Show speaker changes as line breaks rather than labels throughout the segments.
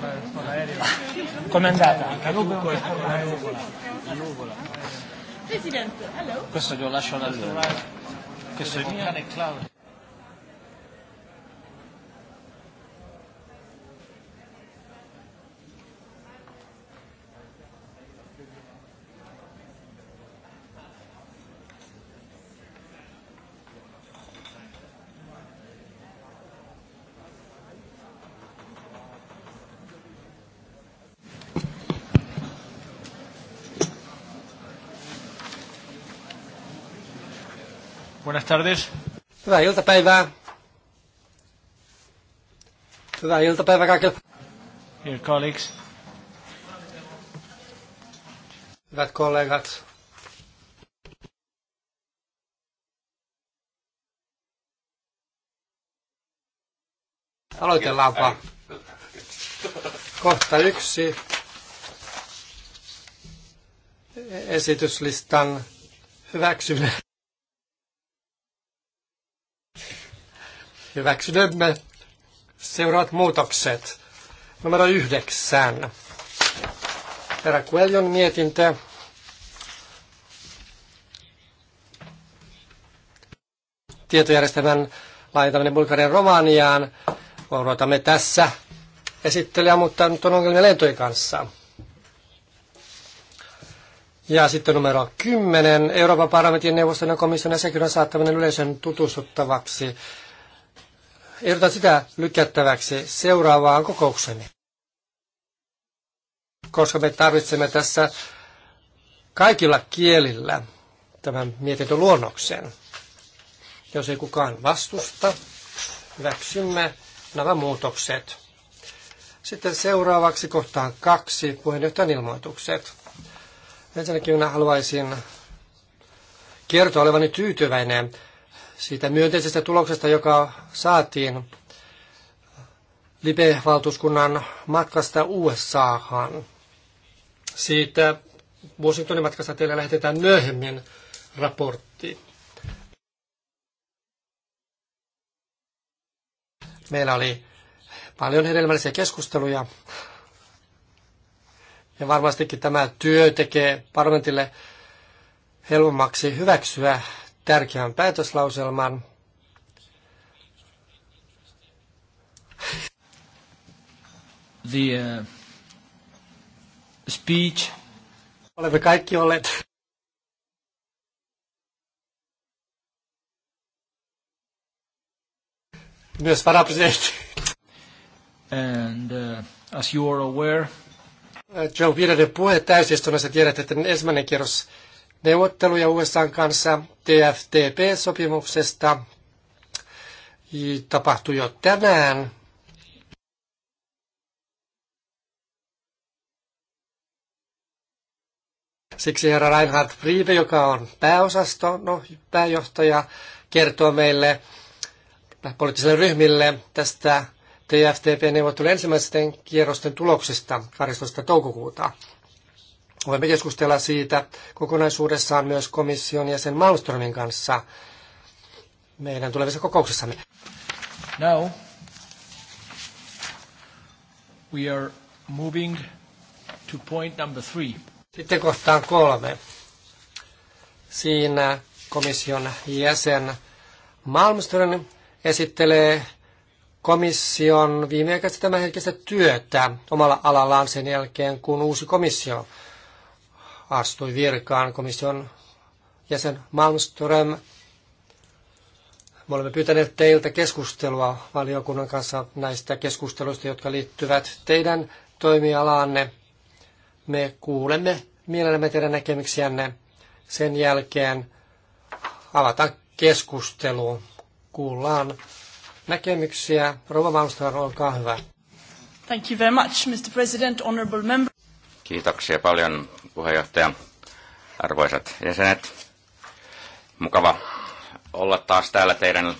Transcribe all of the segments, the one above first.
con l'aereo. Com'è andata? Anche Nuvola. Nuvola. Nuvola.
Presidente, hello.
Questo glielo lascio alla Questo è il cane Claudio. Buenas tardes. Hyvää
iltapäivää. Hyvää iltapäivää kaikille. Dear colleagues. Hyvät kollegat. Aloitellaanpa. Kohta yksi esityslistan hyväksyminen. Hyväksymme seuraavat muutokset. Numero yhdeksän. Herra Kueljon mietintö. Tietojärjestelmän laajentaminen Bulgarian Romaniaan. Odotamme tässä esittelyä, mutta nyt on ongelmia lentojen kanssa. Ja sitten numero 10. Euroopan parlamentin neuvoston ja komission asiakirjan saattaminen yleisön tutustuttavaksi ehdotan sitä lykättäväksi seuraavaan kokoukseni. Koska me tarvitsemme tässä kaikilla kielillä tämän mietintöluonnoksen. Jos ei kukaan vastusta, hyväksymme nämä muutokset. Sitten seuraavaksi kohtaan kaksi puheenjohtajan ilmoitukset. Ensinnäkin minä haluaisin kertoa olevani tyytyväinen siitä myönteisestä tuloksesta, joka saatiin Libe-valtuuskunnan matkasta USAhan. Siitä Washingtonin matkasta teille lähetetään myöhemmin raportti. Meillä oli paljon hedelmällisiä keskusteluja. Ja varmastikin tämä työ tekee parlamentille helpommaksi hyväksyä tärkeän päätöslauselman. The uh, speech. Olemme kaikki olleet
myös varapresidentti. And uh, as you are aware,
Joe Bidenin puhe täysistunnossa tiedät, että ensimmäinen kierros neuvotteluja USA kanssa TFTP-sopimuksesta. Tapahtui jo tänään. Siksi herra Reinhard Friebe, joka on pääosasto, no, pääjohtaja, kertoo meille poliittisille ryhmille tästä TFTP-neuvottelun ensimmäisten kierrosten tuloksista 12. toukokuuta. Voimme keskustella siitä kokonaisuudessaan myös komission jäsen Malmströmin kanssa meidän tulevissa kokouksessamme. Now we are moving to point number three. Sitten kohtaan kolme. Siinä komission jäsen Malmström esittelee komission viimeaikaista tämänhetkistä työtä omalla alallaan sen jälkeen, kun uusi komissio astui virkaan komission jäsen Malmström. Me olemme pyytäneet teiltä keskustelua valiokunnan kanssa näistä keskusteluista, jotka liittyvät teidän toimialaanne. Me kuulemme mielellämme teidän näkemyksiänne. Sen jälkeen avata keskustelu. Kuullaan näkemyksiä. Rova Malmström, olkaa hyvä.
Thank you very much, Mr. President, honorable member.
Kiitoksia paljon puheenjohtaja, arvoisat jäsenet. Mukava olla taas täällä teidän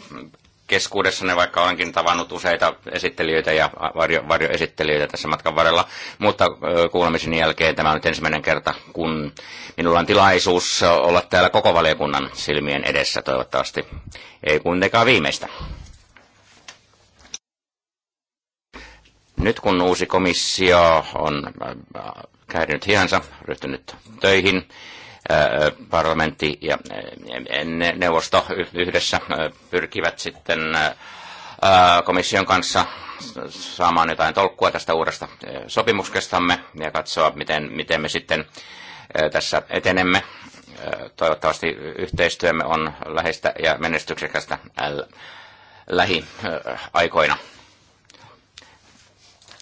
keskuudessanne, vaikka olenkin tavannut useita esittelijöitä ja varjo, varjoesittelijöitä tässä matkan varrella. Mutta kuulemisen jälkeen tämä on nyt ensimmäinen kerta, kun minulla on tilaisuus olla täällä koko valiokunnan silmien edessä toivottavasti. Ei kuitenkaan viimeistä. Nyt kun uusi komissio on käynyt hihansa, ryhtynyt töihin. Parlamentti ja neuvosto yhdessä pyrkivät sitten komission kanssa saamaan jotain tolkkua tästä uudesta sopimuksestamme ja katsoa, miten, miten me sitten tässä etenemme. Toivottavasti yhteistyömme on läheistä ja menestyksekästä lähiaikoina.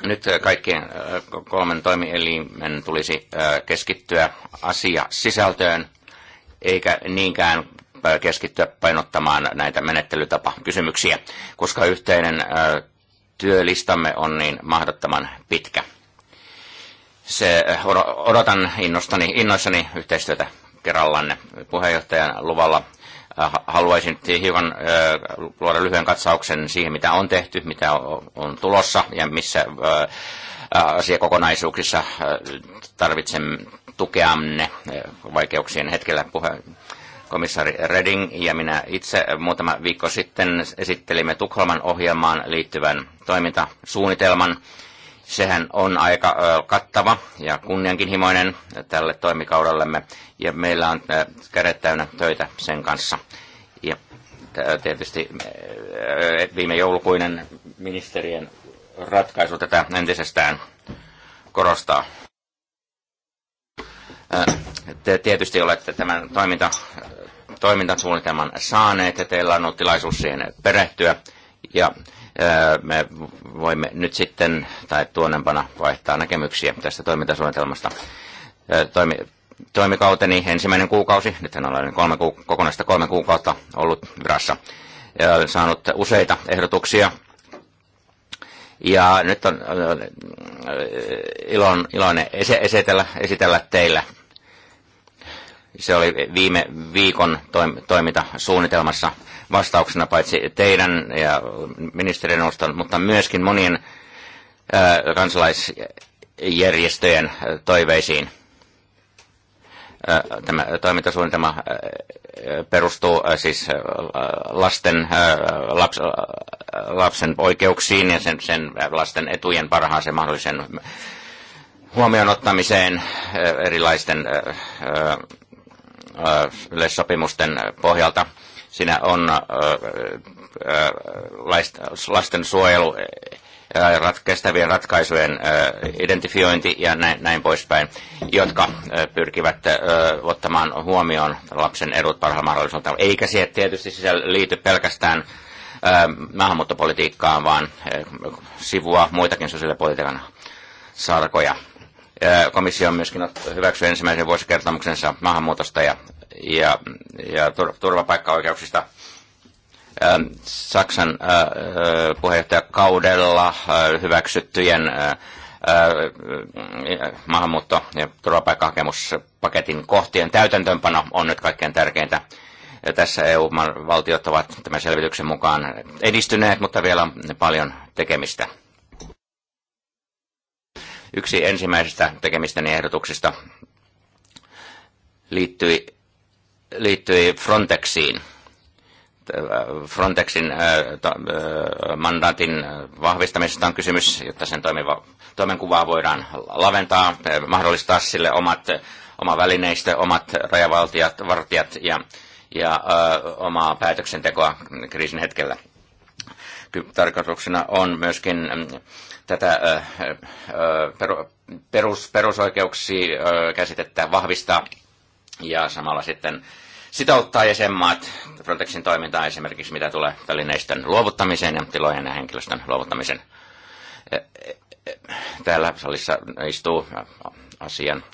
Nyt äh, kaikkien äh, kolmen toimielimen tulisi äh, keskittyä asia sisältöön, eikä niinkään keskittyä painottamaan näitä menettelytapakysymyksiä, koska yhteinen työlistamme on niin mahdottoman pitkä. Se, odotan innostani, innoissani yhteistyötä kerrallanne puheenjohtajan luvalla Äh, haluaisin siis hiukan äh, luoda lyhyen katsauksen siihen, mitä on tehty, mitä on tulossa ja missä äh, asiakokonaisuuksissa tarvitsemme tukeamme vaikeuksien hetkellä puhe komissaari Reding ja minä itse muutama viikko sitten esittelimme Tukholman ohjelmaan liittyvän toimintasuunnitelman Sehän on aika kattava ja himoinen tälle toimikaudellemme, ja meillä on kädet täynnä töitä sen kanssa. Ja tietysti viime joulukuinen ministerien ratkaisu tätä entisestään korostaa. Te tietysti olette tämän toiminta, toimintasuunnitelman saaneet ja teillä on ollut tilaisuus siihen perehtyä. Ja me voimme nyt sitten tai tuonnempana vaihtaa näkemyksiä tästä toimintasuunnitelmasta. Toimi, toimikauteni ensimmäinen kuukausi, nyt olen kolme kuuk- kokonaista kolme kuukautta ollut virassa, ja olen saanut useita ehdotuksia. Ja nyt on ilon, iloinen esitellä, esitellä teille. Se oli viime viikon toimintasuunnitelmassa vastauksena paitsi teidän ja ministerineuvoston, mutta myöskin monien kansalaisjärjestöjen toiveisiin. Tämä toimintasuunnitelma perustuu siis lasten, laps, lapsen oikeuksiin ja sen, sen lasten etujen parhaaseen mahdollisen huomioon ottamiseen erilaisten yleissopimusten pohjalta Siinä on lastensuojelu, kestävien ratkaisujen identifiointi ja näin, näin poispäin, jotka pyrkivät ottamaan huomioon lapsen edut parhaalla mahdollisuudella. Eikä siihen tietysti sisällä liity pelkästään maahanmuuttopolitiikkaan, vaan sivua muitakin sosiaalipolitiikan sarkoja. Komissio on myöskin hyväksynyt ensimmäisen vuosikertomuksensa maahanmuutosta ja ja, ja turvapaikkaoikeuksista. Ähm, Saksan äh, äh, puheenjohtajakaudella äh, hyväksyttyjen maahanmuutto- ja turvapaikkahakemuspaketin kohtien täytäntöönpano on nyt kaikkein tärkeintä. Ja tässä EU-valtiot ovat tämän selvityksen mukaan edistyneet, mutta vielä on paljon tekemistä. Yksi ensimmäisistä tekemistäni ehdotuksista liittyi liittyi Frontexiin. Frontexin äh, äh, mandaatin vahvistamisesta on kysymys, jotta sen toimiva, toimenkuvaa voidaan laventaa, äh, mahdollistaa sille omat, oma välineistö, omat rajavaltiat, vartijat ja, ja ö, omaa päätöksentekoa kriisin hetkellä. Tarkoituksena on myöskin mm, tätä ö, ö, perus, perusoikeuksia käsitettä vahvistaa ja samalla sitten sitouttaa jäsenmaat Frontexin toimintaa esimerkiksi mitä tulee välineistön luovuttamiseen ja tilojen ja henkilöstön luovuttamiseen. Täällä salissa istuu asian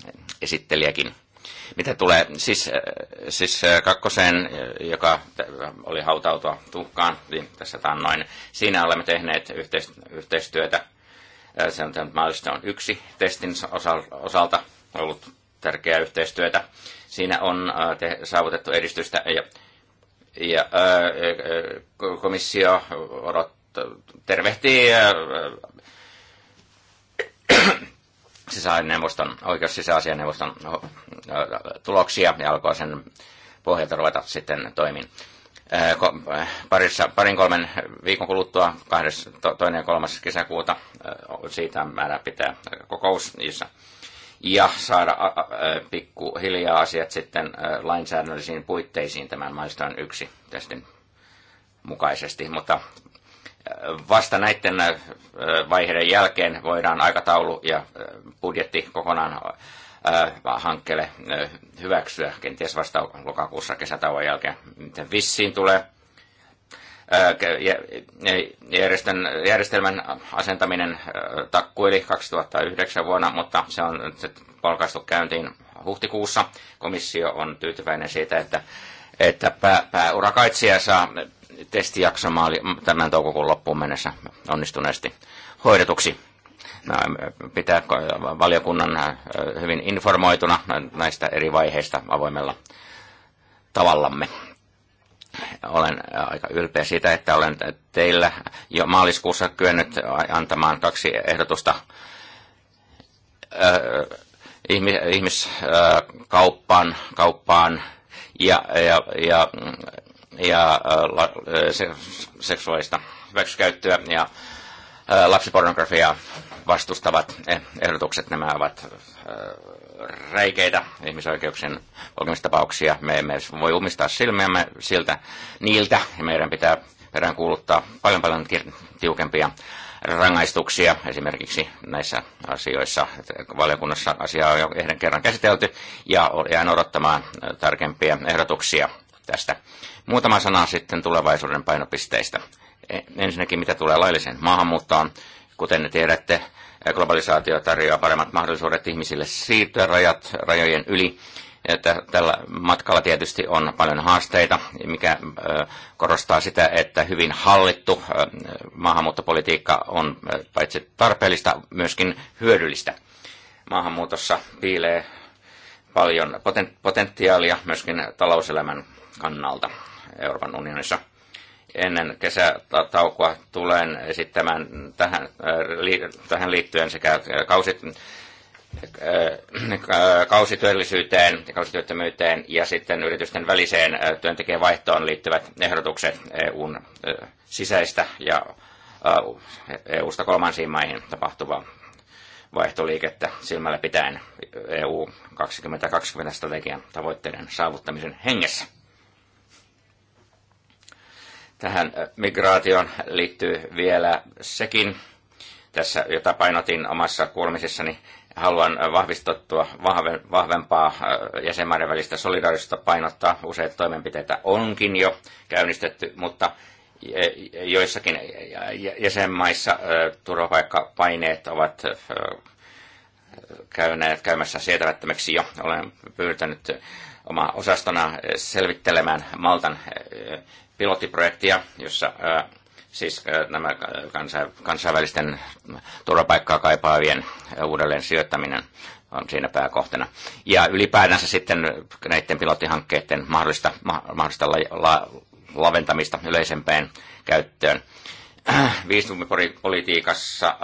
esittelijäkin. Mitä tulee siis, siis kakkoseen, joka oli hautautua tuhkaan niin tässä taannoin, siinä olemme tehneet yhteistyötä. Se on Milestone 1 testin osalta ollut tärkeää yhteistyötä Siinä on äh, saavutettu edistystä ja, ja äh, äh, komissio odottaa, tervehtii sisäasianneuvoston, oikeus sisäasianeuvoston tuloksia ja alkoi sen pohjalta ruveta sitten toimin Parissa, parin kolmen viikon kuluttua, to, toinen ja kolmas kesäkuuta, siitä määrä pitää kokous, jossa ja saada pikkuhiljaa asiat sitten lainsäädännöllisiin puitteisiin tämän maistaan yksi testin mukaisesti, mutta vasta näiden vaiheiden jälkeen voidaan aikataulu ja budjetti kokonaan hankkeelle hyväksyä, kenties vasta lokakuussa kesätauon jälkeen. Miten vissiin tulee järjestelmän asentaminen takkuili 2009 vuonna, mutta se on nyt polkaistu käyntiin huhtikuussa. Komissio on tyytyväinen siitä, että, että pää, pääurakaitsija saa maali tämän toukokuun loppuun mennessä onnistuneesti hoidetuksi. Pitää valiokunnan hyvin informoituna näistä eri vaiheista avoimella tavallamme olen äh, aika ylpeä siitä, että olen teillä jo maaliskuussa kyennyt antamaan kaksi ehdotusta äh, ihmiskauppaan äh, kauppaan ja, ja, ja, ja la, se, seksuaalista hyväksikäyttöä ja lapsipornografiaa vastustavat e-, ehdotukset. Nämä ovat räikeitä ihmisoikeuksien polkemistapauksia. Me emme voi umistaa silmiämme siltä niiltä. Meidän pitää kuuluttaa paljon paljon tiukempia rangaistuksia esimerkiksi näissä asioissa. Valiokunnassa asiaa on jo ehden kerran käsitelty ja jään odottamaan tarkempia ehdotuksia tästä. Muutama sana sitten tulevaisuuden painopisteistä. E- ensinnäkin mitä tulee lailliseen maahanmuuttoon, kuten tiedätte, Globalisaatio tarjoaa paremmat mahdollisuudet ihmisille siirtyä rajat, rajojen yli. Että tällä matkalla tietysti on paljon haasteita, mikä korostaa sitä, että hyvin hallittu maahanmuuttopolitiikka on paitsi tarpeellista, myöskin hyödyllistä. Maahanmuutossa piilee paljon potentiaalia myöskin talouselämän kannalta Euroopan unionissa – ennen kesätaukoa tulen esittämään tähän, äh, tähän liittyen sekä äh, kausit, äh, kausityöllisyyteen ja kausityöttömyyteen ja sitten yritysten väliseen työntekijän vaihtoon liittyvät ehdotukset EUn sisäistä ja EUsta kolmansiin maihin tapahtuvaa vaihtoliikettä silmällä pitäen EU 2020 strategian tavoitteiden saavuttamisen hengessä. Tähän äh, migraation liittyy vielä sekin, tässä, jota painotin omassa kuulemisessani, haluan vahvistettua vahvempaa äh, jäsenmaiden välistä solidaarisuutta painottaa. Useita toimenpiteitä onkin jo käynnistetty, mutta e, e, joissakin jäsenmaissa äh, turvapaikkapaineet ovat käyneet käymässä sietävättömäksi jo. Olen pyytänyt oma osastona selvittelemään Maltan e, pilottiprojektia, jossa siis nämä kansainvälisten turvapaikkaa kaipaavien uudelleen sijoittaminen on siinä pääkohtana. Ja ylipäätänsä sitten näiden pilottihankkeiden mahdollista, mahdollista la, la, laventamista yleisempään käyttöön. Viisumipolitiikassa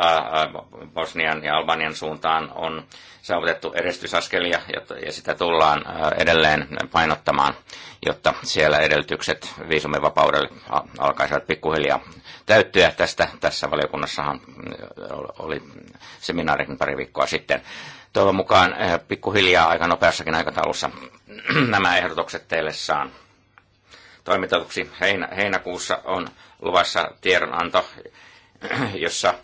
Bosnian ja Albanian suuntaan on saavutettu edistysaskelia ja sitä tullaan edelleen painottamaan, jotta siellä edellytykset viisumivapaudelle alkaisivat pikkuhiljaa täyttyä. Tästä tässä valiokunnassahan oli seminaarikin pari viikkoa sitten. Toivon mukaan pikkuhiljaa aika nopeassakin aikataulussa nämä ehdotukset teille saan toimitetuksi. Heinä, heinäkuussa on luvassa tiedonanto, jossa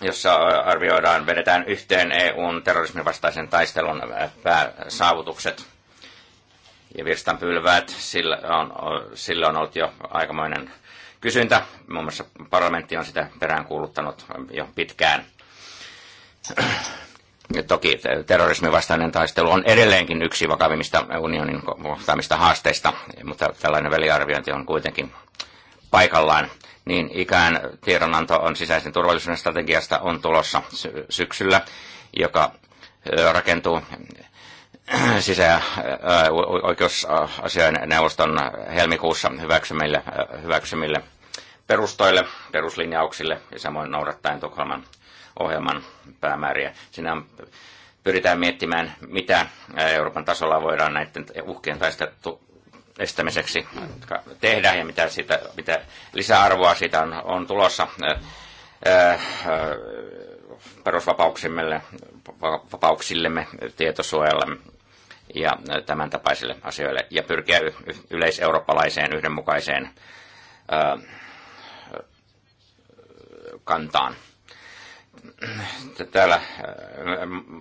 jossa arvioidaan, vedetään yhteen EUn terrorismin vastaisen taistelun äh, pääsaavutukset ja virstanpylväät. Sillä on, sillä on ollut jo aikamoinen kysyntä. Muun muassa parlamentti on sitä peräänkuuluttanut jo pitkään. Toki terrorismin vastainen taistelu on edelleenkin yksi vakavimmista unionin kohtaamista haasteista, mutta tällainen väliarviointi on kuitenkin paikallaan niin ikään tiedonanto on sisäisen turvallisuuden strategiasta on tulossa syksyllä, joka rakentuu sisä- oikeusasioiden neuvoston helmikuussa hyväksymille, hyväksymille perustoille, peruslinjauksille ja samoin noudattaen Tukholman ohjelman päämääriä. Siinä on, pyritään miettimään, mitä Euroopan tasolla voidaan näiden uhkien taisteltu estämiseksi tehdä ja mitä, siitä, mitä lisäarvoa siitä on, on tulossa perusvapauksillemme, tietosuojalle ja tämän tapaisille asioille ja pyrkiä yleiseurooppalaiseen yhdenmukaiseen kantaan. Täällä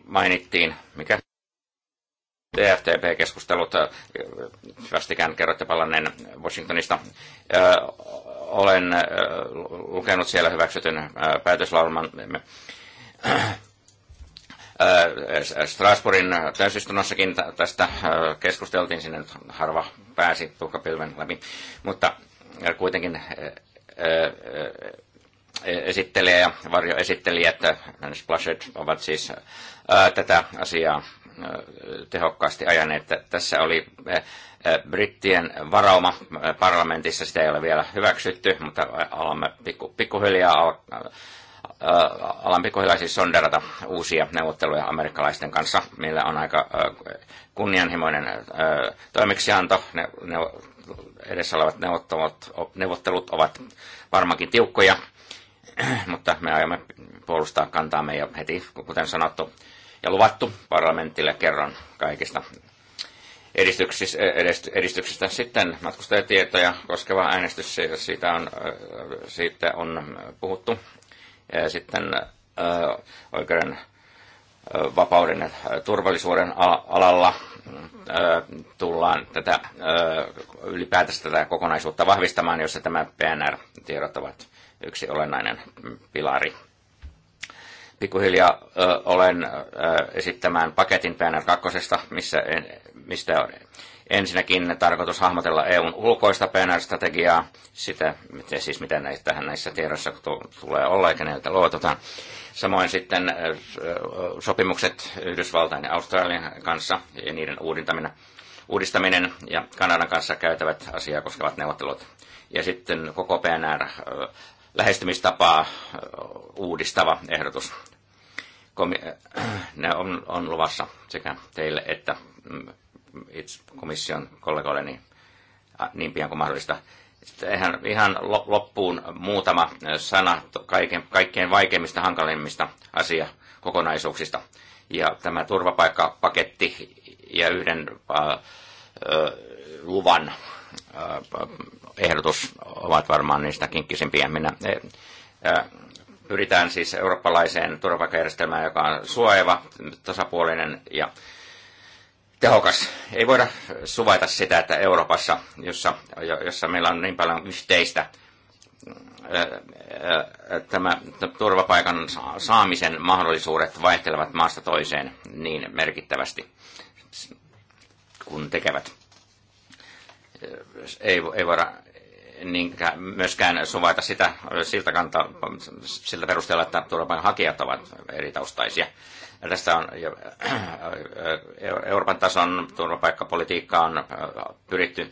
mainittiin, mikä TFTP-keskustelut, äh, vastikään kerroitte palanneen Washingtonista. Äh, olen äh, lukenut siellä hyväksytyn päätöslauman Strasbourgin täysistunnossakin tästä keskusteltiin, sinne nyt harva pääsi tuhkapilven läpi, mutta kuitenkin e-, esittelijä ja varjoesittelijät, Splashed, ovat siis tätä asiaa tehokkaasti ajaneet. Tässä oli brittien varauma parlamentissa, sitä ei ole vielä hyväksytty, mutta alamme pikku, pikkuhiljaa alan pikkuhiljaa siis sonderata uusia neuvotteluja amerikkalaisten kanssa, millä on aika kunnianhimoinen toimeksianto. Ne, ne, edessä olevat neuvottelut, neuvottelut ovat varmaankin tiukkoja, mutta me aiomme puolustaa kantaamme jo heti, kuten sanottu, ja luvattu parlamentille kerran kaikista edistyksistä, edistyksistä sitten matkustajatietoja koskeva äänestys, siitä on, äh, siitä on puhuttu. Ja sitten äh, oikeuden äh, vapauden ja turvallisuuden alalla tullaan tätä, ylipäätänsä tätä kokonaisuutta vahvistamaan, jossa tämä PNR-tiedot ovat yksi olennainen pilari pikkuhiljaa ö, olen ö, esittämään paketin PNR 2, missä, en, mistä on ensinnäkin tarkoitus hahmotella EUn ulkoista PNR-strategiaa, sitä, miten, siis miten näitä, näissä tiedoissa tulee olla eikä näitä luotetaan. Samoin sitten sopimukset Yhdysvaltain ja Australian kanssa ja niiden uudistaminen, uudistaminen ja Kanadan kanssa käytävät asiaa koskevat neuvottelut. Ja sitten koko PNR lähestymistapaa uudistava ehdotus ne on, on luvassa sekä teille että mm, itse komission kollegoille niin, niin pian kuin mahdollista. Sitten ihan, loppuun muutama sana kaiken, kaikkein vaikeimmista, hankalimmista asiakokonaisuuksista. Ja tämä turvapaikkapaketti ja yhden äh, luvan äh, ehdotus ovat varmaan niistä kinkkisimpiä. Minä äh, Pyritään siis eurooppalaiseen turvapaikkajärjestelmään, joka on suojava, tasapuolinen ja tehokas. Ei voida suvaita sitä, että Euroopassa, jossa, jossa meillä on niin paljon yhteistä, tämä turvapaikan saamisen mahdollisuudet vaihtelevat maasta toiseen niin merkittävästi kun tekevät. Ei, ei voida niin myöskään suvaita sitä siltä, kantaa, sillä perusteella, että turvapaikanhakijat ovat eri taustaisia. Ja tästä on Euroopan tason turvapaikkapolitiikka on pyritty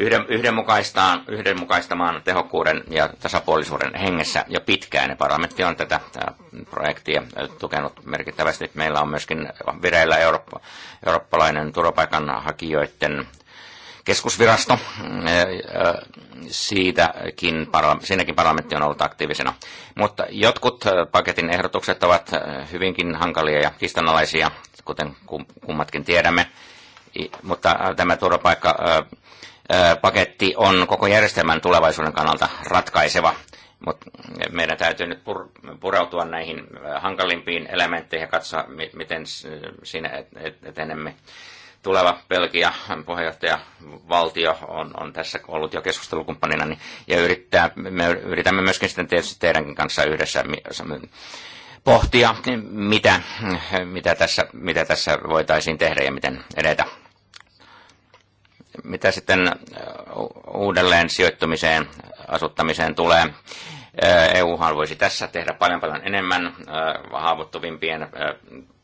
yhden, yhdenmukaistaan, yhdenmukaistamaan tehokkuuden ja tasapuolisuuden hengessä jo pitkään. Ja parlamentti on tätä projektia tukenut merkittävästi. Meillä on myöskin vireillä eurooppa, eurooppalainen turvapaikanhakijoiden keskusvirasto. Siitäkin, siinäkin parlamentti on ollut aktiivisena. Mutta jotkut paketin ehdotukset ovat hyvinkin hankalia ja kistanalaisia, kuten kummatkin tiedämme. Mutta tämä turvapaikka paketti on koko järjestelmän tulevaisuuden kannalta ratkaiseva. Mutta meidän täytyy nyt pureutua näihin hankalimpiin elementteihin ja katsoa, miten siinä etenemme. Et, et, tuleva Belgia valtio on, on tässä ollut jo keskustelukumppanina, niin, ja yrittää, me yritämme myöskin sitten tietysti teidänkin kanssa yhdessä pohtia, mitä, mitä, tässä, mitä tässä voitaisiin tehdä ja miten edetä. Mitä sitten äh, uudelleen sijoittumiseen, asuttamiseen tulee, äh, EU voisi tässä tehdä paljon paljon enemmän äh, haavoittuvimpien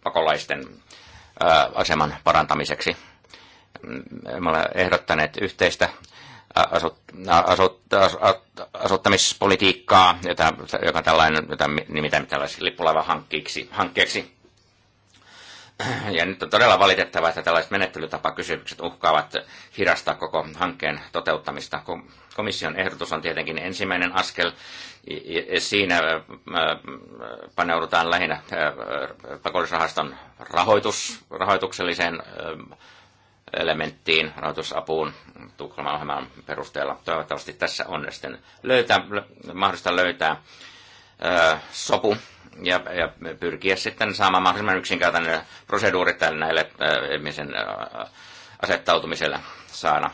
pakolaisten aseman parantamiseksi. Mm, me olemme ehdottaneet yhteistä asut, asut, asut, asuttamispolitiikkaa, jota, joka tällainen, jota nimitetään tällaisiksi lippulaivahankkeeksi. hankkeeksi ja nyt on todella valitettavaa, että tällaiset menettelytapakysymykset uhkaavat hidastaa koko hankkeen toteuttamista. Komission ehdotus on tietenkin ensimmäinen askel. Siinä paneudutaan lähinnä pakollisrahaston rahoitus, rahoitukselliseen elementtiin, rahoitusapuun Tukholman ohjelman perusteella. Toivottavasti tässä on sitten löytää, mahdollista löytää sopu ja, ja pyrkiä sitten saamaan mahdollisimman yksinkertainen tälle näille ihmisen asettautumiselle saada.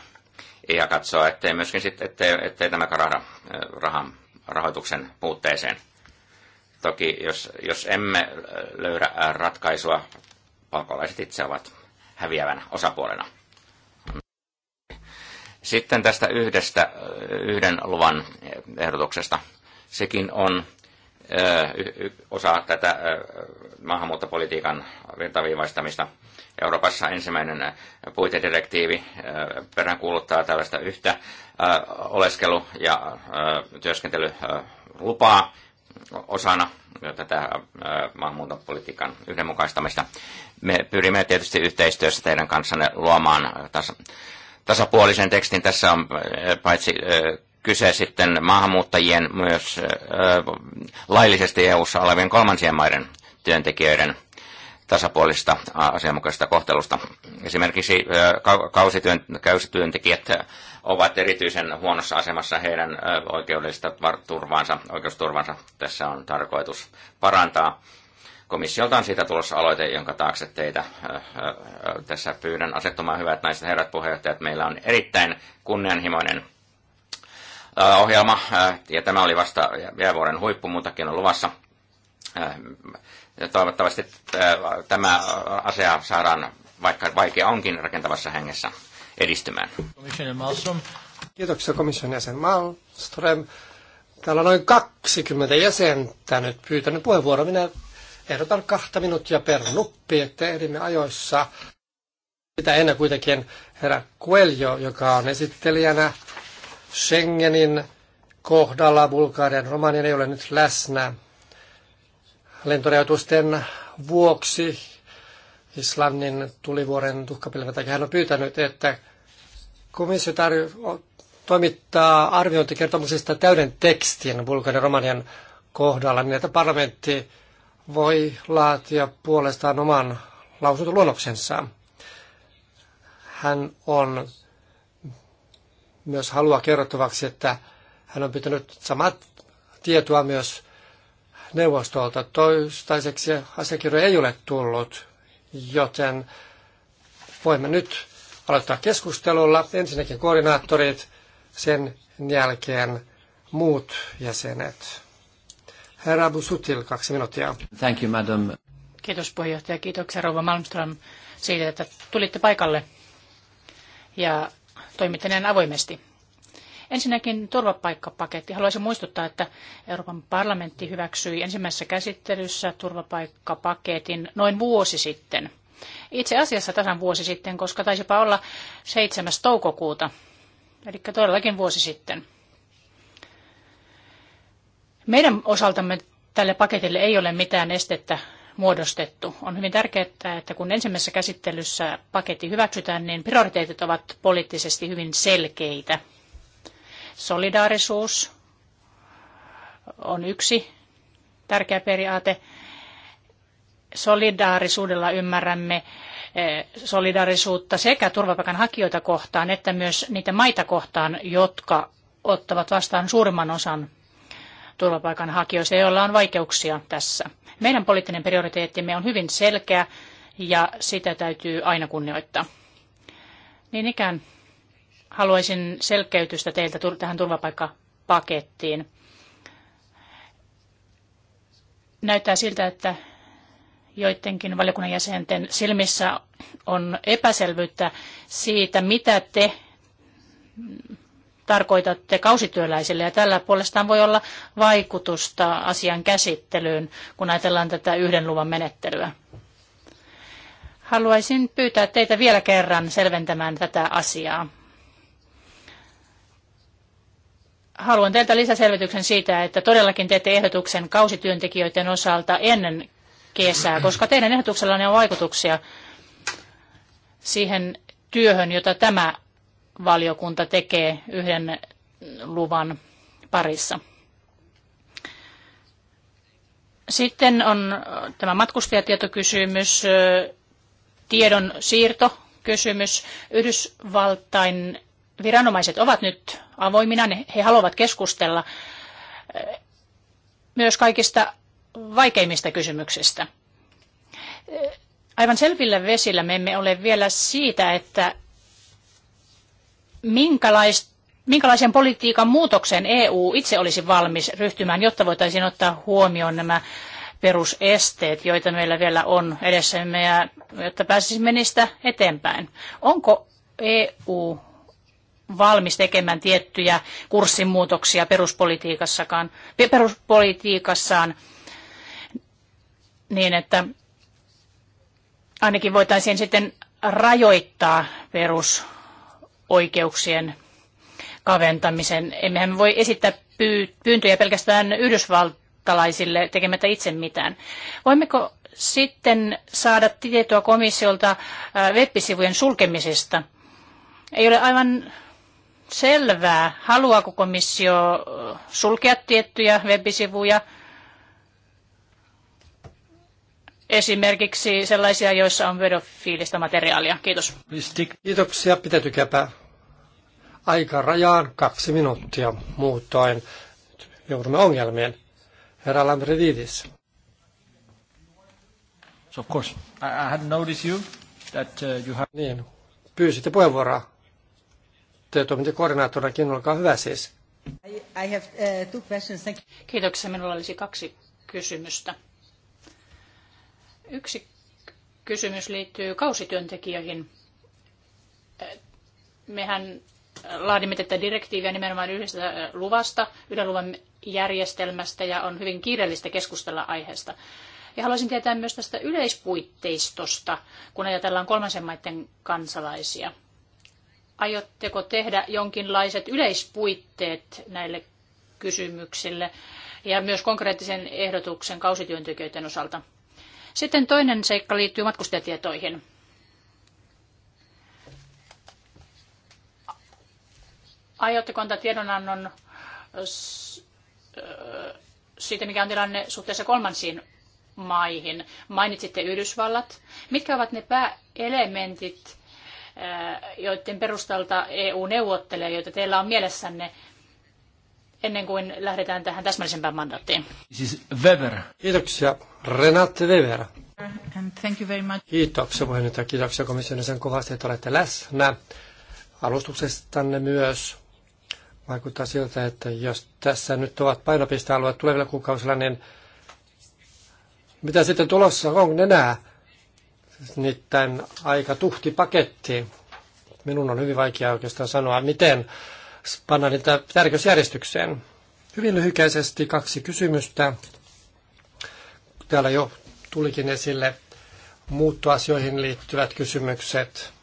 Ja katsoa, ettei myöskin sitten, ettei, ettei tämä karahda rahan, rahoituksen puutteeseen. Toki jos, jos emme löydä ratkaisua, palkolaiset itse ovat häviävänä osapuolena. Sitten tästä yhdestä, yhden luvan ehdotuksesta. Sekin on osa tätä maahanmuuttopolitiikan rintaviivaistamista. Euroopassa ensimmäinen puitedirektiivi peräänkuuluttaa tällaista yhtä oleskelu- ja työskentelylupaa osana tätä maahanmuuttopolitiikan yhdenmukaistamista. Me pyrimme tietysti yhteistyössä teidän kanssanne luomaan tasapuolisen tekstin. Tässä on paitsi kyse sitten maahanmuuttajien myös laillisesti EU-ssa olevien kolmansien maiden työntekijöiden tasapuolista asianmukaisesta kohtelusta. Esimerkiksi kausityön, kausityöntekijät ovat erityisen huonossa asemassa heidän oikeudellista turvaansa, oikeusturvansa. Tässä on tarkoitus parantaa. Komissiolta on siitä tulossa aloite, jonka taakse teitä tässä pyydän asettumaan hyvät naiset herrat puheenjohtajat. Meillä on erittäin kunnianhimoinen ohjelma, ja tämä oli vasta vuoden huippu, muutakin on luvassa. toivottavasti tämä asia saadaan, vaikka vaikea onkin, rakentavassa hengessä edistymään.
Kiitoksia komission jäsen Malmström. Täällä on noin 20 jäsentä nyt pyytänyt puheenvuoro. Minä ehdotan kahta minuuttia per nuppi, että ehdimme ajoissa. Sitä ennen kuitenkin herra Kuelio, joka on esittelijänä Schengenin kohdalla Bulgarian Romanian ei ole nyt läsnä lentorajoitusten vuoksi. Islannin tulivuoren tuhkapilven takia hän on pyytänyt, että komissio tar- toimittaa arviointikertomuksesta täyden tekstin Bulgarian Romanian kohdalla, niin että parlamentti voi laatia puolestaan oman lausuntoluonnoksensa. Hän on myös haluaa kerrottavaksi, että hän on pitänyt samat tietoa myös neuvostolta. Toistaiseksi asiakirjoja ei ole tullut, joten voimme nyt aloittaa keskustelulla. Ensinnäkin koordinaattorit, sen jälkeen muut jäsenet. Herra Busutil, kaksi minuuttia. Thank you, madam.
Kiitos puheenjohtaja. Kiitoksia rouva Malmström siitä, että tulitte paikalle. Ja toimitte näin avoimesti. Ensinnäkin turvapaikkapaketti. Haluaisin muistuttaa, että Euroopan parlamentti hyväksyi ensimmäisessä käsittelyssä turvapaikkapaketin noin vuosi sitten. Itse asiassa tasan vuosi sitten, koska taisipa olla 7. toukokuuta, eli todellakin vuosi sitten. Meidän osaltamme tälle paketille ei ole mitään estettä muodostettu. On hyvin tärkeää, että kun ensimmäisessä käsittelyssä paketti hyväksytään, niin prioriteetit ovat poliittisesti hyvin selkeitä. Solidaarisuus on yksi tärkeä periaate. Solidaarisuudella ymmärrämme eh, solidaarisuutta sekä turvapaikanhakijoita kohtaan että myös niitä maita kohtaan, jotka ottavat vastaan suurimman osan turvapaikanhakijoista, joilla on vaikeuksia tässä. Meidän poliittinen prioriteettimme on hyvin selkeä ja sitä täytyy aina kunnioittaa. Niin ikään haluaisin selkeytystä teiltä tähän turvapaikkapakettiin. Näyttää siltä, että joidenkin valiokunnan jäsenten silmissä on epäselvyyttä siitä, mitä te tarkoitatte kausityöläisille, ja tällä puolestaan voi olla vaikutusta asian käsittelyyn, kun ajatellaan tätä yhden luvan menettelyä. Haluaisin pyytää teitä vielä kerran selventämään tätä asiaa. Haluan teiltä lisäselvityksen siitä, että todellakin teette ehdotuksen kausityöntekijöiden osalta ennen kesää, koska teidän ehdotuksellanne on vaikutuksia siihen työhön, jota tämä valiokunta tekee yhden luvan parissa. Sitten on tämä matkustajatietokysymys, tiedon siirto kysymys. Yhdysvaltain viranomaiset ovat nyt avoimina, he haluavat keskustella eh, myös kaikista vaikeimmista kysymyksistä. Eh, aivan selvillä vesillä me emme ole vielä siitä, että Minkälaisen politiikan muutoksen EU itse olisi valmis ryhtymään, jotta voitaisiin ottaa huomioon nämä perusesteet, joita meillä vielä on edessämme, ja jotta pääsisimme niistä eteenpäin? Onko EU valmis tekemään tiettyjä kurssimuutoksia peruspolitiikassakaan, peruspolitiikassaan niin, että ainakin voitaisiin sitten rajoittaa perus oikeuksien kaventamisen. Emmehän me voi esittää pyyntöjä pelkästään yhdysvaltalaisille tekemättä itse mitään. Voimmeko sitten saada tietoa komissiolta äh, web-sivujen sulkemisesta? Ei ole aivan selvää, haluaako komissio sulkea tiettyjä web-sivuja – esimerkiksi sellaisia, joissa on pedofiilista materiaalia. Kiitos.
Kiitoksia. Pitäytykääpä aika rajaan kaksi minuuttia. Muutoin joudumme ongelmien. Herra Lambridis. So of course, I, I had noticed you that uh, you have... Niin, pyysitte puheenvuoroa. Te toimitte koordinaattorinakin, olkaa hyvä siis.
I, I have, uh, two questions. Thank you. Kiitoksia, minulla olisi kaksi kysymystä. Yksi kysymys liittyy kausityöntekijöihin. Mehän laadimme tätä direktiiviä nimenomaan yhdestä luvasta, yhden luvan järjestelmästä ja on hyvin kiireellistä keskustella aiheesta. Ja haluaisin tietää myös tästä yleispuitteistosta, kun ajatellaan kolmansien maiden kansalaisia. Aiotteko tehdä jonkinlaiset yleispuitteet näille kysymyksille ja myös konkreettisen ehdotuksen kausityöntekijöiden osalta? Sitten toinen seikka liittyy matkustajatietoihin. Aiotteko antaa tiedonannon siitä, mikä on tilanne suhteessa kolmansiin maihin? Mainitsitte Yhdysvallat. Mitkä ovat ne pääelementit, joiden perustalta EU neuvottelee, joita teillä on mielessänne ennen kuin lähdetään tähän täsmällisempään mandaattiin.
Siis Weber. Kiitoksia. Renate Weber.
And thank you very much.
Kiitoksia puheenjohtaja. Kiitoksia komission sen kovasti, että olette läsnä. Alustuksestanne myös vaikuttaa siltä, että jos tässä nyt ovat painopistealueet tulevilla kuukausilla, niin mitä sitten tulossa on enää? Nimittäin aika tuhti paketti. Minun on hyvin vaikea oikeastaan sanoa, miten panna niitä tärkeysjärjestykseen. Hyvin lyhykäisesti kaksi kysymystä. Täällä jo tulikin esille muuttoasioihin liittyvät kysymykset.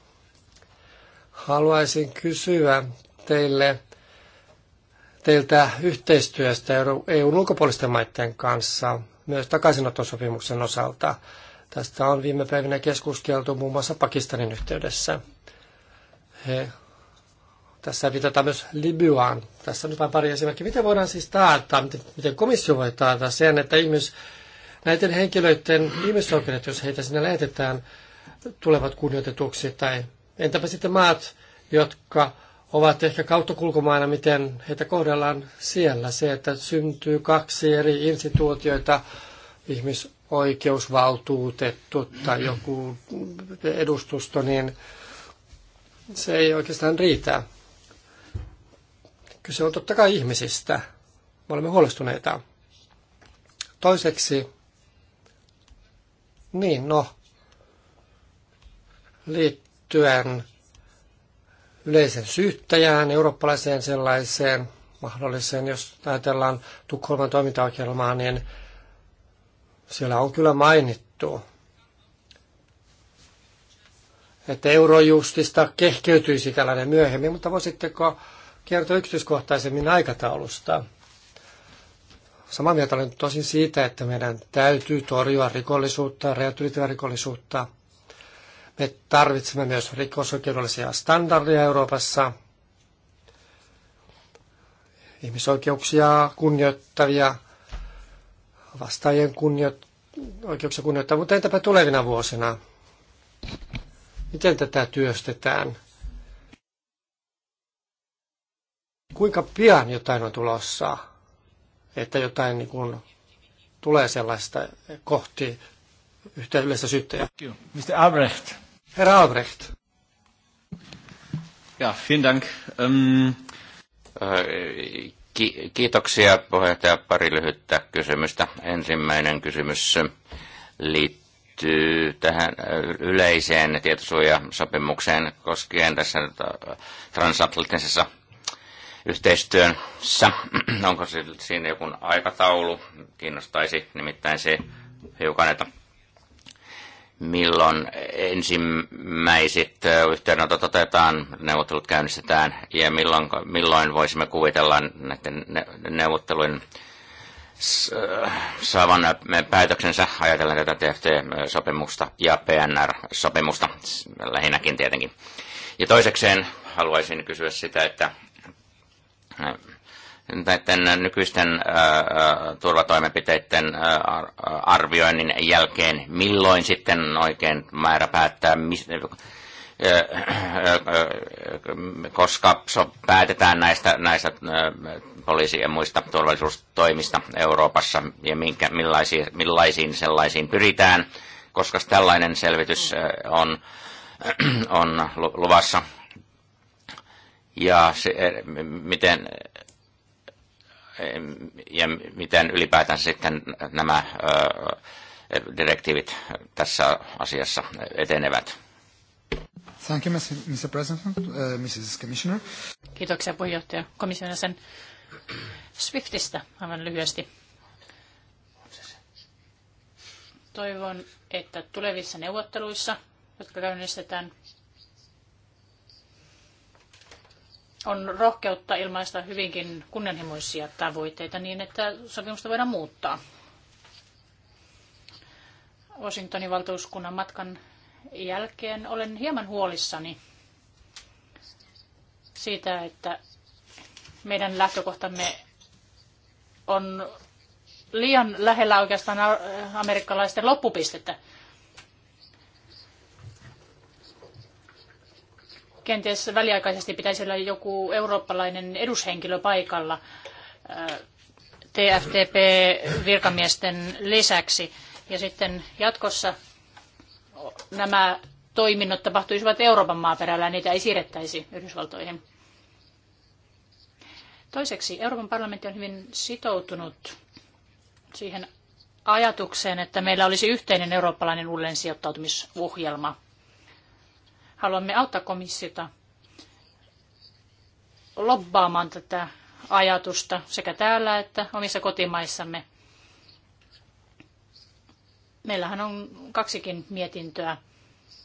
Haluaisin kysyä teille teiltä yhteistyöstä EUn ulkopuolisten maiden kanssa myös takaisinottosopimuksen osalta. Tästä on viime päivinä keskusteltu muun muassa Pakistanin yhteydessä. He tässä viitataan myös Libyaan. Tässä nyt vain pari esimerkkiä. Miten voidaan siis taata, miten komissio voi taata sen, että ihmis, näiden henkilöiden ihmisoikeudet, jos heitä sinne lähetetään, tulevat kunnioitetuksi? Tai entäpä sitten maat, jotka ovat ehkä kulkumaana, miten heitä kohdellaan siellä. Se, että syntyy kaksi eri instituutioita, ihmisoikeusvaltuutettu tai joku edustusto, niin se ei oikeastaan riitä. Kyse on totta kai ihmisistä. Me olemme huolestuneita. Toiseksi, niin no, liittyen yleisen syyttäjään, eurooppalaiseen sellaiseen mahdolliseen, jos ajatellaan Tukholman toimintaohjelmaa, niin siellä on kyllä mainittu, että eurojustista kehkeytyisi tällainen myöhemmin, mutta voisitteko kertoa yksityiskohtaisemmin aikataulusta. Samaa mieltä olen tosin siitä, että meidän täytyy torjua rikollisuutta, rajat ylittävää rikollisuutta. Me tarvitsemme myös rikosoikeudellisia standardeja Euroopassa, ihmisoikeuksia kunnioittavia, vastaajien kunnio- oikeuksia kunnioittavia, mutta entäpä tulevina vuosina? Miten tätä työstetään? kuinka pian jotain on tulossa, että jotain niin kuin tulee sellaista kohti yhtä yleistä syyttäjää. Mr. Albrecht. Herra Albrecht.
Ja, vielen dank. Um, ki- kiitoksia puheenjohtaja. Pari lyhyttä kysymystä. Ensimmäinen kysymys liittyy tähän äh, yleiseen tietosuojasopimukseen koskien tässä äh, transatlanttisessa yhteistyössä. Onko siinä joku aikataulu? Kiinnostaisi nimittäin se hiukan, että milloin ensimmäiset yhteydenotot otetaan, neuvottelut käynnistetään ja milloin, milloin voisimme kuvitella näiden neuvottelujen saavan päätöksensä ajatellen tätä TFT-sopimusta ja PNR-sopimusta lähinnäkin tietenkin. Ja toisekseen haluaisin kysyä sitä, että näiden nykyisten turvatoimenpiteiden arvioinnin jälkeen, milloin sitten oikein määrä päättää, koska päätetään näistä, näistä poliisien muista turvallisuustoimista Euroopassa ja minkä, millaisiin, millaisiin sellaisiin pyritään, koska tällainen selvitys on, on luvassa ja se, eh, miten, eh, ja miten ylipäätään sitten nämä eh, direktiivit tässä asiassa etenevät.
Thank you, Mr. President, uh, Mrs. Commissioner.
Kiitoksia puheenjohtaja komission sen Swiftistä aivan lyhyesti. Toivon, että tulevissa neuvotteluissa, jotka käynnistetään on rohkeutta ilmaista hyvinkin kunnianhimoisia tavoitteita niin, että sopimusta voidaan muuttaa. Washingtonin valtuuskunnan matkan jälkeen olen hieman huolissani siitä, että meidän lähtökohtamme on liian lähellä oikeastaan amerikkalaisten loppupistettä. Kenties väliaikaisesti pitäisi olla joku eurooppalainen edushenkilö paikalla äh, TFTP-virkamiesten lisäksi. Ja sitten jatkossa nämä toiminnot tapahtuisivat Euroopan maaperällä ja niitä ei siirrettäisi Yhdysvaltoihin. Toiseksi Euroopan parlamentti on hyvin sitoutunut siihen ajatukseen, että meillä olisi yhteinen eurooppalainen uudelleensijoittautumisohjelma. Haluamme auttaa komissiota lobbaamaan tätä ajatusta sekä täällä että omissa kotimaissamme. Meillähän on kaksikin mietintöä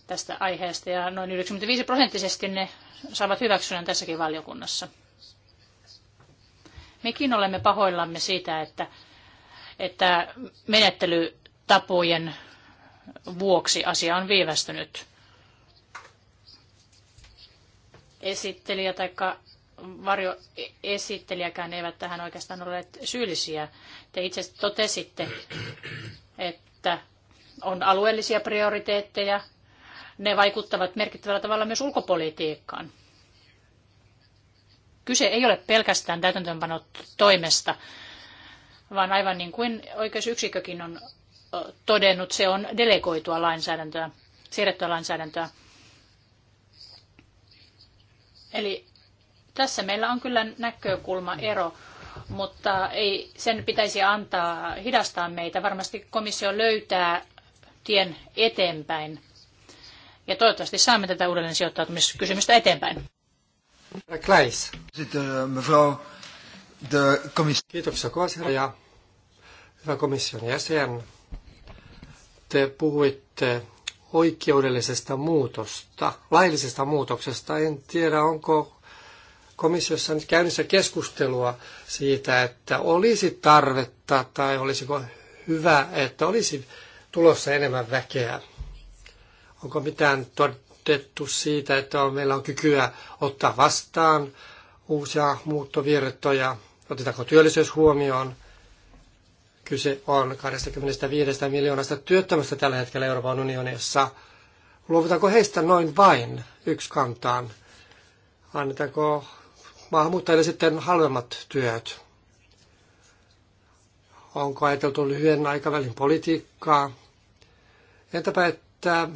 tästä aiheesta ja noin 95 prosenttisesti ne saavat hyväksynnän tässäkin valiokunnassa. Mekin olemme pahoillamme siitä, että, että menettelytapojen vuoksi asia on viivästynyt. esittelijä tai varjoesittelijäkään eivät tähän oikeastaan ole syyllisiä. Te itse totesitte, että on alueellisia prioriteetteja. Ne vaikuttavat merkittävällä tavalla myös ulkopolitiikkaan. Kyse ei ole pelkästään täytäntöönpanot toimesta, vaan aivan niin kuin oikeusyksikkökin on todennut, se on delegoitua lainsäädäntöä, siirrettyä lainsäädäntöä. Eli tässä meillä on kyllä näkökulmaero, mutta ei sen pitäisi antaa hidastaa meitä. Varmasti komissio löytää tien eteenpäin. Ja toivottavasti saamme tätä uudelleen sijoittautumiskysymystä eteenpäin.
Kleis. Sitten mevrouw de commissie. Kiitoksia kovasti ja hyvä komission jäsen. Te puhuitte oikeudellisesta muutosta, laillisesta muutoksesta. En tiedä, onko komissiossa nyt käynnissä keskustelua siitä, että olisi tarvetta tai olisiko hyvä, että olisi tulossa enemmän väkeä. Onko mitään todettu siitä, että meillä on kykyä ottaa vastaan uusia muuttovirtoja, otetaanko työllisyys huomioon, Kyse on 25 miljoonasta työttömästä tällä hetkellä Euroopan unionissa. Luovutaanko heistä noin vain yksi kantaan? Annetaanko maahanmuuttajille sitten halvemmat työt? Onko ajateltu lyhyen aikavälin politiikkaa? Entäpä, että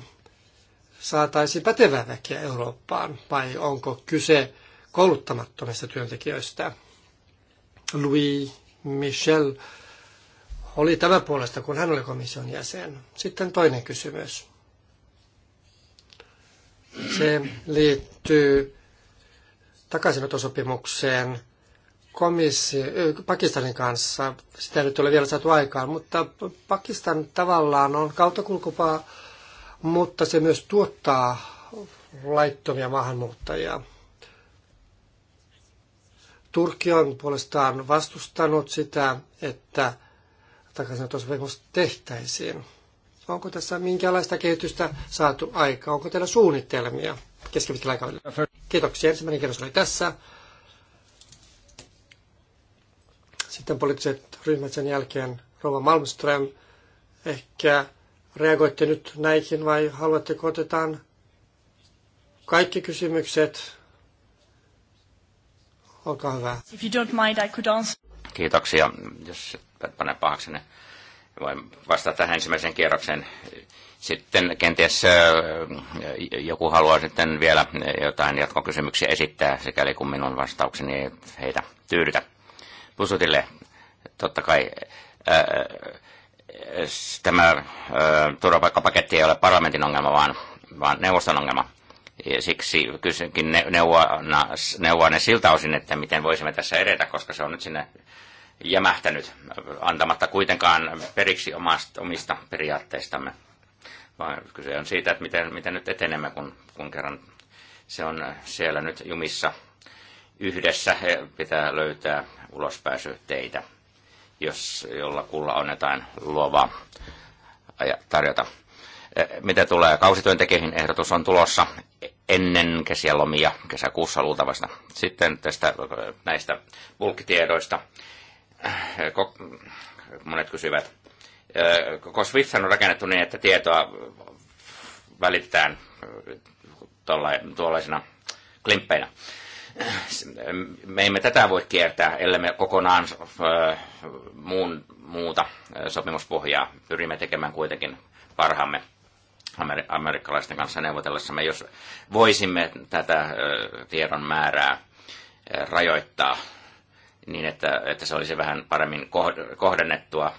saataisiin pätevää väkeä Eurooppaan, vai onko kyse kouluttamattomista työntekijöistä? Louis Michel oli tämän puolesta, kun hän oli komission jäsen. Sitten toinen kysymys. Se liittyy takaisinotosopimukseen komissio, Pakistanin kanssa. Sitä nyt ei ole vielä saatu aikaan, mutta Pakistan tavallaan on kauttakulkupaa, mutta se myös tuottaa laittomia maahanmuuttajia. Turkki on puolestaan vastustanut sitä, että takaisinottosopimus tehtäisiin. Onko tässä minkälaista kehitystä saatu aikaa? Onko teillä suunnitelmia keskipitkällä aikavälillä? Kiitoksia. Ensimmäinen kierros oli tässä. Sitten poliittiset ryhmät sen jälkeen. Rova Malmström, ehkä reagoitte nyt näihin vai haluatteko otetaan kaikki kysymykset? Olkaa hyvä.
If you don't mind, I could answer.
Kiitoksia, jos et pane niin Voin vastata tähän ensimmäiseen kierrokseen. Sitten kenties joku haluaa sitten vielä jotain jatkokysymyksiä esittää, sikäli kun minun vastaukseni ei heitä tyydytä. Pusutille totta kai tämä turvapaikkapaketti ei ole parlamentin ongelma, vaan, vaan neuvoston ongelma. Ja siksi kysynkin neuvoa ne siltä osin, että miten voisimme tässä edetä, koska se on nyt sinne jämähtänyt, antamatta kuitenkaan periksi omasta, omista periaatteistamme. Vaan kyse on siitä, että miten, miten nyt etenemme, kun, kun kerran se on siellä nyt jumissa yhdessä. He pitää löytää ulospääsyteitä, jos jolla kulla on jotain luovaa tarjota Eh, mitä tulee kausityöntekijöihin, ehdotus on tulossa ennen kesälomia, kesäkuussa luultavasti. Sitten tästä, eh, näistä bulkkitiedoista. Eh, monet kysyvät, koko Swift on rakennettu niin, että tietoa välitetään tuollaisena klimppeinä. Me emme tätä voi kiertää, ellei me kokonaan muun, muuta sopimuspohjaa pyrimme tekemään kuitenkin parhaamme amerikkalaisten kanssa neuvotellessamme, jos voisimme tätä tiedon määrää rajoittaa niin, että, että se olisi vähän paremmin kohdennettua,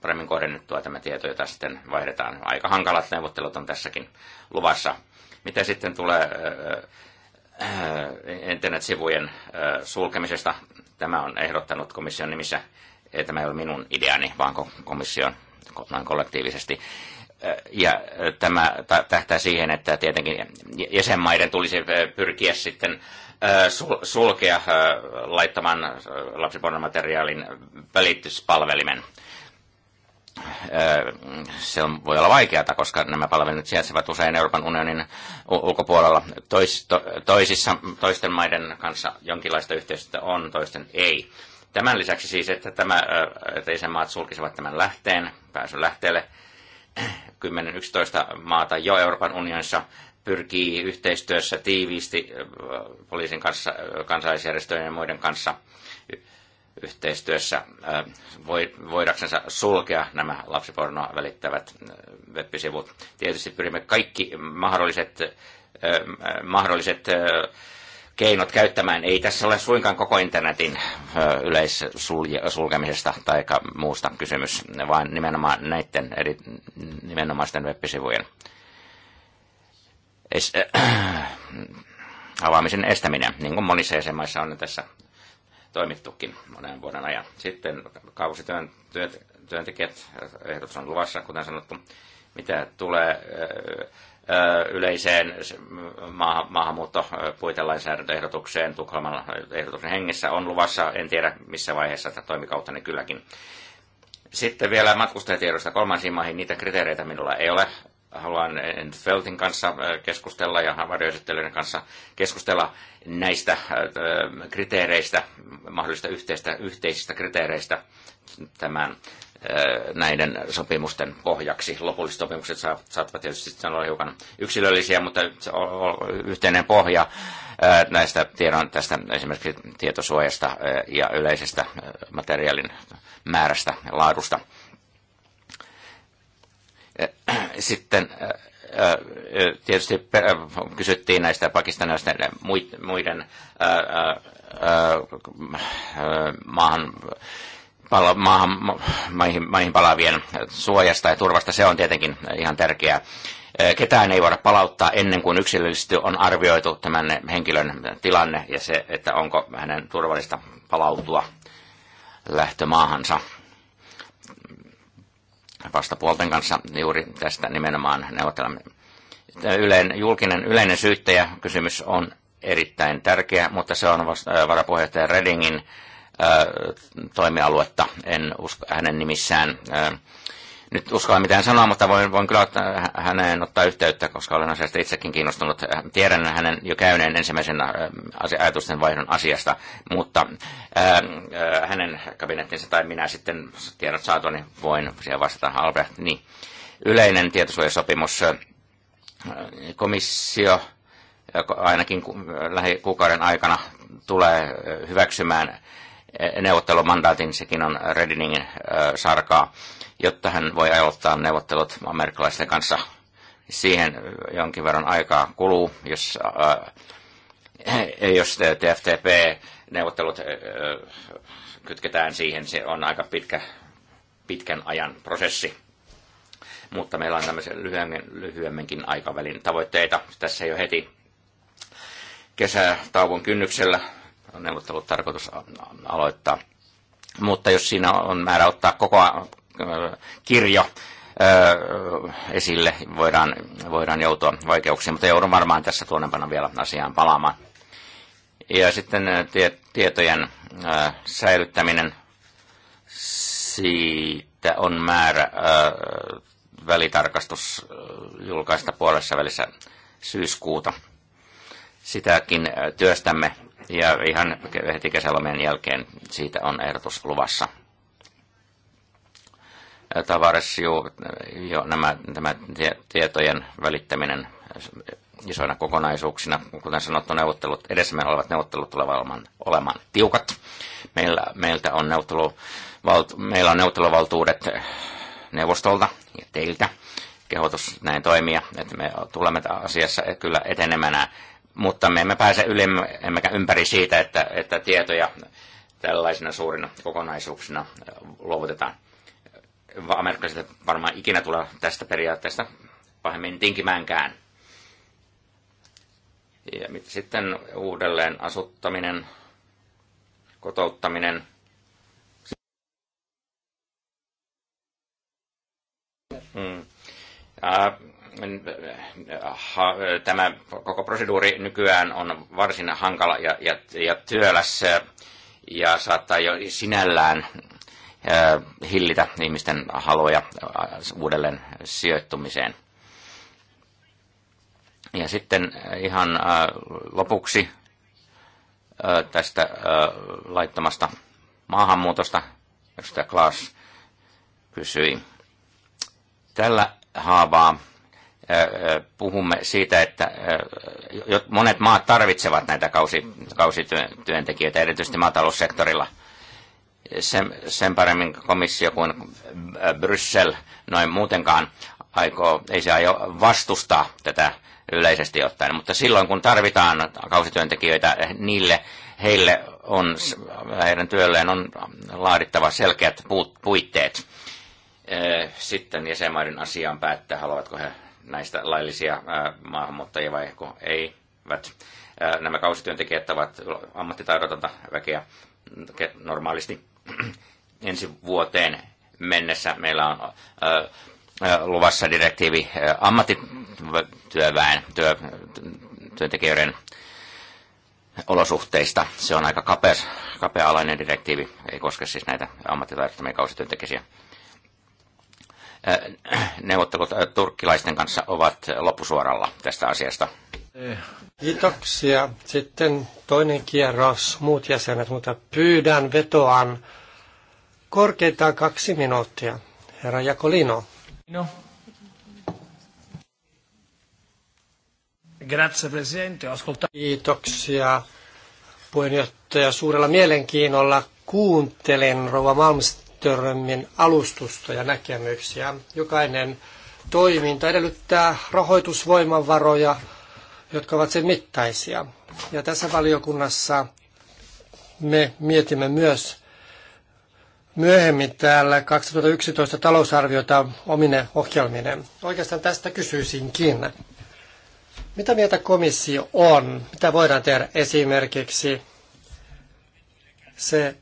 paremmin kohdennettua tämä tieto, jota sitten vaihdetaan. Aika hankalat neuvottelut on tässäkin luvassa. Mitä sitten tulee internetsivujen sulkemisesta? Tämä on ehdottanut komission nimissä, tämä ei ole minun ideani, vaan komission noin kollektiivisesti ja tämä tähtää siihen, että tietenkin jäsenmaiden tulisi pyrkiä sitten sulkea laittamaan lapsipornomateriaalin välityspalvelimen. Se on, voi olla vaikeata, koska nämä palvelimet sijaitsevat usein Euroopan unionin ulkopuolella. Tois, to, toisissa, toisten maiden kanssa jonkinlaista yhteistyötä on, toisten ei. Tämän lisäksi siis, että, tämä, että isänmaat sulkisivat tämän lähteen, pääsyn lähteelle, 10-11 maata jo Euroopan unionissa pyrkii yhteistyössä tiiviisti poliisin kanssa, kansalaisjärjestöjen ja muiden kanssa yhteistyössä voidaksensa sulkea nämä lapsipornoa välittävät web-sivut. Tietysti pyrimme kaikki mahdolliset, mahdolliset keinot käyttämään. Ei tässä ole suinkaan koko internetin yleissulkemisesta tai muusta kysymys, vaan nimenomaan näiden eri, nimenomaisten web-sivujen es, äh, avaamisen estäminen, niin kuin monissa jäsenmaissa on tässä toimittukin monen vuoden ajan. Sitten kausityön työntekijät ehdotus on luvassa, kuten sanottu, mitä tulee äh, yleiseen maahan, maahanmuuttopuitelainsäädäntöehdotukseen Tukholman ehdotuksen hengessä on luvassa, en tiedä missä vaiheessa tätä toimikautta ne niin kylläkin. Sitten vielä matkustajatiedosta kolmansiin maihin, niitä kriteereitä minulla ei ole. Haluan Feltin kanssa keskustella ja varjoesittelyiden kanssa keskustella näistä kriteereistä, mahdollisista yhteistä, yhteisistä kriteereistä tämän näiden sopimusten pohjaksi. Lopulliset sopimukset saattavat tietysti olla hiukan yksilöllisiä, mutta yhteinen pohja näistä tiedon tästä esimerkiksi tietosuojasta ja yleisestä materiaalin määrästä ja laadusta. Sitten tietysti kysyttiin näistä pakistanilaisten muiden maahan pala- maahan, maihin, maihin palaavien suojasta ja turvasta, se on tietenkin ihan tärkeää. Ketään ei voida palauttaa ennen kuin yksilöllisesti on arvioitu tämän henkilön tilanne ja se, että onko hänen turvallista palautua lähtömaahansa. Vastapuolten kanssa juuri tästä nimenomaan neuvottelemme. Yleinen, julkinen yleinen syyttäjä kysymys on erittäin tärkeä, mutta se on vasta, varapuheenjohtaja Redingin toimialuetta. En usko hänen nimissään. Nyt uskalla mitään sanoa, mutta voin, voin kyllä häneen ottaa yhteyttä, koska olen asiasta itsekin kiinnostunut. Tiedän hänen jo käyneen ensimmäisen ajatusten vaihdon asiasta, mutta hänen kabinettinsa tai minä sitten tiedot saatu, niin voin siihen vastata. Albert, niin. Yleinen tietosuojasopimus, komissio ainakin lähikuukauden aikana tulee hyväksymään neuvottelumandaatin, sekin on Redingin sarkaa, jotta hän voi aloittaa neuvottelut amerikkalaisten kanssa. Siihen jonkin verran aikaa kuluu, jos, jos TFTP-neuvottelut kytketään siihen, se on aika pitkä, pitkän ajan prosessi. Mutta meillä on tämmöisen lyhyemmin, lyhyemminkin aikavälin tavoitteita. Tässä jo heti kesätauon kynnyksellä neuvottelut tarkoitus aloittaa. Mutta jos siinä on määrä ottaa koko kirjo esille, voidaan, voidaan joutua vaikeuksiin, mutta joudun varmaan tässä tuonnepana vielä asiaan palaamaan. Ja sitten tietojen säilyttäminen, siitä on määrä välitarkastus julkaista puolessa välissä syyskuuta. Sitäkin työstämme ja ihan heti kesälomien jälkeen siitä on ehdotus luvassa. Tavares, jo, jo nämä, tämä tietojen välittäminen isoina kokonaisuuksina. Kuten sanottu, neuvottelut, meillä olevat neuvottelut tulevat olemaan, olemaan tiukat. Meillä, meiltä on neuvotteluvaltu, meillä on neuvotteluvaltuudet neuvostolta ja teiltä. Kehotus näin toimia, että me tulemme asiassa kyllä etenemään mutta me emme pääse yli, emmekä ympäri siitä, että, että tietoja tällaisina suurina kokonaisuuksina luovutetaan. Amerikkalaiset varmaan ikinä tulee tästä periaatteesta pahemmin tinkimäänkään. Ja sitten uudelleen asuttaminen, kotouttaminen. Mm. Äh, tämä koko proseduuri nykyään on varsin hankala ja, ja, ja työläs ja saattaa jo sinällään hillitä ihmisten haluja uudelleen sijoittumiseen. Ja sitten ihan lopuksi tästä laittomasta maahanmuutosta, josta Klaas kysyi. Tällä haavaa puhumme siitä, että monet maat tarvitsevat näitä kausityöntekijöitä, erityisesti maataloussektorilla. Sen, sen paremmin komissio kuin Bryssel noin muutenkaan aikoo, ei se aio vastustaa tätä yleisesti ottaen, mutta silloin kun tarvitaan kausityöntekijöitä, niille heille on, heidän työlleen on laadittava selkeät puitteet. Sitten jäsenmaiden asiaan päättää, haluavatko he näistä laillisia maahanmuuttajia vai eivät. Nämä kausityöntekijät ovat ammattitaidotonta väkeä normaalisti ensi vuoteen mennessä. Meillä on luvassa direktiivi ammattityöväen työ, työntekijöiden olosuhteista. Se on aika kapea, kapea-alainen direktiivi, ei koske siis näitä ammattitaidottomia kausityöntekijöitä. Äh, neuvottelut äh, turkkilaisten kanssa ovat loppusuoralla tästä asiasta.
Kiitoksia. Sitten toinen kierros, muut jäsenet, mutta pyydän vetoan korkeintaan kaksi minuuttia. Herra Jakolino. No. Grazie Presidente, ascolta. Kiitoksia puheenjohtaja. Suurella mielenkiinnolla kuuntelen Rova Malmström Wikströmin alustusta ja näkemyksiä. Jokainen toiminta edellyttää rahoitusvoimavaroja, jotka ovat sen mittaisia. Ja tässä valiokunnassa me mietimme myös myöhemmin täällä 2011 talousarviota omine ohjelminen. Oikeastaan tästä kysyisinkin. Mitä mieltä komissio on? Mitä voidaan tehdä esimerkiksi se,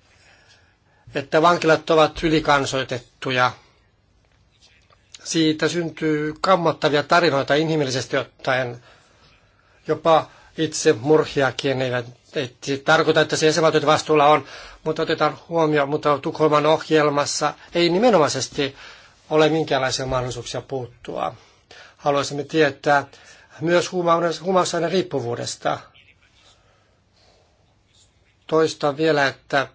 että vankilat ovat ylikansoitettuja. Siitä syntyy kammottavia tarinoita inhimillisesti ottaen. Jopa itse murhiakin eivät ei siis tarkoita, että se jäsenvaltioiden vastuulla on, mutta otetaan huomioon, mutta Tukholman ohjelmassa ei nimenomaisesti ole minkäänlaisia mahdollisuuksia puuttua. Haluaisimme tietää myös huumausaineen riippuvuudesta. Toista vielä, että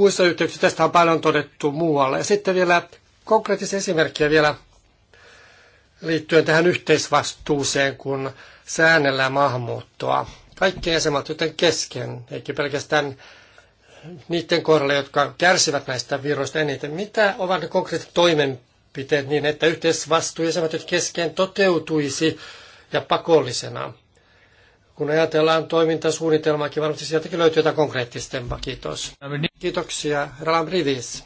muissa yhteyksissä. Tästä on paljon todettu muualla. Ja sitten vielä konkreettisia esimerkkejä vielä liittyen tähän yhteisvastuuseen, kun säännellään maahanmuuttoa. Kaikkien jäsenvaltioiden kesken, eikä pelkästään niiden kohdalla, jotka kärsivät näistä viroista, eniten. Mitä ovat ne konkreettiset toimenpiteet niin, että yhteisvastuu jäsenvaltioiden kesken toteutuisi ja pakollisena? kun ajatellaan toimintasuunnitelmaakin, varmasti sieltäkin löytyy jotain konkreettista. Kiitos. Kiitoksia. Ralam Rivis.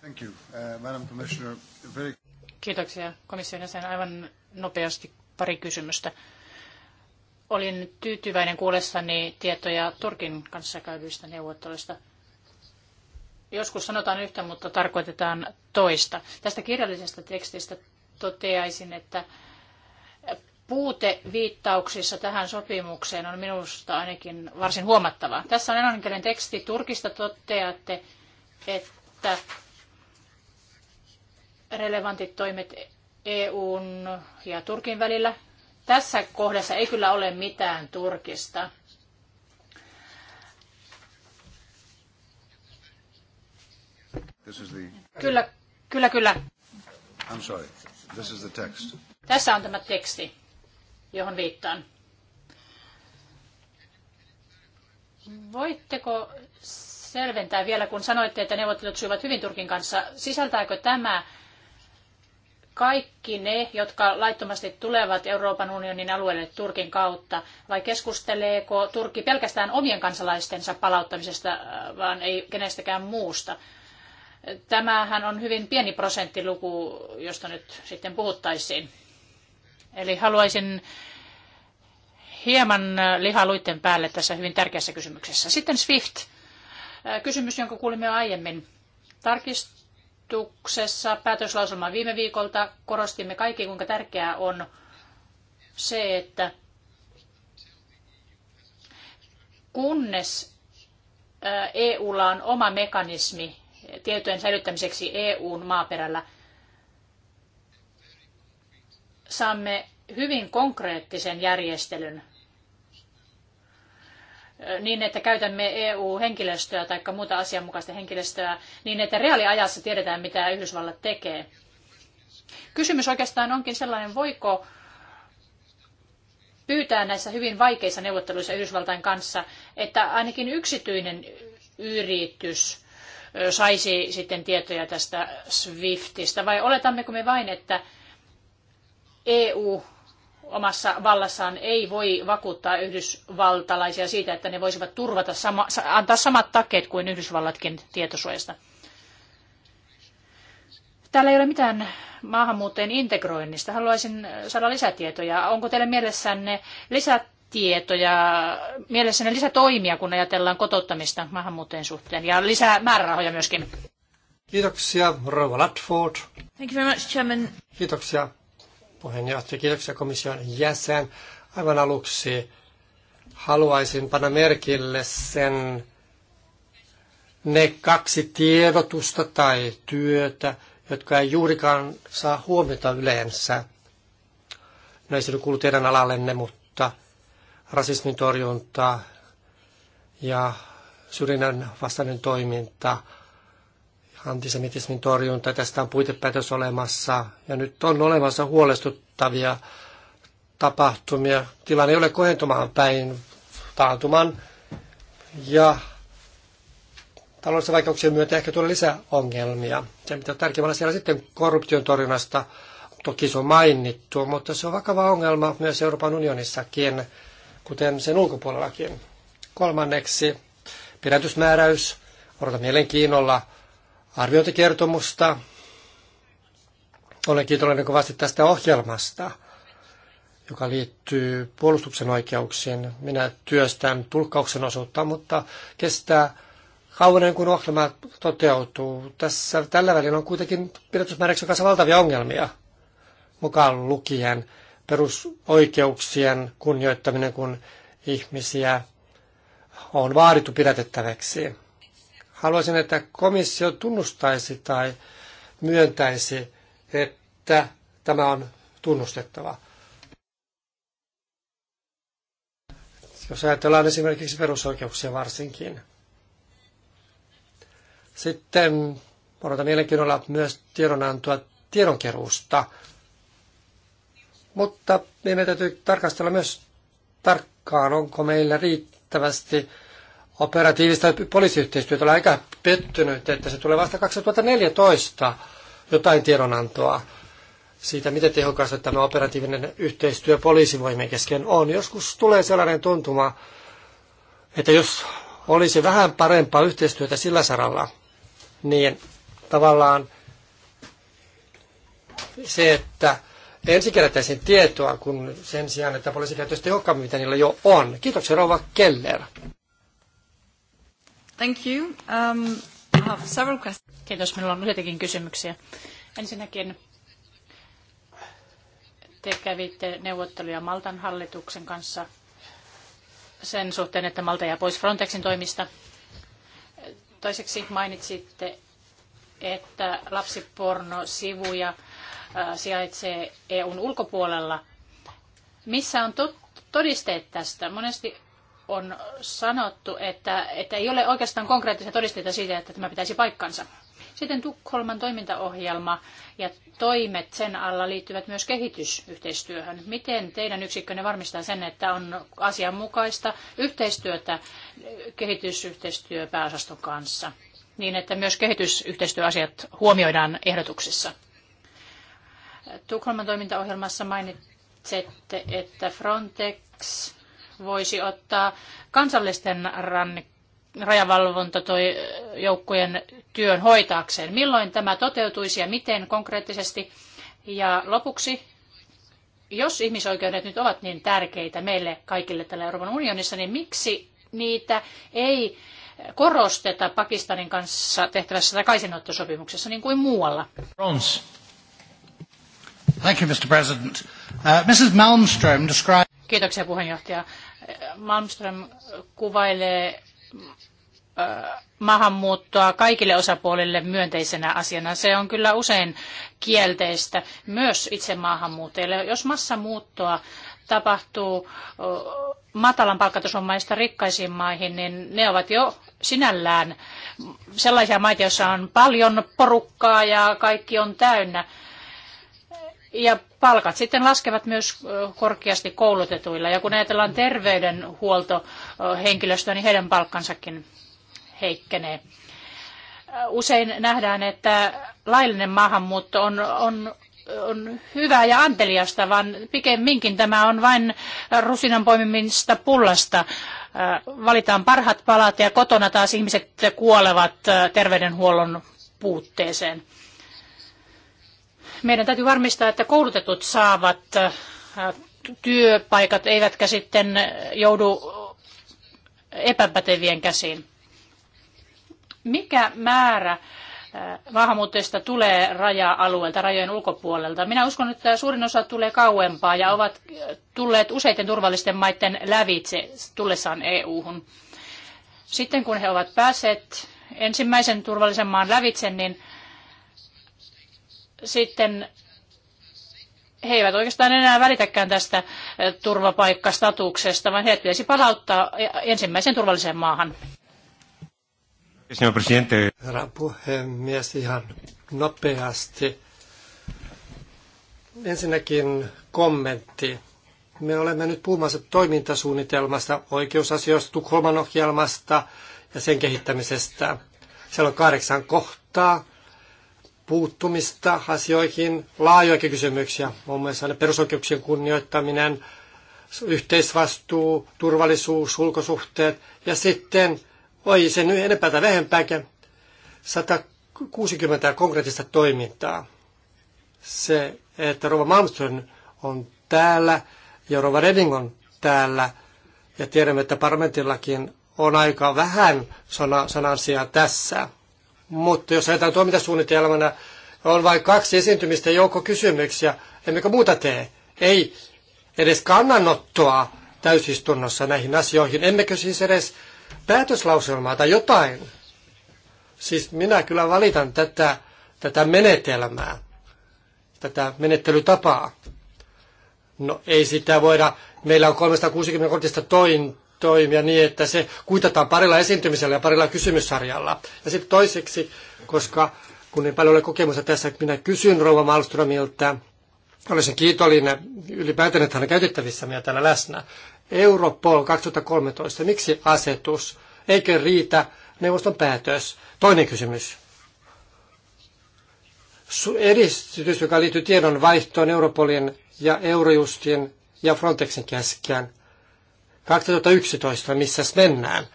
Thank you, uh, Madam Commissioner. Very...
Kiitoksia komission jäsen. Aivan nopeasti pari kysymystä. Olin tyytyväinen kuulessani tietoja Turkin kanssa käydyistä neuvotteluista. Joskus sanotaan yhtä, mutta tarkoitetaan toista. Tästä kirjallisesta tekstistä toteaisin, että puute viittauksissa tähän sopimukseen on minusta ainakin varsin huomattava. Tässä on englanninkielinen teksti. Turkista toteatte, että relevantit toimet EUn ja Turkin välillä. Tässä kohdassa ei kyllä ole mitään Turkista. Kyllä, kyllä, kyllä.
I'm sorry. This is the text.
Tässä on tämä teksti, johon viittaan. Voitteko selventää vielä, kun sanoitte, että neuvottelut sujuvat hyvin Turkin kanssa, sisältääkö tämä kaikki ne, jotka laittomasti tulevat Euroopan unionin alueelle Turkin kautta, vai keskusteleeko Turkki pelkästään omien kansalaistensa palauttamisesta, vaan ei kenestäkään muusta? Tämähän on hyvin pieni prosenttiluku, josta nyt sitten puhuttaisiin. Eli haluaisin hieman lihaa päälle tässä hyvin tärkeässä kysymyksessä. Sitten SWIFT. Äh, kysymys, jonka kuulimme jo aiemmin. Tarkistuksessa päätöslauselmaan viime viikolta korostimme kaikki, kuinka tärkeää on se, että kunnes äh, EUlla on oma mekanismi, tietojen säilyttämiseksi EUn maaperällä, saamme hyvin konkreettisen järjestelyn niin, että käytämme EU-henkilöstöä tai muuta asianmukaista henkilöstöä niin, että reaaliajassa tiedetään, mitä Yhdysvallat tekee. Kysymys oikeastaan onkin sellainen, voiko pyytää näissä hyvin vaikeissa neuvotteluissa Yhdysvaltain kanssa, että ainakin yksityinen yritys saisi sitten tietoja tästä SWIFTistä, vai oletammeko me vain, että EU omassa vallassaan ei voi vakuuttaa yhdysvaltalaisia siitä, että ne voisivat turvata sama, antaa samat takeet kuin Yhdysvallatkin tietosuojasta. Täällä ei ole mitään maahanmuuttajien integroinnista. Haluaisin saada lisätietoja. Onko teillä mielessänne lisät lisätietoja, mielessäni lisätoimia, kun ajatellaan kotouttamista maahanmuuttajien suhteen ja lisää määrärahoja myöskin?
Kiitoksia, Rova Latford. Thank you very much, Chairman. Kiitoksia, puheenjohtaja. Kiitoksia komission jäsen. Aivan aluksi haluaisin panna merkille sen ne kaksi tiedotusta tai työtä, jotka ei juurikaan saa huomiota yleensä. No ei se kuulu teidän alallenne, mutta rasismin torjunta ja syrjinnän vastainen toiminta, antisemitismin torjunta. Tästä on puitepäätös olemassa ja nyt on olemassa huolestuttavia tapahtumia. Tilanne ei ole kohentumaan päin taantuman ja taloudellisen vaikeuksien myötä ehkä tulee lisää ongelmia. Se mitä on tärkeää siellä sitten korruption torjunnasta, toki se on mainittu, mutta se on vakava ongelma myös Euroopan unionissakin kuten sen ulkopuolellakin. Kolmanneksi pidätysmääräys. Odotan mielenkiinnolla arviointikertomusta. Olen kiitollinen kovasti tästä ohjelmasta, joka liittyy puolustuksen oikeuksiin. Minä työstän tulkkauksen osuutta, mutta kestää kauan kun ohjelma toteutuu. Tässä tällä välin on kuitenkin pidätysmääräyksen kanssa valtavia ongelmia, mukaan lukien perusoikeuksien kunnioittaminen, kun ihmisiä on vaadittu pidätettäväksi. Haluaisin, että komissio tunnustaisi tai myöntäisi, että tämä on tunnustettava. Jos ajatellaan esimerkiksi perusoikeuksia varsinkin. Sitten odotan mielenkiinnolla myös tiedonantoa tiedonkeruusta mutta meidän täytyy tarkastella myös tarkkaan, onko meillä riittävästi operatiivista poliisiyhteistyötä. Olen aika pettynyt, että se tulee vasta 2014 jotain tiedonantoa siitä, miten tehokasta tämä operatiivinen yhteistyö poliisivoimien kesken on. Joskus tulee sellainen tuntuma, että jos olisi vähän parempaa yhteistyötä sillä saralla, niin tavallaan se, että ensin kerättäisiin tietoa, kun sen sijaan, että poliisi käyttäisi tehokkaammin, mitä niillä jo on. Kiitoksia Rova Keller.
Thank you. Um, I have several questions. Kiitos, minulla on useitakin kysymyksiä. Ensinnäkin te kävitte neuvotteluja Maltan hallituksen kanssa sen suhteen, että Malta jää pois Frontexin toimista. Toiseksi mainitsitte, että lapsipornosivuja sivuja sijaitsee EUn ulkopuolella. Missä on todisteet tästä? Monesti on sanottu, että, että ei ole oikeastaan konkreettisia todisteita siitä, että tämä pitäisi paikkansa. Sitten Tukholman toimintaohjelma ja toimet sen alla liittyvät myös kehitysyhteistyöhön. Miten teidän yksikkönne varmistaa sen, että on asianmukaista yhteistyötä kehitysyhteistyöpääosaston kanssa, niin että myös kehitysyhteistyöasiat huomioidaan ehdotuksissa? Tukholman toimintaohjelmassa mainitsette, että Frontex voisi ottaa kansallisten rannikkojen rajavalvontajoukkojen työn hoitaakseen. Milloin tämä toteutuisi ja miten konkreettisesti? Ja lopuksi, jos ihmisoikeudet nyt ovat niin tärkeitä meille kaikille täällä Euroopan unionissa, niin miksi niitä ei korosteta Pakistanin kanssa tehtävässä takaisinottosopimuksessa niin kuin muualla?
Thank you, Mr. President. Uh, Mrs. Malmström
described... Kiitoksia puheenjohtaja. Malmström kuvailee maahanmuuttoa kaikille osapuolille myönteisenä asiana. Se on kyllä usein kielteistä myös itse maahanmuuttajille. Jos massamuuttoa tapahtuu matalan palkkatason maista rikkaisiin maihin, niin ne ovat jo sinällään sellaisia maita, joissa on paljon porukkaa ja kaikki on täynnä. Ja palkat sitten laskevat myös korkeasti koulutetuilla. Ja kun ajatellaan terveydenhuoltohenkilöstöä, niin heidän palkkansakin heikkenee. Usein nähdään, että laillinen maahanmuutto on, on, on hyvää ja anteliasta, vaan pikemminkin tämä on vain rusinan poimimista pullasta. Valitaan parhaat palat ja kotona taas ihmiset kuolevat terveydenhuollon puutteeseen meidän täytyy varmistaa, että koulutetut saavat äh, työpaikat eivätkä sitten joudu epäpätevien käsiin. Mikä määrä äh, maahanmuuttajista tulee raja-alueelta, rajojen ulkopuolelta? Minä uskon, että suurin osa tulee kauempaa ja ovat tulleet useiden turvallisten maiden lävitse tullessaan EU-hun. Sitten kun he ovat päässeet ensimmäisen turvallisen maan lävitse, niin sitten he eivät oikeastaan enää välitäkään tästä eh, turvapaikkastatuksesta, vaan heidät pitäisi palauttaa e, ensimmäiseen turvalliseen maahan.
Herra puhemies, ihan nopeasti. Ensinnäkin kommentti. Me olemme nyt puhumassa toimintasuunnitelmasta, oikeusasioista, Tukholman ohjelmasta ja sen kehittämisestä. Siellä on kahdeksan kohtaa puuttumista asioihin, laajoja kysymyksiä, muun muassa perusoikeuksien kunnioittaminen, yhteisvastuu, turvallisuus, ulkosuhteet ja sitten, oi se nyt enempää tai vähempääkin, 160 konkreettista toimintaa. Se, että Rova Malmström on täällä ja Rova Reding on täällä ja tiedämme, että parlamentillakin on aika vähän sana, sanansia tässä. Mutta jos ajatellaan toimintasuunnitelmana, on vain kaksi esiintymistä joukko kysymyksiä, emmekö muuta tee? Ei edes kannanottoa täysistunnossa näihin asioihin, emmekö siis edes päätöslauselmaa tai jotain. Siis minä kyllä valitan tätä, tätä menetelmää, tätä menettelytapaa. No ei sitä voida, meillä on 360 kortista toin, toimia niin, että se kuitataan parilla esiintymisellä ja parilla kysymyssarjalla. Ja sitten toiseksi, koska kun ei niin paljon ole kokemusta tässä, minä kysyn Rouva Malmströmiltä, olisin kiitollinen ylipäätään, että hän on käytettävissä meillä täällä läsnä. Europol 2013, miksi asetus? Eikö riitä neuvoston päätös? Toinen kysymys. Edistys, joka liittyy tiedonvaihtoon Europolin ja Eurojustin ja Frontexin kesken. 2011, missä mennään.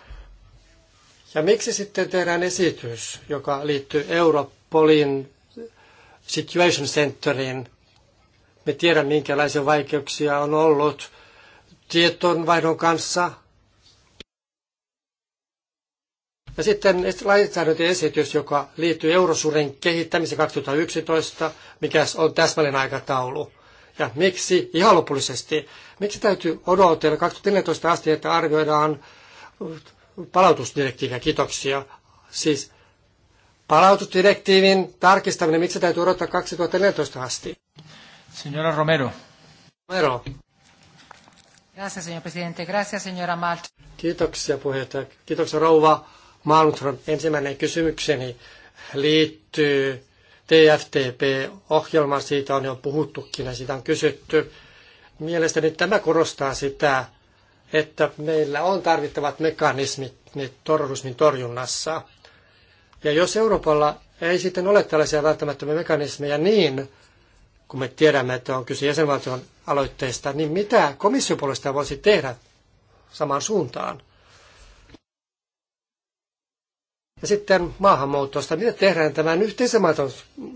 Ja miksi sitten tehdään esitys, joka liittyy Europolin Situation Centeriin? Me tiedämme, minkälaisia vaikeuksia on ollut tietonvaihdon kanssa. Ja sitten lainsäädäntöesitys, joka liittyy Eurosuuren kehittämiseen 2011, mikä on täsmällinen aikataulu. Ja miksi ihan lopullisesti, miksi täytyy odotella 2014 asti, että arvioidaan palautusdirektiiviä? Kiitoksia. Siis palautusdirektiivin tarkistaminen, miksi täytyy odottaa 2014 asti?
Signora Romero.
Romero.
Gracias, señor presidente. Gracias, señora Malt.
Kiitoksia puheenjohtaja. Kiitoksia rouva Malmström. Ensimmäinen kysymykseni liittyy TFTP-ohjelman, siitä on jo puhuttukin ja sitä on kysytty. Mielestäni tämä korostaa sitä, että meillä on tarvittavat mekanismit niin terrorismin torjunnassa. Ja jos Euroopalla ei sitten ole tällaisia välttämättömiä mekanismeja, niin kun me tiedämme, että on kyse jäsenvaltion aloitteista, niin mitä komission puolesta voisi tehdä samaan suuntaan? Ja sitten maahanmuutosta, mitä tehdään tämän yhteisen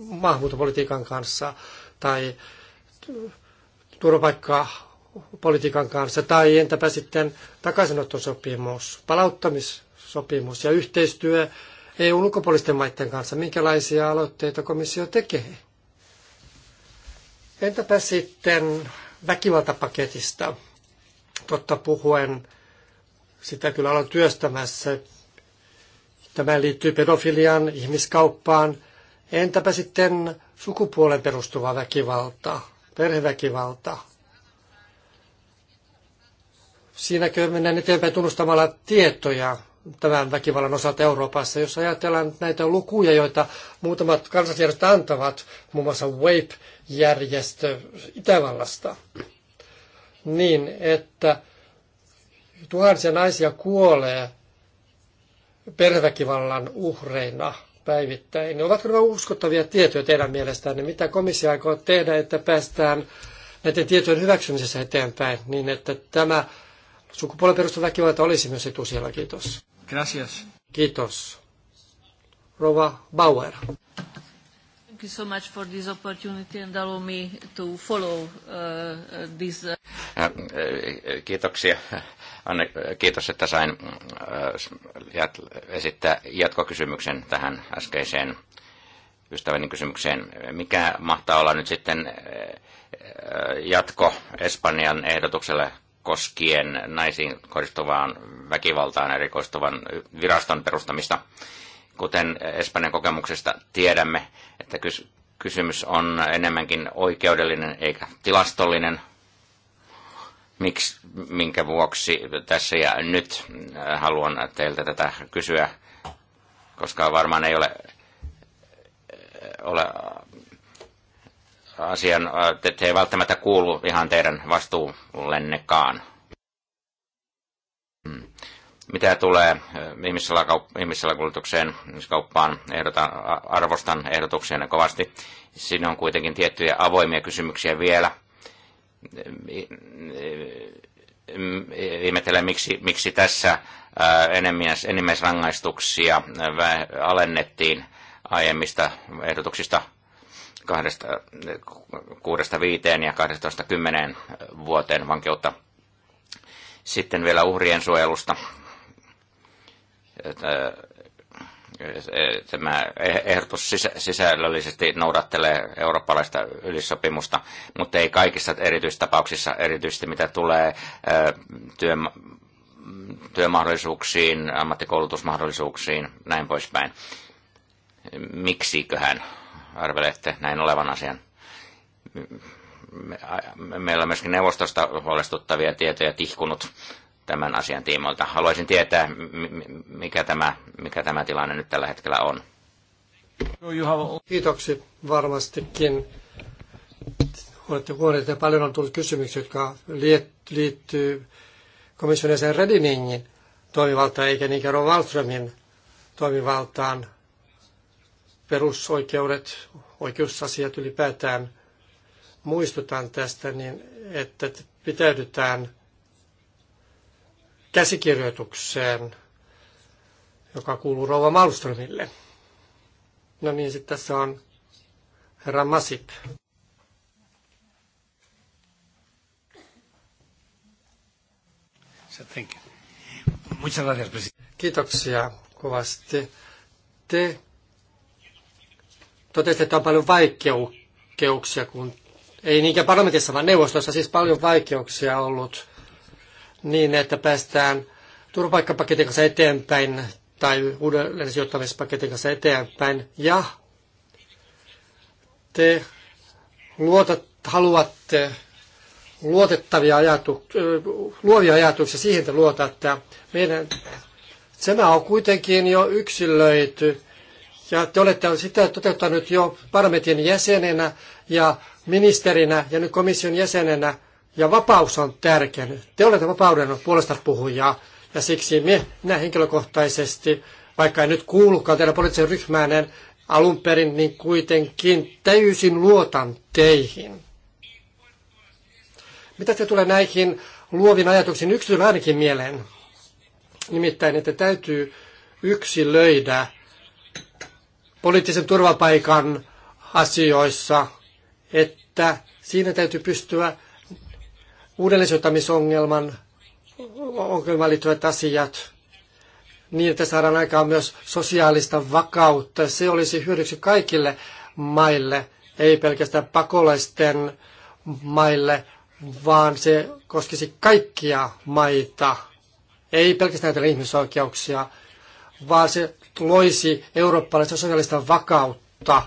maahanmuuttopolitiikan kanssa tai turvapaikkapolitiikan kanssa, tai entäpä sitten takaisinottosopimus, palauttamissopimus ja yhteistyö EUn ulkopuolisten maiden kanssa, minkälaisia aloitteita komissio tekee. Entäpä sitten väkivaltapaketista? Totta puhuen, sitä kyllä ollaan työstämässä Tämä liittyy pedofiliaan, ihmiskauppaan. Entäpä sitten sukupuolen perustuva väkivalta, perheväkivalta? Siinäkö mennään eteenpäin tunnustamalla tietoja tämän väkivallan osalta Euroopassa. Jos ajatellaan näitä lukuja, joita muutamat kansallisjärjestöt antavat, muun muassa WAPE-järjestö Itävallasta, niin että tuhansia naisia kuolee perheväkivallan uhreina päivittäin. Niin ovatko nämä uskottavia tietoja teidän mielestänne? Mitä komissio aikoo tehdä, että päästään näiden tietojen hyväksymisessä eteenpäin, niin että tämä sukupuolen perustuva väkivalta olisi myös etusijalla? Kiitos. Gracias. Kiitos. Rova Bauer. Thank
you so much for this opportunity and allow me to follow uh, uh this. Uh,
e, e, kiitoksia Anne, kiitos, että sain äh, esittää jatkokysymyksen tähän äskeiseen ystäväni kysymykseen. Mikä mahtaa olla nyt sitten äh, jatko Espanjan ehdotukselle koskien naisiin kohdistuvaan väkivaltaan erikoistuvan viraston perustamista? Kuten Espanjan kokemuksesta tiedämme, että kysymys on enemmänkin oikeudellinen eikä tilastollinen miksi, minkä vuoksi tässä ja nyt äh, haluan teiltä tätä kysyä, koska varmaan ei ole, äh, ole äh, asian, että ei välttämättä kuulu ihan teidän vastuullennekaan. Hmm. Mitä tulee ihmissalakuljetukseen, siis kauppaan, ehdotan, arvostan ehdotuksia kovasti. Siinä on kuitenkin tiettyjä avoimia kysymyksiä vielä – ihmetellä, miksi, miksi tässä enimmäisrangaistuksia alennettiin aiemmista ehdotuksista kahdesta, kuudesta viiteen ja 12 vuoteen vankeutta. Sitten vielä uhrien suojelusta tämä eh-, ehdotus sisällöllisesti noudattelee eurooppalaista ylissopimusta, mutta ei kaikissa erityistapauksissa, erityisesti mitä tulee eh, työ, työmahdollisuuksiin, ammattikoulutusmahdollisuuksiin, näin poispäin. Miksiköhän arvelette näin olevan asian? Meillä on myöskin neuvostosta huolestuttavia tietoja tihkunut tämän asian tiimoilta. Haluaisin tietää, mikä tämä, mikä tämä tilanne nyt tällä hetkellä on.
Kiitoksi varmastikin. Olette huoneet, että paljon on tullut kysymyksiä, jotka liittyy komission jäsen Rediningin toimivaltaan eikä niinkään Ron Wallströmin toimivaltaan. Perusoikeudet, oikeusasiat ylipäätään muistutan tästä, niin että pitäydytään käsikirjoitukseen, joka kuuluu Rova Malmströmille. No niin, sitten tässä on herra Masip. Kiitoksia kovasti. Te totesitte, että on paljon vaikeuksia, kun ei niinkään parlamentissa, vaan neuvostossa siis paljon vaikeuksia ollut niin, että päästään turvapaikkapaketin kanssa eteenpäin tai uudelleen sijoittamispaketin kanssa eteenpäin. Ja te luotat, haluatte luotettavia ajatuksia, luovia ajatuksia, siihen te luotatte. Meidän, tämä on kuitenkin jo yksilöity ja te olette sitä toteuttanut jo parlamentin jäsenenä ja ministerinä ja nyt komission jäsenenä ja vapaus on tärkeä. Te olette vapauden puolesta puhujaa ja siksi me, minä henkilökohtaisesti, vaikka en nyt kuulukaan teidän poliittisen ryhmääneen alun perin, niin kuitenkin täysin luotan teihin. Mitä te tulee näihin luovin ajatuksiin, yksi tulee ainakin mieleen. Nimittäin, että täytyy yksi löydä poliittisen turvapaikan asioissa, että siinä täytyy pystyä uudellisuuttamisongelman ongelmaan liittyvät asiat niin, että saadaan aikaan myös sosiaalista vakautta. Se olisi hyödyksi kaikille maille, ei pelkästään pakolaisten maille, vaan se koskisi kaikkia maita, ei pelkästään näitä ihmisoikeuksia, vaan se loisi eurooppalaista sosiaalista vakautta.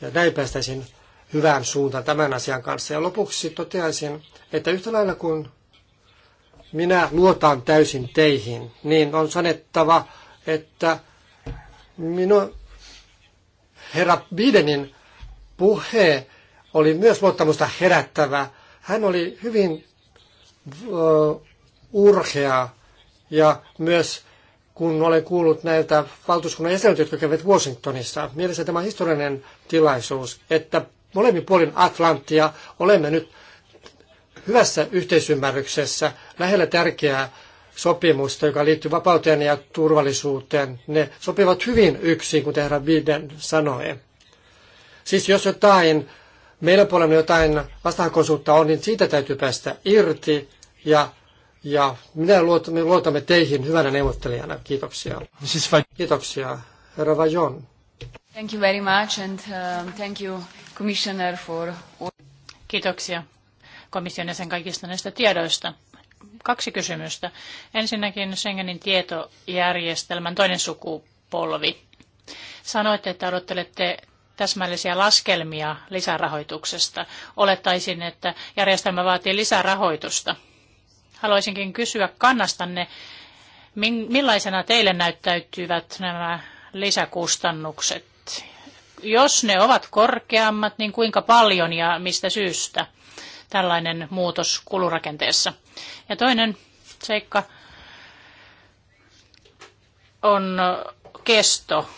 Ja näin päästäisiin hyvään suuntaan tämän asian kanssa. Ja lopuksi toteaisin, että yhtä lailla kuin minä luotan täysin teihin, niin on sanettava, että minun herra Bidenin puhe oli myös luottamusta herättävä. Hän oli hyvin uh, urhea ja myös kun olen kuullut näiltä valtuuskunnan jäseniltä, jotka kävivät Washingtonissa. Mielessä tämä historiallinen tilaisuus, että molemmin puolin Atlanttia olemme nyt hyvässä yhteisymmärryksessä lähellä tärkeää sopimusta, joka liittyy vapauteen ja turvallisuuteen. Ne sopivat hyvin yksin, kuten herra Biden sanoi. Siis jos jotain, meidän puolemme jotain vastahakoisuutta on, niin siitä täytyy päästä irti ja ja minä luotamme, luotamme teihin hyvänä neuvottelijana. Kiitoksia. Siis Kiitoksia, herra Vajon.
Thank you very much and uh, thank you Commissioner for... Kiitoksia komission ja sen kaikista näistä tiedoista. Kaksi kysymystä. Ensinnäkin Schengenin tietojärjestelmän toinen sukupolvi. Sanoitte, että odottelette täsmällisiä laskelmia lisärahoituksesta. Olettaisin, että järjestelmä vaatii lisärahoitusta. Haluaisinkin kysyä kannastanne, millaisena teille näyttäytyvät nämä lisäkustannukset? Jos ne ovat korkeammat, niin kuinka paljon ja mistä syystä tällainen muutos kulurakenteessa? Ja toinen seikka on kesto.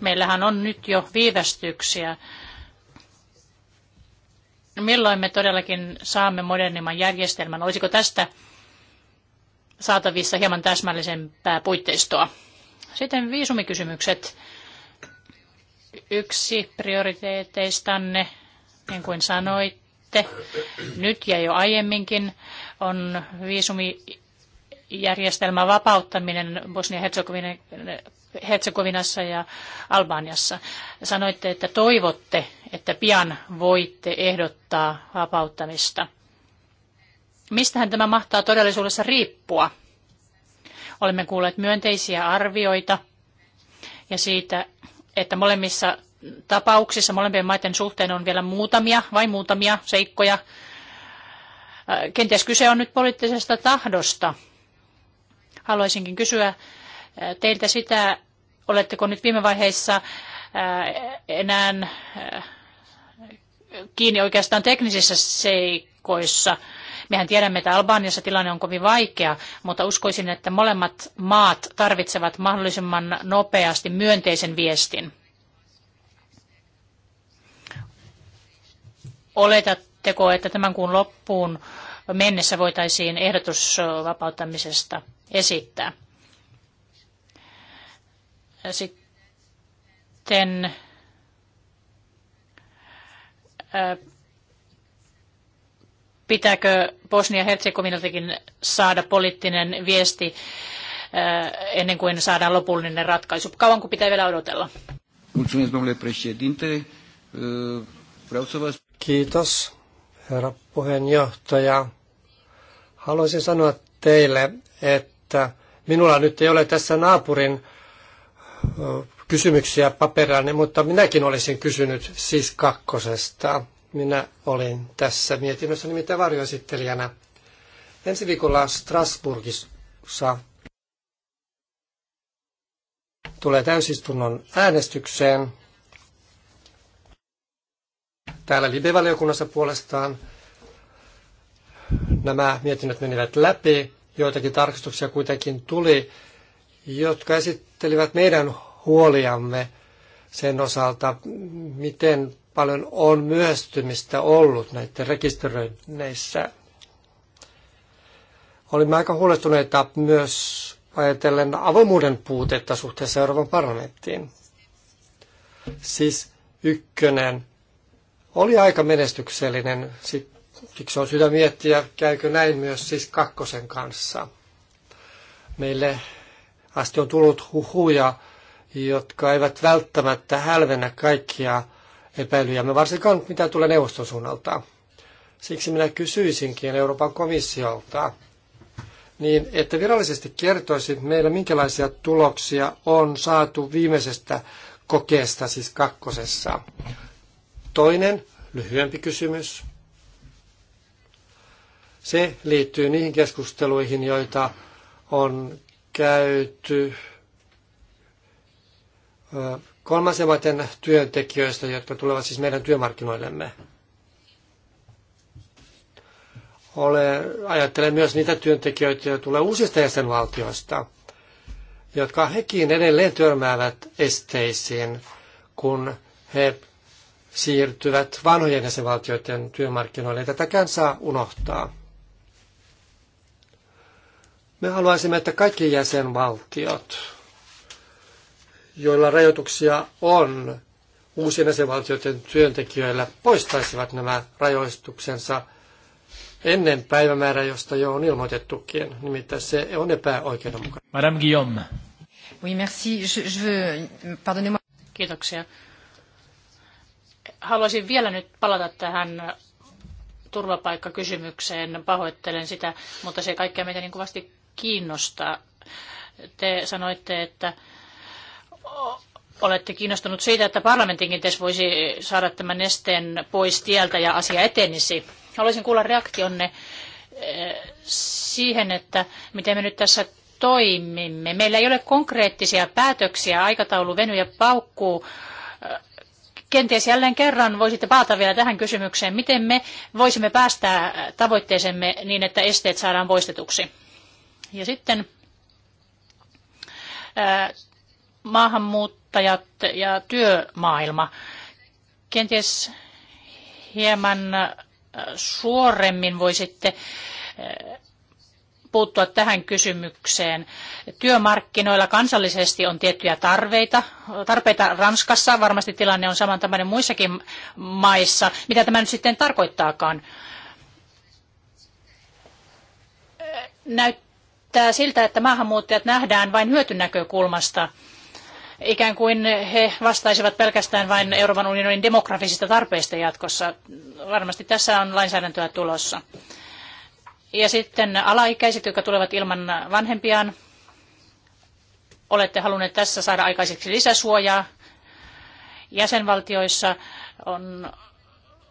Meillähän on nyt jo viivästyksiä. Milloin me todellakin saamme modernimman järjestelmän? Olisiko tästä saatavissa hieman täsmällisempää puitteistoa? Sitten viisumikysymykset yksi prioriteeteistanne, niin kuin sanoitte, nyt ja jo aiemminkin, on viisumijärjestelmän vapauttaminen Bosnia-Herzegovinassa ja Albaniassa. Sanoitte, että toivotte, että pian voitte ehdottaa vapauttamista. Mistähän tämä mahtaa todellisuudessa riippua? Olemme kuulleet myönteisiä arvioita ja siitä, että molemmissa tapauksissa molempien maiden suhteen on vielä muutamia, vain muutamia seikkoja. Äh, kenties kyse on nyt poliittisesta tahdosta. Haluaisinkin kysyä äh, teiltä sitä, oletteko nyt viime vaiheissa äh, enää kiinni oikeastaan teknisissä seikoissa – Mehän tiedämme, että Albaniassa tilanne on kovin vaikea, mutta uskoisin, että molemmat maat tarvitsevat mahdollisimman nopeasti myönteisen viestin. Oletatteko, että tämän kuun loppuun mennessä voitaisiin ehdotus vapauttamisesta esittää? Sitten äh, Pitääkö Bosnia-Herzegovinaltakin saada poliittinen viesti äh, ennen kuin saadaan lopullinen ratkaisu? Kauanko pitää vielä odotella?
Äh, Kiitos, herra puheenjohtaja. Haluaisin sanoa teille, että minulla nyt ei ole tässä naapurin äh, kysymyksiä paperillanne, mutta minäkin olisin kysynyt siis kakkosesta minä olen tässä mietinnössä nimittäin varjoesittelijänä. Ensi viikolla Strasbourgissa tulee täysistunnon äänestykseen. Täällä Libe-valiokunnassa puolestaan nämä mietinnöt menivät läpi. Joitakin tarkistuksia kuitenkin tuli, jotka esittelivät meidän huoliamme sen osalta, miten paljon on myöhästymistä ollut näiden rekisteröinneissä. Olimme aika huolestuneita myös ajatellen avoimuuden puutetta suhteessa Euroopan parlamenttiin. Siis ykkönen oli aika menestyksellinen, siksi on syytä miettiä, käykö näin myös siis kakkosen kanssa. Meille asti on tullut huhuja, jotka eivät välttämättä hälvennä kaikkia epäilyjämme, varsinkaan mitä tulee neuvoston suunnalta. Siksi minä kysyisinkin Euroopan komissiolta, niin että virallisesti kertoisit meille, minkälaisia tuloksia on saatu viimeisestä kokeesta, siis kakkosessa. Toinen, lyhyempi kysymys. Se liittyy niihin keskusteluihin, joita on käyty kolmansien maiden työntekijöistä, jotka tulevat siis meidän työmarkkinoillemme. Ole, ajattelen myös niitä työntekijöitä, joita tulee uusista jäsenvaltioista, jotka hekin edelleen törmäävät esteisiin, kun he siirtyvät vanhojen jäsenvaltioiden työmarkkinoille. Tätäkään saa unohtaa. Me haluaisimme, että kaikki jäsenvaltiot joilla rajoituksia on uusien jäsenvaltioiden työntekijöillä, poistaisivat nämä rajoituksensa ennen päivämäärää, josta jo on ilmoitettukin. Nimittäin se on epäoikeudenmukainen.
Madame Guillaume.
Oui, merci. Je, je veux... Kiitoksia. Haluaisin vielä nyt palata tähän turvapaikkakysymykseen. Pahoittelen sitä, mutta se kaikkea meitä niin kovasti kiinnostaa. Te sanoitte, että olette kiinnostunut siitä, että parlamentinkin tässä voisi saada tämän nesteen pois tieltä ja asia etenisi. Haluaisin kuulla reaktionne eh, siihen, että miten me nyt tässä toimimme. Meillä ei ole konkreettisia päätöksiä, aikataulu venyy ja paukkuu. Eh, kenties jälleen kerran voisitte palata vielä tähän kysymykseen, miten me voisimme päästä tavoitteeseemme niin, että esteet saadaan poistetuksi. Ja sitten eh, maahanmuuttajat ja työmaailma. Kenties hieman äh, suoremmin voisitte äh, puuttua tähän kysymykseen. Työmarkkinoilla kansallisesti on tiettyjä tarpeita. tarpeita Ranskassa, varmasti tilanne on samantapainen muissakin maissa. Mitä tämä nyt sitten tarkoittaakaan? Näyttää siltä, että maahanmuuttajat nähdään vain hyötynäkökulmasta. näkökulmasta ikään kuin he vastaisivat pelkästään vain Euroopan unionin demografisista tarpeista jatkossa. Varmasti tässä on lainsäädäntöä tulossa. Ja sitten alaikäiset, jotka tulevat ilman vanhempiaan. Olette halunneet tässä saada aikaiseksi lisäsuojaa. Jäsenvaltioissa on,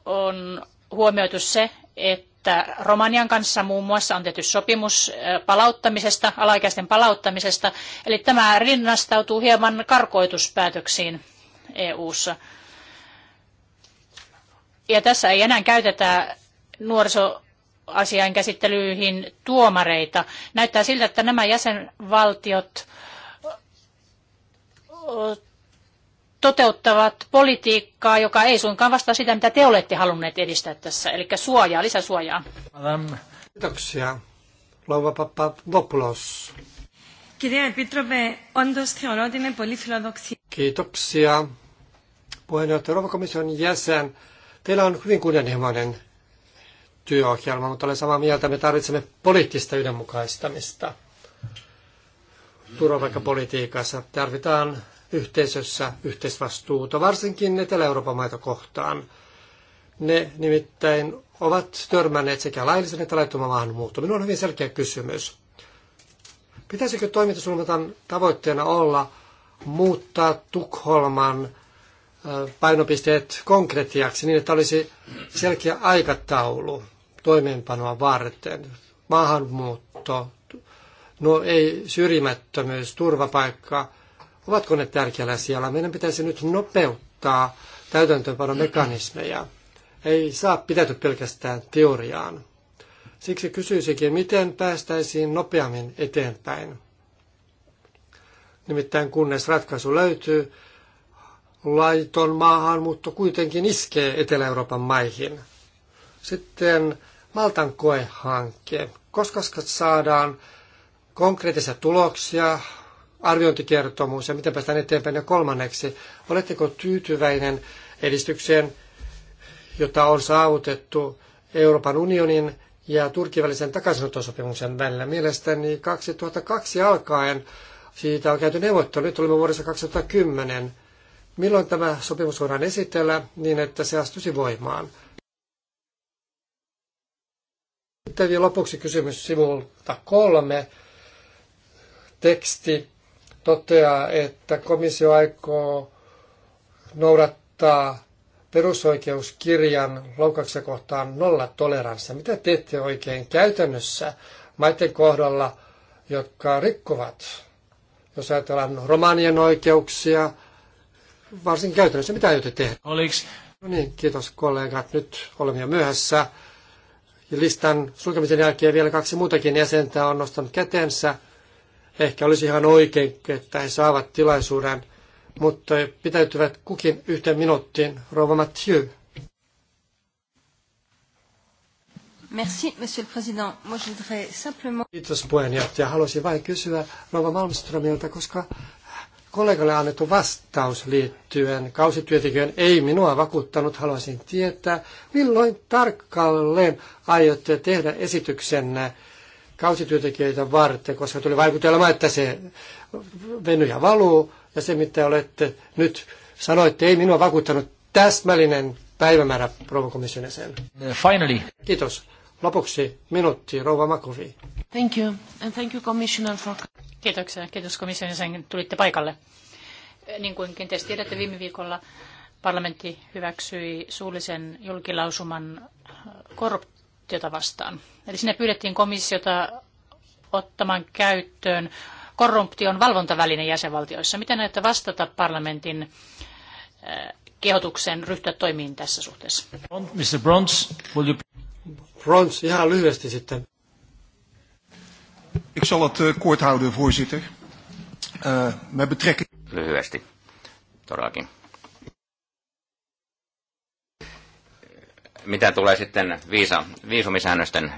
on huomioitu se, että että Romanian kanssa muun muassa on tehty sopimus palauttamisesta, alaikäisten palauttamisesta. Eli tämä rinnastautuu hieman karkoituspäätöksiin EU-ssa. Ja tässä ei enää käytetä nuorisoasiain käsittelyihin tuomareita. Näyttää siltä, että nämä jäsenvaltiot toteuttavat politiikkaa, joka ei suinkaan vastaa sitä, mitä te olette halunneet edistää tässä, eli suojaa, lisäsuojaa.
Kiitoksia. Louva Pappa Κυρία Kiitoksia. Puheenjohtaja Euroopan komission jäsen, teillä on hyvin kunnianhimoinen työohjelma, mutta olen samaa mieltä, me tarvitsemme poliittista yhdenmukaistamista turvapaikkapolitiikassa. Tarvitaan yhteisössä yhteisvastuuta, varsinkin Etelä-Euroopan maita kohtaan. Ne nimittäin ovat törmänneet sekä laillisen että laittoman maahanmuuttoon. Minulla on hyvin selkeä kysymys. Pitäisikö toimintasuunnitelman tavoitteena olla muuttaa Tukholman painopisteet konkretiaksi niin, että olisi selkeä aikataulu toimeenpanoa varten? Maahanmuutto, no ei syrjimättömyys, turvapaikka, Ovatko ne tärkeällä siellä? Meidän pitäisi nyt nopeuttaa täytäntöönpanomekanismeja. Ei saa pitäyty pelkästään teoriaan. Siksi kysyisikin, miten päästäisiin nopeammin eteenpäin. Nimittäin kunnes ratkaisu löytyy, laiton maahanmuutto kuitenkin iskee Etelä-Euroopan maihin. Sitten Maltan koehanke. Koska saadaan konkreettisia tuloksia arviointikertomus ja miten päästään eteenpäin ja kolmanneksi, oletteko tyytyväinen edistykseen, jota on saavutettu Euroopan unionin ja Turkin välisen takaisinottosopimuksen välillä. Mielestäni 2002 alkaen siitä on käyty neuvottelu. Nyt olemme vuodessa 2010. Milloin tämä sopimus voidaan esitellä niin, että se astuisi voimaan? Sitten vielä lopuksi kysymys sivulta kolme. Teksti toteaa, että komissio aikoo noudattaa perusoikeuskirjan loukauksia kohtaan nolla toleranssia. Mitä teette oikein käytännössä maiden kohdalla, jotka rikkovat, jos ajatellaan romanien oikeuksia, varsin käytännössä, mitä aiotte tehdä? Oliks? No niin, kiitos kollegat. Nyt olemme jo myöhässä. Listan sulkemisen jälkeen vielä kaksi muutakin jäsentä on nostanut kätensä. Ehkä olisi ihan oikein, että he saavat tilaisuuden, mutta pitäytyvät kukin yhteen minuuttiin. Rova Mathieu.
Merci, Monsieur le Président. Moi, je voudrais simplement...
Kiitos puheenjohtaja. Haluaisin vain kysyä Rova Malmströmiltä, koska kollegalle annettu vastaus liittyen kausityöntekijöiden ei minua vakuuttanut. Haluaisin tietää, milloin tarkalleen aiotte tehdä esityksenne kausityöntekijöitä varten, koska tuli vaikutelma, että se ja valuu ja se mitä olette nyt sanoitte, ei minua vakuuttanut täsmällinen päivämäärä rouvakomission jäsen. Eh, finally. Kiitos. Lopuksi minuutti, rouva Makovi.
Thank you. And thank you, Commissioner, for... Kiitoksia. Kiitos komission jäsen, tulitte paikalle. Eh, niin kuin kenties tiedätte, viime viikolla parlamentti hyväksyi suullisen julkilausuman eh, korruptioon jota vastaan. Eli sinne pyydettiin komissiota ottamaan käyttöön korruption valvontaväline jäsenvaltioissa. Miten aiotte vastata parlamentin eh, kehotuksen ryhtyä toimiin tässä suhteessa?
Mr. Brons, will you... Brons, ihan lyhyesti
sitten. Ik zal het eh, kort houden, voorzitter. Uh, met betrekking... Lyhyesti, todellakin. mitä tulee sitten viisa, viisumisäännösten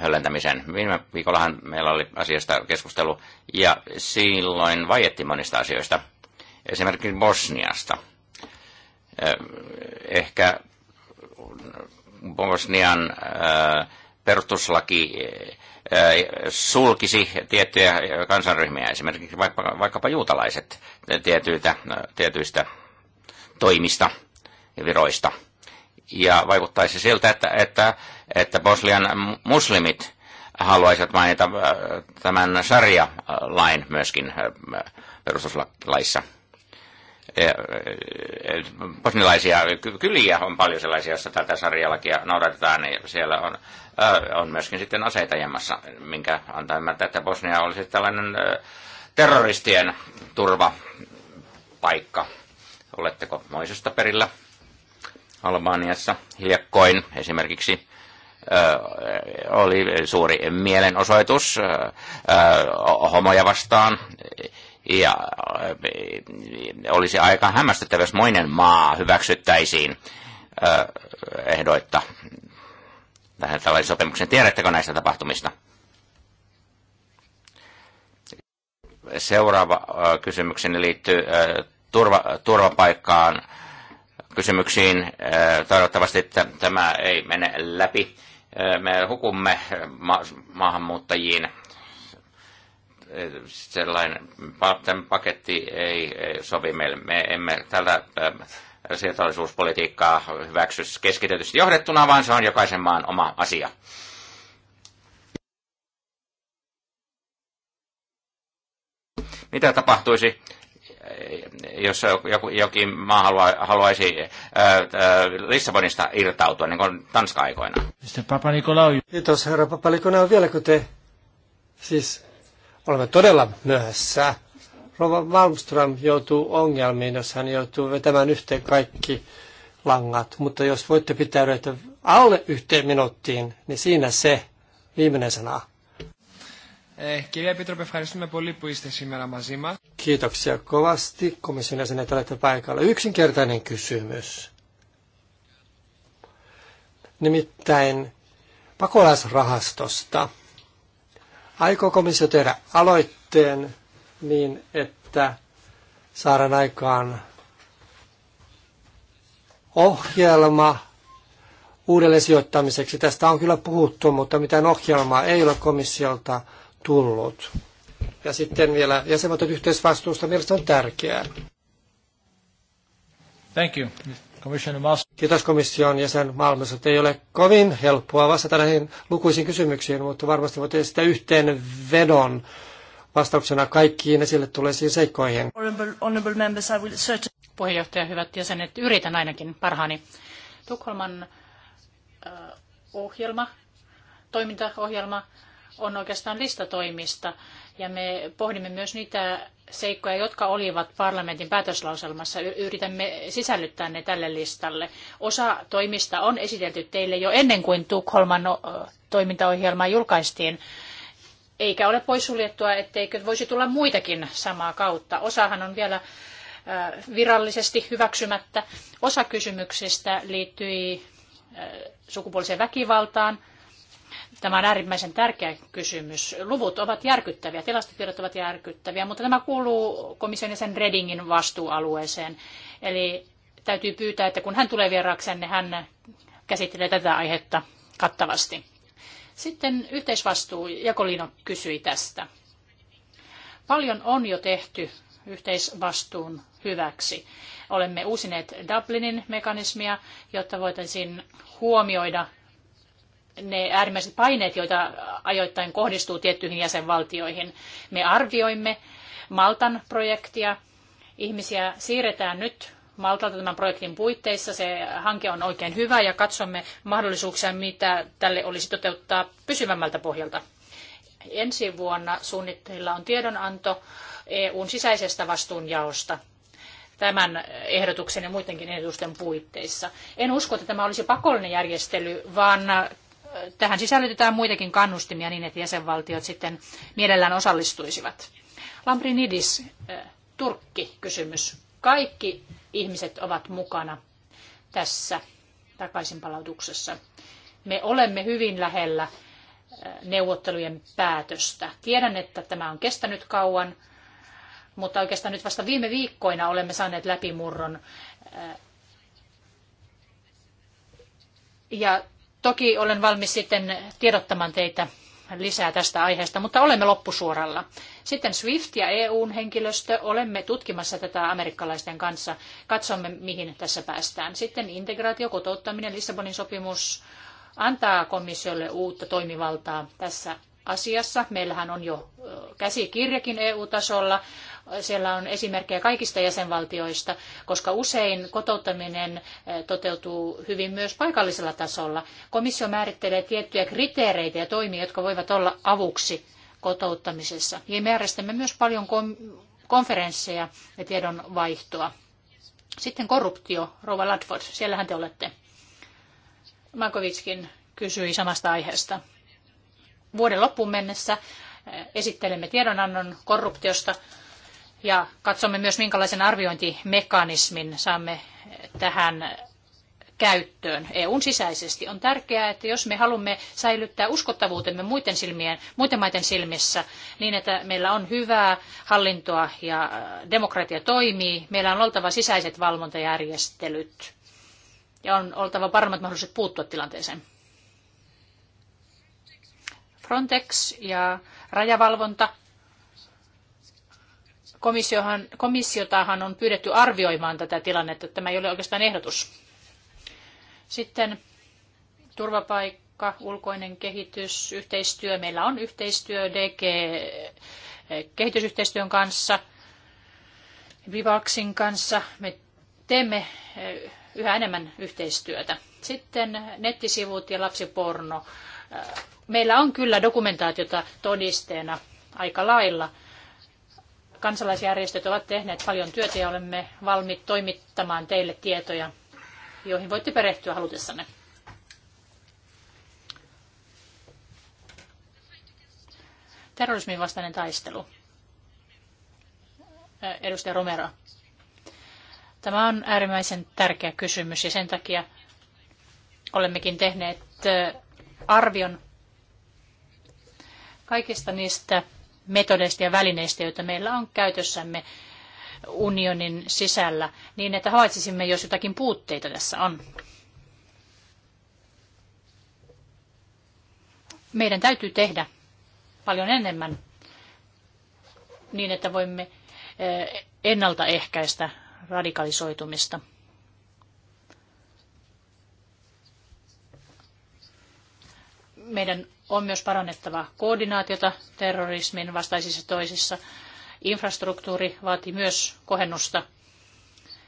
höllentämiseen? Viime viikollahan meillä oli asiasta keskustelu ja silloin vaiettiin monista asioista, esimerkiksi Bosniasta. Ehkä Bosnian perustuslaki sulkisi tiettyjä kansanryhmiä, esimerkiksi vaikka, vaikkapa juutalaiset tietyistä toimista ja viroista – ja vaikuttaisi siltä, että, että, että Bosnian muslimit haluaisivat mainita äh, tämän sarjalain myöskin äh, perustuslaissa. Äh, bosnilaisia kyliä on paljon sellaisia, joissa tätä sarjalakia noudatetaan, niin siellä on, on myöskin sitten aseita jemmassa, minkä antaa ymmärtää, että Bosnia olisi tällainen terroristien turvapaikka. Oletteko moisesta perillä? Albaniassa hiljakkoin esimerkiksi oli suuri mielenosoitus homoja vastaan. Ja olisi aika hämmästyttävä, jos moinen maa hyväksyttäisiin ehdoitta tähän tällaisen sopimuksen. Tiedättekö näistä tapahtumista? Seuraava kysymykseni liittyy turva, turvapaikkaan kysymyksiin. Äh, toivottavasti tämä ei mene läpi. Äh, me hukumme ma- maahanmuuttajiin. Äh, sellainen paketti ei, ei sovi meille. Me emme tällä sietollisuuspolitiikkaa hyväksy keskitetysti johdettuna, vaan se on jokaisen maan oma asia. Mitä tapahtuisi, jos jokin maa halua, haluaisi ää, Lissabonista irtautua, niin kuin Tanska aikoina.
Papa Nikolaou. Kiitos, herra Papa Nikolaou. Vieläkö te siis olemme todella myöhässä? Rova Malmström joutuu ongelmiin, jos hän joutuu vetämään yhteen kaikki langat. Mutta jos voitte pitäydyä alle yhteen minuuttiin, niin siinä se viimeinen sana. Eh, kirja Pitroppi, ευχαριστούμε πολύ που είστε σήμερα μαζί μας. Kiitoksia kovasti komission jäsenet olette paikalla. Yksinkertainen kysymys. Nimittäin pakolaisrahastosta. Aikoo komissio tehdä aloitteen niin, että saadaan aikaan ohjelma uudelleen sijoittamiseksi. Tästä on kyllä puhuttu, mutta mitään ohjelmaa ei ole komissiolta tullut. Ja sitten vielä jäsenvaltion yhteisvastuusta mielestäni on tärkeää. Thank you. Kiitos komission jäsen Malmössä. Ei ole kovin helppoa vastata näihin lukuisiin kysymyksiin, mutta varmasti voitte sitä yhteen vedon vastauksena kaikkiin esille tulleisiin
seikkoihin.
Puheenjohtaja, hyvät jäsenet, yritän ainakin parhaani. Tukholman ohjelma, toimintaohjelma on oikeastaan lista toimista. Ja me pohdimme myös niitä seikkoja, jotka olivat parlamentin päätöslauselmassa. Yritämme sisällyttää ne tälle listalle. Osa toimista on esitelty teille jo ennen kuin Tukholman toimintaohjelma julkaistiin. Eikä ole poissuljettua, etteikö voisi tulla muitakin samaa kautta. Osahan on vielä virallisesti hyväksymättä. Osa kysymyksistä liittyi sukupuoliseen väkivaltaan – Tämä on äärimmäisen tärkeä kysymys. Luvut ovat järkyttäviä, tilastotiedot ovat järkyttäviä, mutta tämä kuuluu komission sen Redingin vastuualueeseen. Eli täytyy pyytää, että kun hän tulee niin hän käsittelee tätä aihetta kattavasti. Sitten yhteisvastuu, Jakolino kysyi tästä. Paljon on jo tehty yhteisvastuun hyväksi. Olemme uusineet Dublinin mekanismia, jotta voitaisiin huomioida ne äärimmäiset paineet, joita ajoittain kohdistuu tiettyihin jäsenvaltioihin. Me arvioimme Maltan projektia. Ihmisiä siirretään nyt Maltalta tämän projektin puitteissa. Se hanke on oikein hyvä ja katsomme mahdollisuuksia, mitä tälle olisi toteuttaa pysyvämmältä pohjalta. Ensi vuonna suunnitteilla on tiedonanto EUn sisäisestä vastuunjaosta tämän ehdotuksen ja muidenkin ehdotusten puitteissa. En usko, että tämä olisi pakollinen järjestely, vaan tähän sisällytetään muitakin kannustimia niin, että jäsenvaltiot sitten mielellään osallistuisivat. Lambrinidis, Turkki-kysymys. Kaikki ihmiset ovat mukana tässä takaisinpalautuksessa. Me olemme hyvin lähellä neuvottelujen päätöstä. Tiedän, että tämä on kestänyt kauan, mutta oikeastaan nyt vasta viime viikkoina olemme saaneet läpimurron. Ja Toki olen valmis sitten tiedottamaan teitä lisää tästä aiheesta, mutta olemme loppusuoralla. Sitten SWIFT ja EUn henkilöstö, olemme tutkimassa tätä amerikkalaisten kanssa. Katsomme, mihin tässä päästään. Sitten integraatio, kotouttaminen, Lissabonin sopimus antaa komissiolle uutta toimivaltaa tässä asiassa. Meillähän on jo käsikirjakin EU-tasolla. Siellä on esimerkkejä kaikista jäsenvaltioista, koska usein kotouttaminen eh, toteutuu hyvin myös paikallisella tasolla. Komissio määrittelee tiettyjä kriteereitä ja toimia, jotka voivat olla avuksi kotouttamisessa. Ja niin me järjestämme myös paljon konferensseja ja tiedonvaihtoa. Sitten korruptio, Rova Ladford, siellähän te olette. Makovitskin kysyi samasta aiheesta. Vuoden loppuun mennessä eh, esittelemme tiedonannon korruptiosta ja katsomme myös, minkälaisen arviointimekanismin saamme tähän käyttöön EUn sisäisesti. On tärkeää, että jos me haluamme säilyttää uskottavuutemme muiden, silmien, muiden maiden silmissä niin, että meillä on hyvää hallintoa ja demokratia toimii, meillä on oltava sisäiset valvontajärjestelyt ja on oltava paremmat mahdollisuudet puuttua tilanteeseen. Frontex ja rajavalvonta komissiohan, komissiotahan on pyydetty arvioimaan tätä tilannetta. Tämä ei ole oikeastaan ehdotus. Sitten turvapaikka, ulkoinen kehitys, yhteistyö. Meillä on yhteistyö DG eh, kehitysyhteistyön kanssa, Vivaksin kanssa. Me teemme eh, yhä enemmän yhteistyötä. Sitten nettisivut ja lapsiporno. Eh, meillä on kyllä dokumentaatiota todisteena aika lailla – Kansalaisjärjestöt ovat tehneet paljon työtä ja olemme valmiit toimittamaan teille tietoja, joihin voitte perehtyä halutessanne. Terrorismin vastainen taistelu. Edustaja Romero. Tämä on äärimmäisen tärkeä kysymys ja sen takia olemmekin tehneet arvion kaikista niistä metodeista ja välineistä, joita meillä on käytössämme unionin sisällä, niin että havaitsisimme, jos jotakin puutteita tässä on. Meidän täytyy tehdä paljon enemmän niin, että voimme eh, ennaltaehkäistä radikalisoitumista. Meidän on myös parannettava koordinaatiota terrorismin vastaisissa toisissa. Infrastruktuuri vaatii myös kohennusta.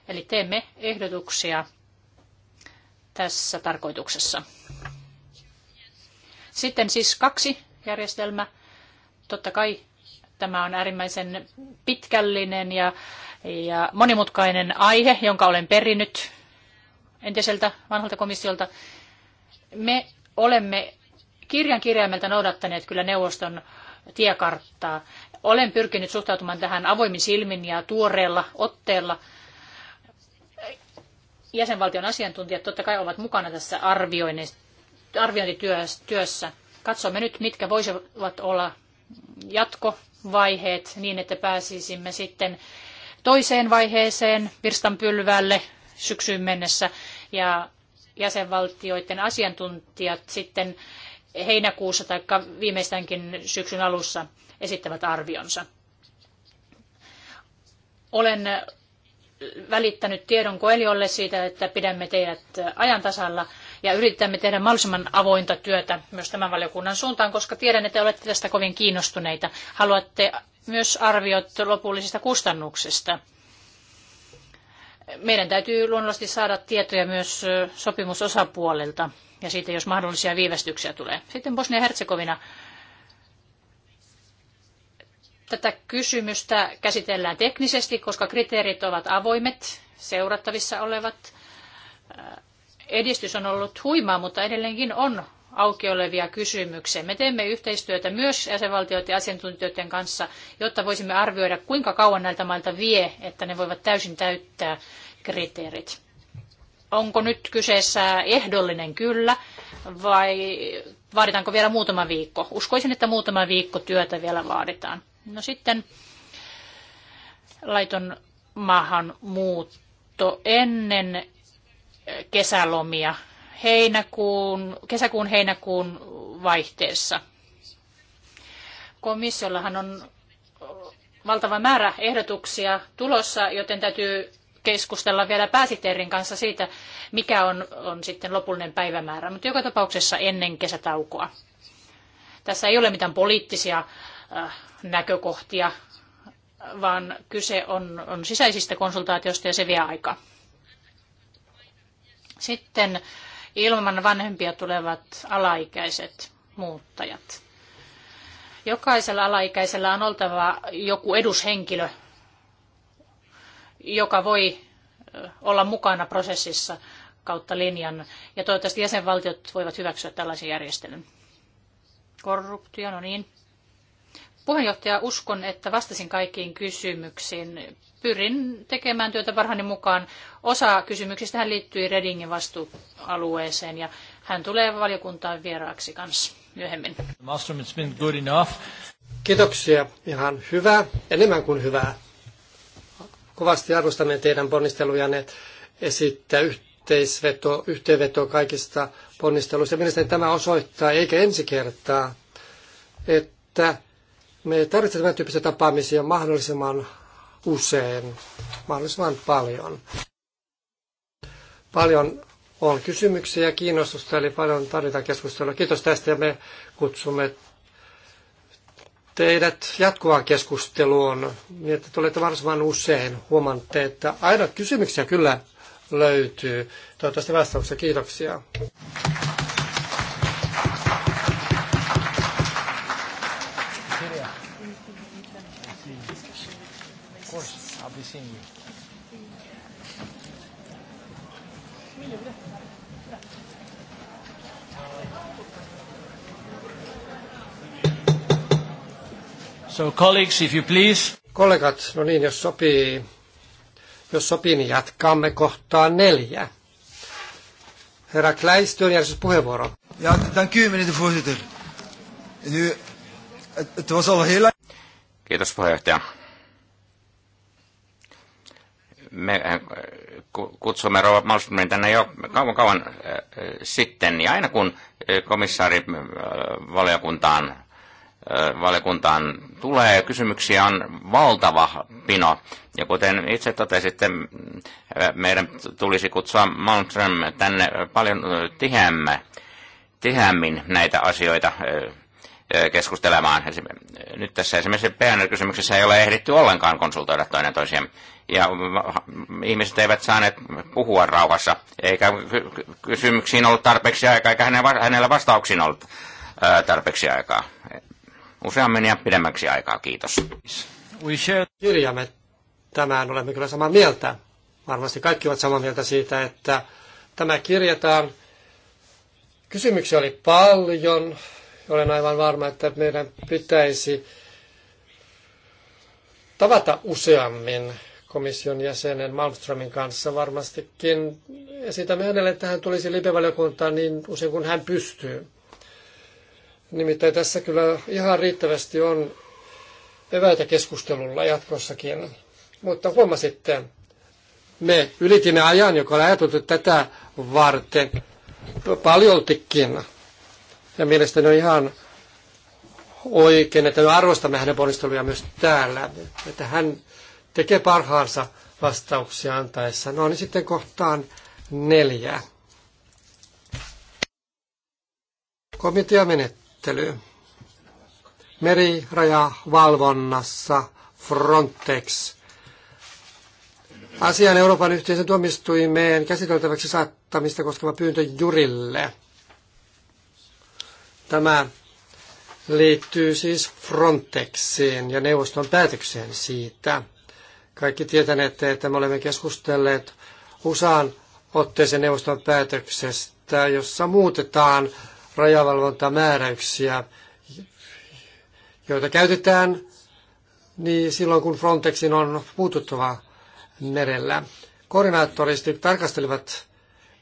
Eli teemme ehdotuksia tässä tarkoituksessa. Sitten siis kaksi järjestelmä. Totta kai tämä on äärimmäisen pitkällinen ja, ja monimutkainen aihe, jonka olen perinnyt entiseltä vanhalta komissiolta. Me olemme kirjan kirjaimelta noudattaneet kyllä neuvoston tiekarttaa. Olen pyrkinyt suhtautumaan tähän avoimin silmin ja tuoreella otteella. Jäsenvaltion asiantuntijat totta kai ovat mukana tässä arviointityössä. Katsomme nyt, mitkä voisivat olla jatkovaiheet niin, että pääsisimme sitten toiseen vaiheeseen virstanpylväälle syksyyn mennessä ja jäsenvaltioiden asiantuntijat sitten heinäkuussa tai viimeistäänkin syksyn alussa esittävät arvionsa. Olen välittänyt tiedon koelijoille siitä, että pidämme teidät ajan tasalla ja yritämme tehdä mahdollisimman avointa työtä myös tämän valiokunnan suuntaan, koska tiedän, että olette tästä kovin kiinnostuneita. Haluatte myös arviot lopullisista kustannuksista meidän täytyy luonnollisesti saada tietoja myös sopimusosapuolelta ja siitä, jos mahdollisia viivästyksiä tulee. Sitten Bosnia-Herzegovina tätä kysymystä käsitellään teknisesti, koska kriteerit ovat avoimet, seurattavissa olevat. Edistys on ollut huimaa, mutta edelleenkin on auki olevia kysymyksiä. Me teemme yhteistyötä myös jäsenvaltioiden ja asiantuntijoiden kanssa, jotta voisimme arvioida, kuinka kauan näiltä mailta vie, että ne voivat täysin täyttää kriteerit. Onko nyt kyseessä ehdollinen kyllä vai vaaditaanko vielä muutama viikko? Uskoisin, että muutama viikko työtä vielä vaaditaan. No sitten laiton maahanmuutto ennen kesälomia heinäkuun, kesäkuun heinäkuun vaihteessa. Komissiollahan on valtava määrä ehdotuksia tulossa, joten täytyy keskustella vielä pääsihteerin kanssa siitä, mikä on, on sitten lopullinen päivämäärä, mutta joka tapauksessa ennen kesätaukoa. Tässä ei ole mitään poliittisia äh, näkökohtia, vaan kyse on, on sisäisistä konsultaatioista ja se vie aikaa. Sitten ilman vanhempia tulevat alaikäiset muuttajat. Jokaisella alaikäisellä on oltava joku edushenkilö, joka voi olla mukana prosessissa kautta linjan. Ja toivottavasti jäsenvaltiot voivat hyväksyä tällaisen järjestelyn. Korruptio, no niin. Puheenjohtaja, uskon, että vastasin kaikkiin kysymyksiin. Pyrin tekemään työtä parhaani mukaan. Osa kysymyksistä hän liittyy Redingin vastuualueeseen ja hän tulee valiokuntaan vieraaksi kanssa myöhemmin.
it's been good enough. Kiitoksia. Ihan hyvä. Enemmän kuin hyvää. Kovasti arvostamme teidän ponnistelujanne esittää yhteisveto, yhteenveto kaikista ponnisteluista. Mielestäni tämä osoittaa, eikä ensi kertaa, että me tarvitsemme tämän tyyppisiä tapaamisia mahdollisimman usein, mahdollisimman paljon. Paljon on kysymyksiä ja kiinnostusta, eli paljon tarvitaan keskustelua. Kiitos tästä ja me kutsumme teidät jatkuvaan keskusteluun, niin että tulette varsin usein. Huomaatte, että aina kysymyksiä kyllä löytyy. Toivottavasti vastauksia. Kiitoksia. 信你。So colleagues, if you please. Kollegat, no niin, jos sopii, jos sopii, niin jatkamme kohtaa neljä. Herra Kleist, työnjärjestys puheenvuoro. Ja, tämän u, meneer de voorzitter.
Nu, het, het
Kiitos puheenjohtaja me äh, kutsumme Rova Malmströmin tänne jo kauan kauan äh, sitten, niin aina kun äh, komissaari valiokuntaan, valiokuntaan tulee, kysymyksiä on valtava pino. Ja kuten itse totesitte, meidän tulisi kutsua Malmström tänne paljon tiheämmin, tiheämmin näitä asioita keskustelemaan. Nyt tässä esimerkiksi PNR-kysymyksessä ei ole ehditty ollenkaan konsultoida toinen toisiaan ja ihmiset eivät saaneet puhua rauhassa, eikä kysymyksiin ollut tarpeeksi aikaa, eikä hänellä vastauksiin ollut tarpeeksi aikaa. Useammin ja pidemmäksi aikaa, kiitos.
Kirjaamme tämän, olemme kyllä samaa mieltä. Varmasti kaikki ovat samaa mieltä siitä, että tämä kirjataan. Kysymyksiä oli paljon. Olen aivan varma, että meidän pitäisi tavata useammin komission jäsenen Malmströmin kanssa varmastikin esitämme hänelle, että hän tulisi lipevaliokuntaan niin usein kuin hän pystyy. Nimittäin tässä kyllä ihan riittävästi on eväitä keskustelulla jatkossakin. Mutta huomasitte, me ylitimme ajan, joka oli ajateltu tätä varten paljoltikin. Ja mielestäni on ihan oikein, että me arvostamme hänen ponnisteluja myös täällä. Että hän tekee parhaansa vastauksia antaessa. No niin sitten kohtaan neljä. Komiteamenettely. Merirajavalvonnassa Frontex. Asian Euroopan yhteisön tuomistuimeen käsiteltäväksi saattamista koskeva pyyntö Jurille. Tämä liittyy siis Frontexiin ja neuvoston päätökseen siitä. Kaikki tietäneet, että me olemme keskustelleet USAan otteeseen neuvoston päätöksestä, jossa muutetaan rajavalvontamääräyksiä, joita käytetään niin silloin, kun Frontexin on puututtava merellä. Koordinaattoristit tarkastelivat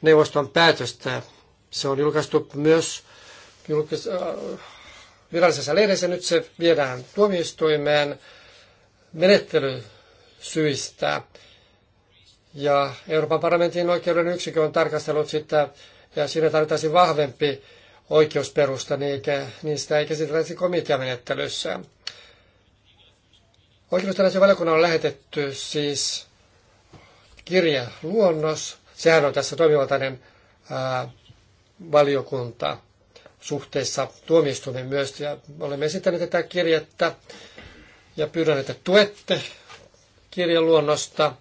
neuvoston päätöstä. Se on julkaistu myös julkis- äh, virallisessa lehdessä. Nyt se viedään tuomioistuimeen. Menettely syistä. Ja Euroopan parlamentin oikeuden yksikö on tarkastellut sitä, ja siinä tarvittaisiin vahvempi oikeusperusta, niin, eikä, niin sitä ei käsiteltäisi komiteamenettelyssä. Oikeusperusten valiokunnan on lähetetty siis kirja luonnos. Sehän on tässä toimivaltainen ää, valiokunta suhteessa tuomioistuimeen myös. Ja olemme esittäneet tätä kirjettä ja pyydän, että tuette kirjan luonnosta.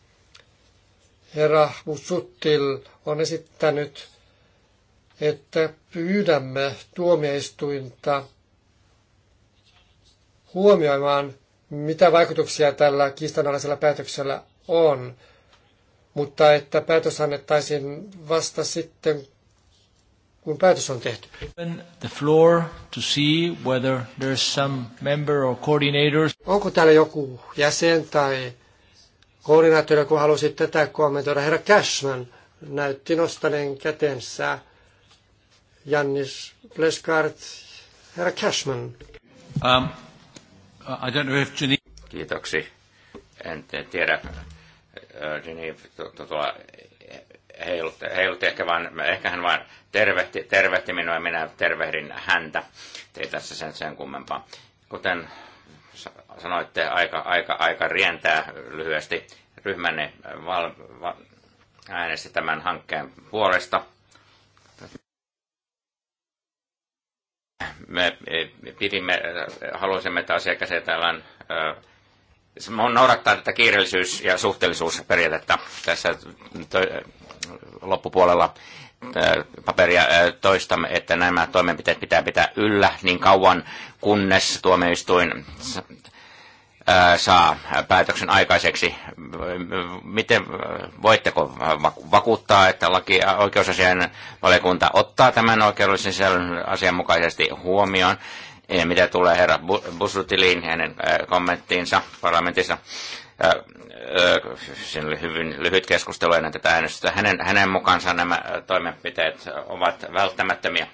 Herra Busuttil on esittänyt, että pyydämme tuomioistuinta huomioimaan, mitä vaikutuksia tällä kiistanalaisella päätöksellä on, mutta että päätös annettaisiin vasta sitten, kun päätös on tehty.
The floor to see whether there's some member or coordinators. Onko
täällä joku jäsen tai koordinaattorina, kun halusi tätä kommentoida. Herra Cashman näytti nostaneen kätensä. Jannis Pleskart, herra Cashman.
Um, I don't know if Geneva... Kiitoksi. En tiedä. Äh, Geneva tuolla heilutti, heilutti ehkä, vain, ehkä hän vain tervehti, tervehti minua ja minä tervehdin häntä. Ei tässä sen, sen kummempaa. Kuten sanoitte, aika, aika, aika rientää lyhyesti. Ryhmänne äh, val, va, äänesti tämän hankkeen puolesta. Me pidimme, äh, haluaisimme, että asia käsitellään äh, noudattaa tätä kiireellisyys- ja suhteellisuusperiaatetta tässä loppupuolella paperia toistamme, että nämä toimenpiteet pitää pitää yllä niin kauan, kunnes tuomioistuin saa päätöksen aikaiseksi. Miten voitteko vakuuttaa, että laki oikeusasian valiokunta ottaa tämän oikeudellisen sisällön asianmukaisesti huomioon? Ja mitä tulee herra Busutiliin, hänen kommenttiinsa parlamentissa siinä oli hyvin lyhyt keskustelu ennen tätä äänestystä. Hänen, hänen mukaansa nämä toimenpiteet ovat välttämättömiä.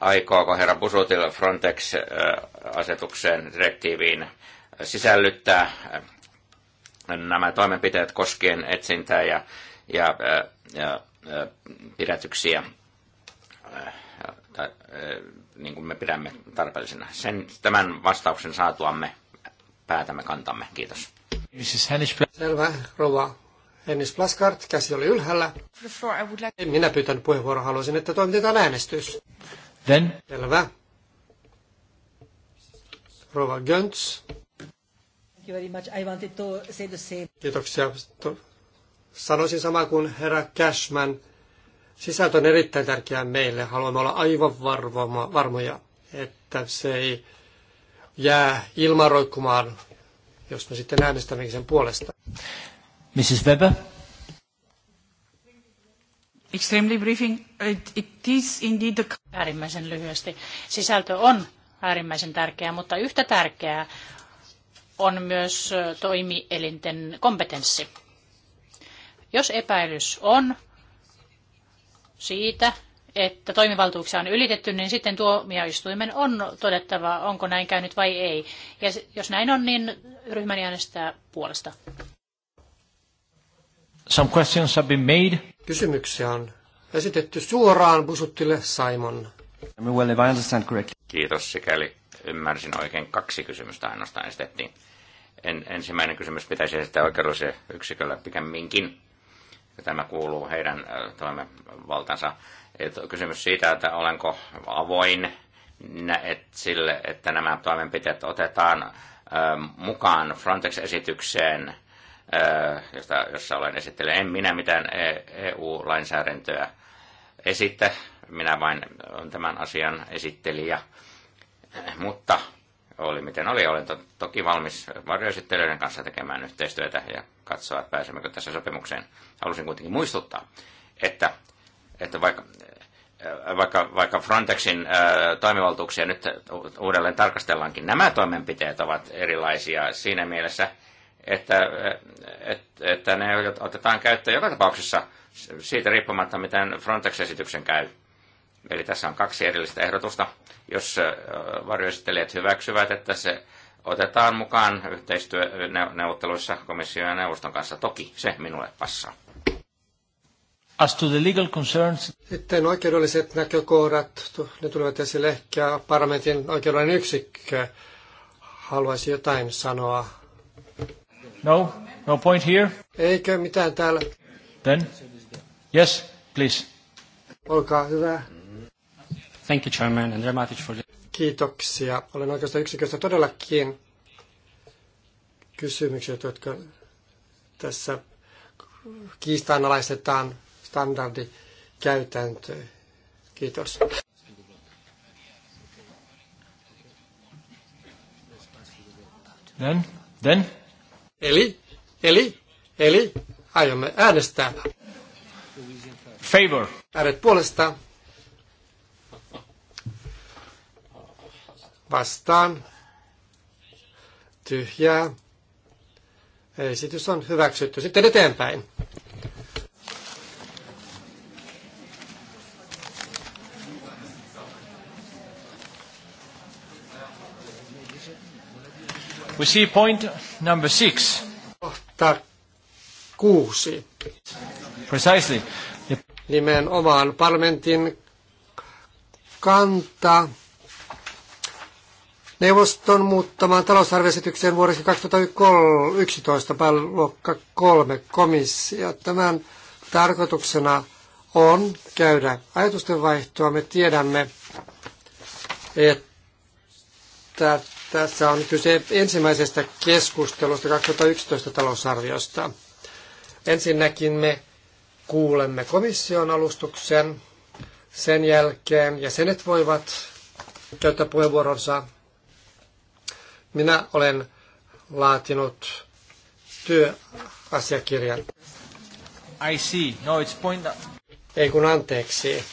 Aikooko herra Busutil Frontex-asetukseen direktiiviin sisällyttää nämä toimenpiteet koskien etsintää ja, ja, ja, ja pidätyksiä, tai, niin kuin me pidämme tarpeellisena. Sen, tämän vastauksen saatuamme päätämme kantamme. Kiitos.
Selvä, rouva Hennis Plaskart, käsi oli ylhäällä. minä pyytän puheenvuoron, haluaisin, että toimitetaan äänestys. Then. Selvä. Rova Gönts.
Thank you very much. I wanted to say the same.
Kiitoksia. Sanoisin sama kuin herra Cashman. Sisältö on erittäin tärkeää meille. Haluamme olla aivan varma, varmoja, että se ei jää ilmaroikkumaan, jos me sitten äänestämme sen
puolesta. Mrs. Weber?
Extremely briefing. It, it is indeed the... Äärimmäisen lyhyesti. Sisältö on äärimmäisen tärkeää, mutta yhtä tärkeää on myös toimielinten kompetenssi. Jos epäilys on siitä, että toimivaltuuksia on ylitetty, niin sitten tuomioistuimen on todettava, onko näin käynyt vai ei. Ja jos näin on, niin ryhmäni äänestää puolesta.
Some questions have been made.
Kysymyksiä on esitetty suoraan Busuttille Simon.
Well, if I understand correctly.
Kiitos, sikäli ymmärsin oikein. Kaksi kysymystä ainoastaan esitettiin. En, ensimmäinen kysymys pitäisi esittää oikeudelliselle yksikölle pikemminkin. Tämä kuuluu heidän äh, toimivaltansa et kysymys siitä, että olenko avoin et sille, että nämä toimenpiteet otetaan ähm, mukaan Frontex-esitykseen, äh, josta, jossa olen esittelijä. En minä mitään EU-lainsäädäntöä e esittä, minä vain olen tämän asian esittelijä. Mutta oli miten oli, olen to- toki valmis varjoesittelijöiden kanssa tekemään yhteistyötä ja katsoa, että pääsemmekö tässä sopimukseen. Halusin kuitenkin muistuttaa, että että vaikka, äh, vaikka, vaikka Frontexin äh, toimivaltuuksia nyt uudelleen tarkastellaankin, nämä toimenpiteet ovat erilaisia siinä mielessä, että, äh, että, että ne otetaan käyttöön joka tapauksessa siitä riippumatta, miten Frontex-esityksen käy. Eli tässä on kaksi erillistä ehdotusta. Jos varjoesittelijät hyväksyvät, että se otetaan mukaan yhteistyöneuvotteluissa komission ja neuvoston kanssa, toki se minulle passaa.
As to the legal
concerns... Sitten oikeudelliset näkökohdat, ne tulevat esille ehkä parlamentin oikeudellinen yksikkö haluaisi jotain sanoa.
No, no point here. Eikö mitään täällä? Then, yes, please.
Olkaa hyvä. Thank you, Chairman, and dramatic for the... Kiitoksia. Olen oikeasta yksiköstä todellakin kysymyksiä, jotka tässä kiistaanalaistetaan standardikäytäntö. Kiitos. Then, then. Eli, eli, eli aiomme äänestää. Favor. Äänet puolesta. Vastaan. Tyhjää. Esitys on hyväksytty. Sitten eteenpäin.
We see point number six.
Kohta kuusi. Precisely. Nimenomaan parlamentin kanta neuvoston muuttamaan talousarvioesitykseen vuodesta 2011 pääluokka 3 komissio. Tämän tarkoituksena on käydä ajatusten vaihtoa. Me tiedämme, että tässä on kyse ensimmäisestä keskustelusta 2011 talousarviosta. Ensinnäkin me kuulemme komission alustuksen sen jälkeen jäsenet voivat käyttää puheenvuoronsa. Minä olen laatinut työasiakirjan.
I see. No, it's point...
Ei kun anteeksi.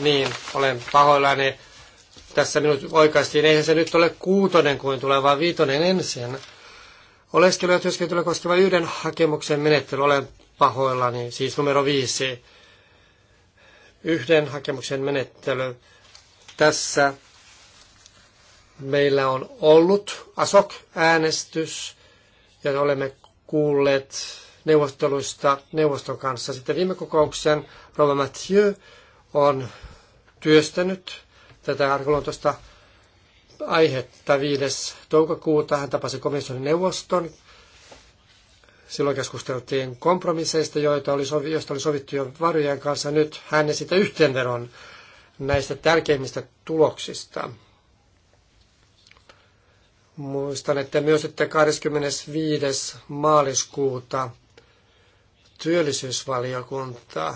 Niin, olen pahoillani. Tässä minut oikaistiin, eihän se nyt ole kuutonen kuin tulee, vaan viitonen ensin. Oleskelu- ja työskentely koskeva yhden hakemuksen menettely, olen pahoillani, siis numero viisi. Yhden hakemuksen menettely. Tässä meillä on ollut ASOK-äänestys ja olemme kuulleet neuvosteluista neuvoston kanssa. Sitten viime kokouksen Rova Mathieu on työstänyt tätä arkaluontoista aihetta 5. toukokuuta. Hän tapasi komission neuvoston. Silloin keskusteltiin kompromisseista, joita oli sovi, joista oli sovittu jo varjojen kanssa. Nyt hän esittää yhteenveron näistä tärkeimmistä tuloksista. Muistan, että myös, että 25. maaliskuuta työllisyysvaliokunta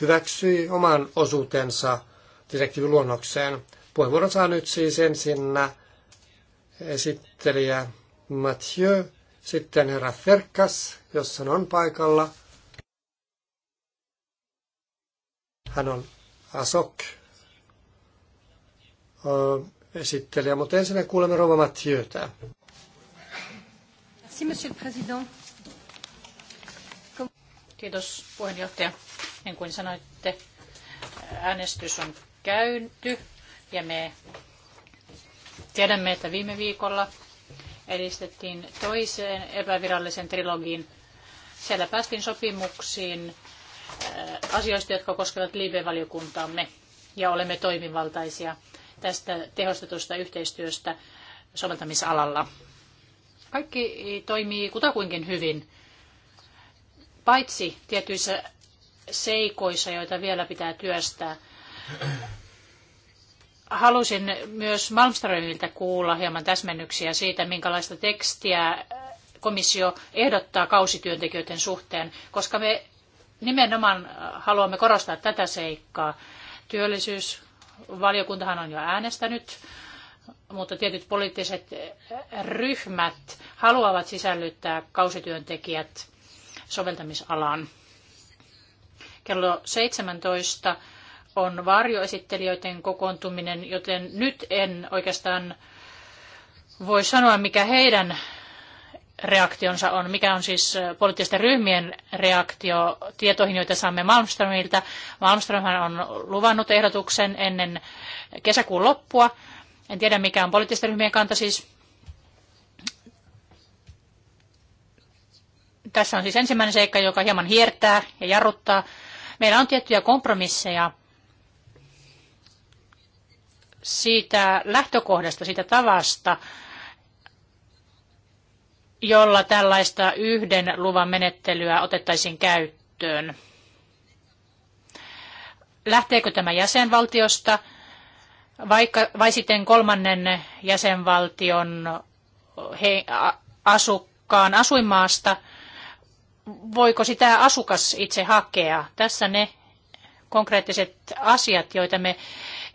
hyväksyi oman osuutensa – direktiiviluonnokseen. Puheenvuoron saa nyt siis ensin esittelijä Mathieu, sitten herra Ferkas, jos hän on paikalla. Hän on ASOK esittelijä, mutta ensin kuulemme Rova Mathieutä.
Kiitos puheenjohtaja. Niin kuin sanoitte, äänestys on käynty ja me tiedämme, että viime viikolla edistettiin toiseen epävirallisen trilogiin. Siellä päästiin sopimuksiin äh, asioista, jotka koskevat liivevaliokuntaamme ja olemme toimivaltaisia tästä tehostetusta yhteistyöstä soveltamisalalla. Kaikki toimii kutakuinkin hyvin, paitsi tietyissä seikoissa, joita vielä pitää työstää. Halusin myös Malmströmiltä kuulla hieman täsmennyksiä siitä, minkälaista tekstiä komissio ehdottaa kausityöntekijöiden suhteen, koska me nimenomaan haluamme korostaa tätä seikkaa. Työllisyysvaliokuntahan on jo äänestänyt, mutta tietyt poliittiset ryhmät haluavat sisällyttää kausityöntekijät soveltamisalaan. Kello 17 on varjoesittelijöiden kokoontuminen, joten nyt en oikeastaan voi sanoa, mikä heidän reaktionsa on, mikä on siis äh, poliittisten ryhmien reaktio tietoihin, joita saamme Malmströmiltä. Malmströmhän on luvannut ehdotuksen ennen kesäkuun loppua. En tiedä, mikä on poliittisten ryhmien kanta siis. Tässä on siis ensimmäinen seikka, joka hieman hiertää ja jarruttaa. Meillä on tiettyjä kompromisseja siitä lähtökohdasta, siitä tavasta, jolla tällaista yhden luvan menettelyä otettaisiin käyttöön. Lähteekö tämä jäsenvaltiosta vaikka, vai sitten kolmannen jäsenvaltion he, asukkaan asuinmaasta? Voiko sitä asukas itse hakea? Tässä ne konkreettiset asiat, joita me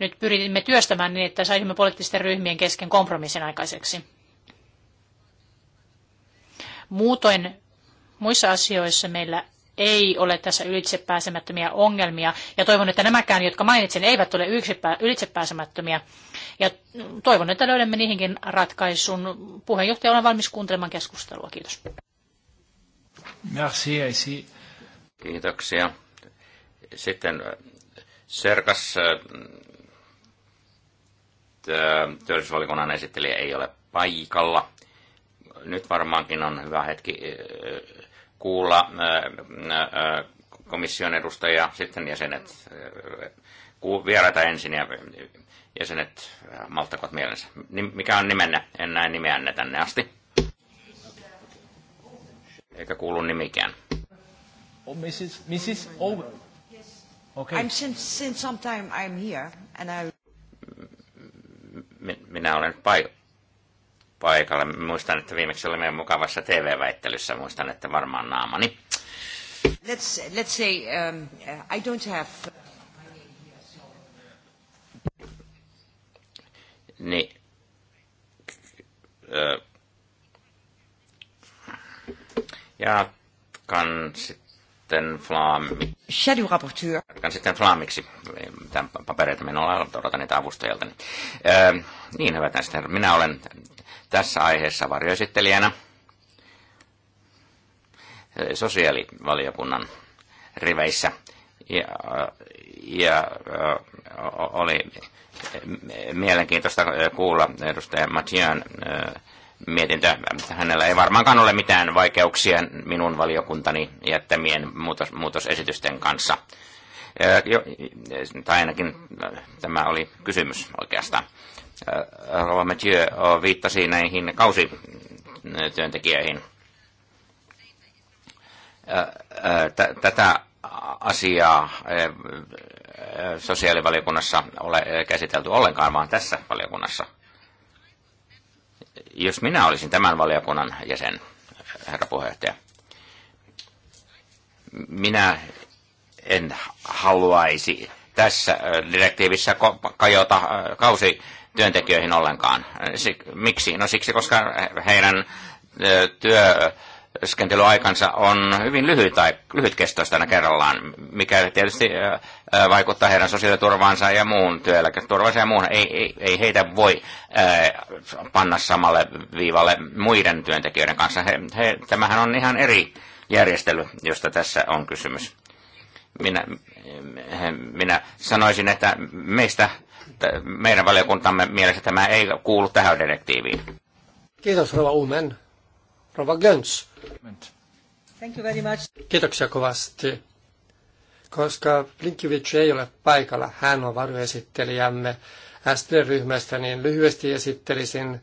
nyt pyrimme työstämään niin, että saisimme poliittisten ryhmien kesken kompromissin aikaiseksi. Muutoin muissa asioissa meillä ei ole tässä ylitsepääsemättömiä ongelmia. Ja toivon, että nämäkään, jotka mainitsin, eivät ole ylitsepääsemättömiä. Ja toivon, että löydämme niihinkin ratkaisun. Puheenjohtaja, olen valmis kuuntelemaan keskustelua. Kiitos.
Merci, Kiitoksia. Sitten äh, Serkas äh, työllisyysvalikunnan esittelijä ei ole paikalla. Nyt varmaankin on hyvä hetki kuulla komission edustajia, sitten jäsenet, vieraita ensin ja jäsenet malttakot mielensä. Mikä on nimenne? En näe nimeänne tänne asti. Eikä kuulu nimikään.
Oh, Mrs. Mrs. Okay. I'm since, since some time I'm here and I
minä olen paik- paikalla. Muistan, että viimeksi olimme mukavassa TV-väittelyssä. Muistan, että varmaan naamani.
Let's, let's say, um, I don't have...
Niin. Jatkan sit sitten Flaami. Shadow Rapporteur. sitten Flaamiksi. Tämän papereita minulla on, odotan niitä avustajilta. Öö, niin, hyvät näistä Minä olen tässä aiheessa varjoesittelijänä sosiaalivaliokunnan riveissä. Ja, ja oli mielenkiintoista kuulla edustaja Mathieu'n mietintö. Hänellä ei varmaankaan ole mitään vaikeuksia minun valiokuntani jättämien muutos, muutosesitysten kanssa. Jo, tai ainakin tämä oli kysymys oikeastaan. Rova Mathieu viittasi näihin kausityöntekijöihin. Tätä asiaa sosiaalivaliokunnassa ole käsitelty ollenkaan, vaan tässä valiokunnassa – jos minä olisin tämän valiokunnan jäsen, herra puheenjohtaja, minä en haluaisi tässä direktiivissä kajota kausi työntekijöihin ollenkaan. Miksi? No siksi, koska heidän työ työskentelyaikansa on hyvin lyhyt tai lyhytkestoista aina kerrallaan, mikä tietysti vaikuttaa heidän sosiaaliturvaansa ja muun työeläketurvaansa ja muun Ei, ei, ei heitä voi panna samalle viivalle muiden työntekijöiden kanssa. He, he, tämähän on ihan eri järjestely, josta tässä on kysymys. Minä, minä sanoisin, että meistä, meidän valiokuntamme mielestä tämä ei kuulu tähän direktiiviin.
Kiitos Rova Umen. Rova Göns. Kiitoksia kovasti. Koska Blinkiewicz ei ole paikalla, hän on varjoesittelijämme SD-ryhmästä, niin lyhyesti esittelisin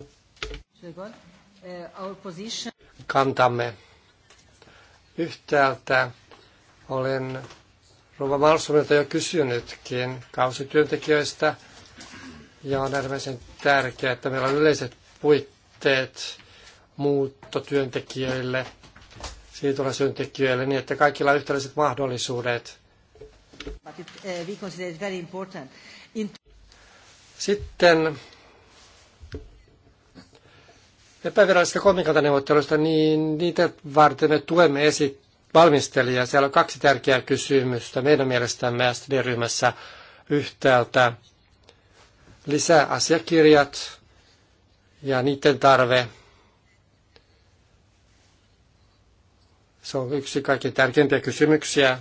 uh,
kantamme. Yhtäältä olen Rova Malsumilta jo kysynytkin kausityöntekijöistä, ja on äärimmäisen tärkeää, että meillä on yleiset puitteet muuttotyöntekijöille, siirtolaisyöntekijöille, niin että kaikilla on yhtäläiset mahdollisuudet. Eh, Sitten epävirallisista kolmikantaneuvotteluista, niin niitä varten me tuemme esit valmistelijaa. Siellä on kaksi tärkeää kysymystä meidän mielestämme STD-ryhmässä yhtäältä. asiakirjat ja niiden tarve Se on yksi kaikkein tärkeimpiä kysymyksiä.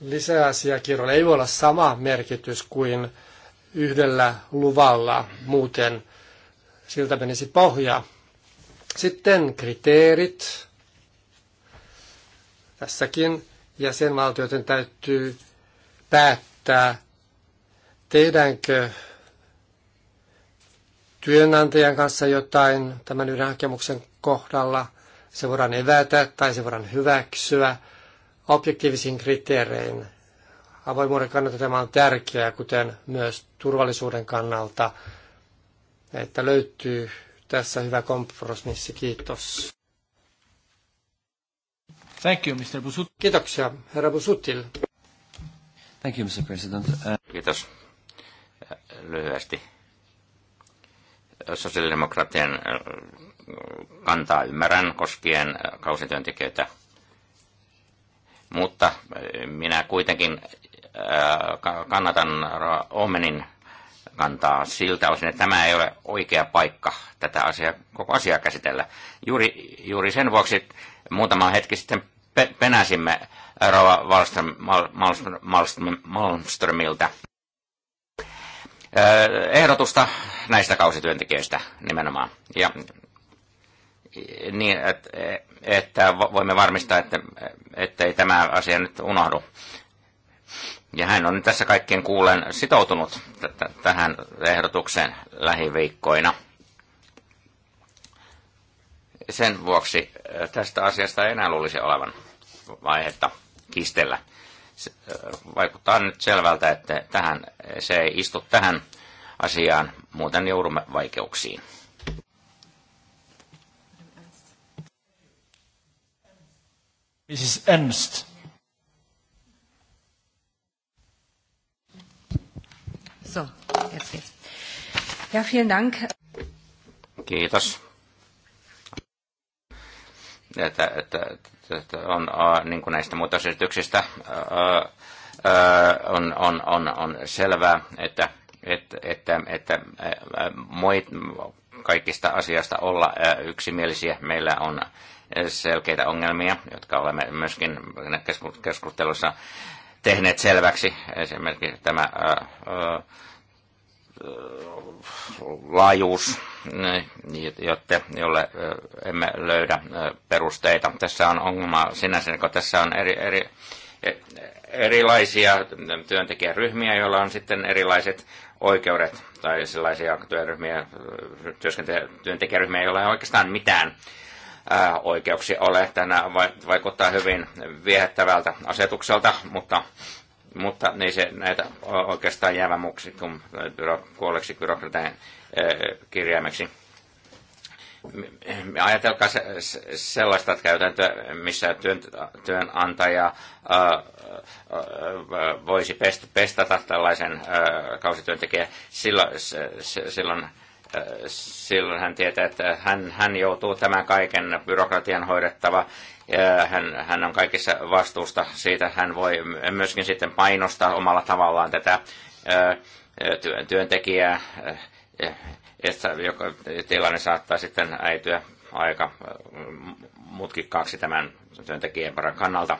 Lisäasiakirjoilla ei voi olla sama merkitys kuin yhdellä luvalla, muuten siltä menisi pohja. Sitten kriteerit. Tässäkin jäsenvaltioiden täytyy päättää, tehdäänkö työnantajan kanssa jotain tämän yhden hakemuksen kohdalla se voidaan evätä tai se voidaan hyväksyä objektiivisin kriteerein. Avoimuuden kannalta tämä on tärkeää, kuten myös turvallisuuden kannalta, että löytyy tässä hyvä kompromissi. Kiitos. Thank you, Mr. Busut. Kiitoksia, herra
Busutil. Thank you, Mr. President. Uh, Kiitos. Lyhyesti. Sosiaalidemokraattien kantaa ymmärrän koskien kausityöntekijöitä. Mutta minä kuitenkin kannatan Omenin kantaa siltä osin, että tämä ei ole oikea paikka tätä asiaa, koko asiaa käsitellä. Juuri, juuri sen vuoksi muutama hetki sitten pe- penäsimme Rova Malmström, Malmström, Malmström, Malmströmiltä ehdotusta näistä kausityöntekijöistä nimenomaan. Ja niin, että, että voimme varmistaa, että, että ei tämä asia nyt unohdu. Ja hän on tässä kaikkien kuulen sitoutunut tähän ehdotukseen lähiviikkoina. Sen vuoksi äh, tästä asiasta ei enää luulisi olevan vaihetta kistellä. Se äh, vaikuttaa nyt selvältä, että tähän, se ei istu tähän asiaan, muuten joudumme vaikeuksiin.
Mrs. Ernst. So, jetzt geht's. Ja, vielen Dank.
Kiitos. Että, että, että on, niin kuin näistä muutosesityksistä on, on, on, on selvää, että, että, että, että moit, kaikista asiasta olla yksimielisiä. Meillä on selkeitä ongelmia, jotka olemme myöskin keskustelussa tehneet selväksi. Esimerkiksi tämä ää, ää, laajuus, jotte, jolle emme löydä perusteita. Tässä on ongelma sinänsä, kun tässä on eri, eri, erilaisia työntekijäryhmiä, joilla on sitten erilaiset oikeudet tai sellaisia työryhmiä, työntekijäryhmiä, joilla ei oikeastaan mitään oikeuksia ole. Tänä vaikuttaa hyvin viehättävältä asetukselta, mutta, mutta niin se näitä oikeastaan jäävä muuksi kuin kuolleeksi byrokratian kirjaimeksi. Ajatelkaa se, sellaista käytäntöä, missä työn, työnantaja ää, voisi pestata tällaisen ää, kausityöntekijän. Silloin, se, silloin silloin hän tietää, että hän, hän joutuu tämän kaiken byrokratian hoidettava. Hän, hän on kaikissa vastuusta siitä. Hän voi myöskin sitten painostaa omalla tavallaan tätä työntekijää, joka tilanne saattaa sitten äityä aika mutkikkaaksi tämän työntekijän paran kannalta.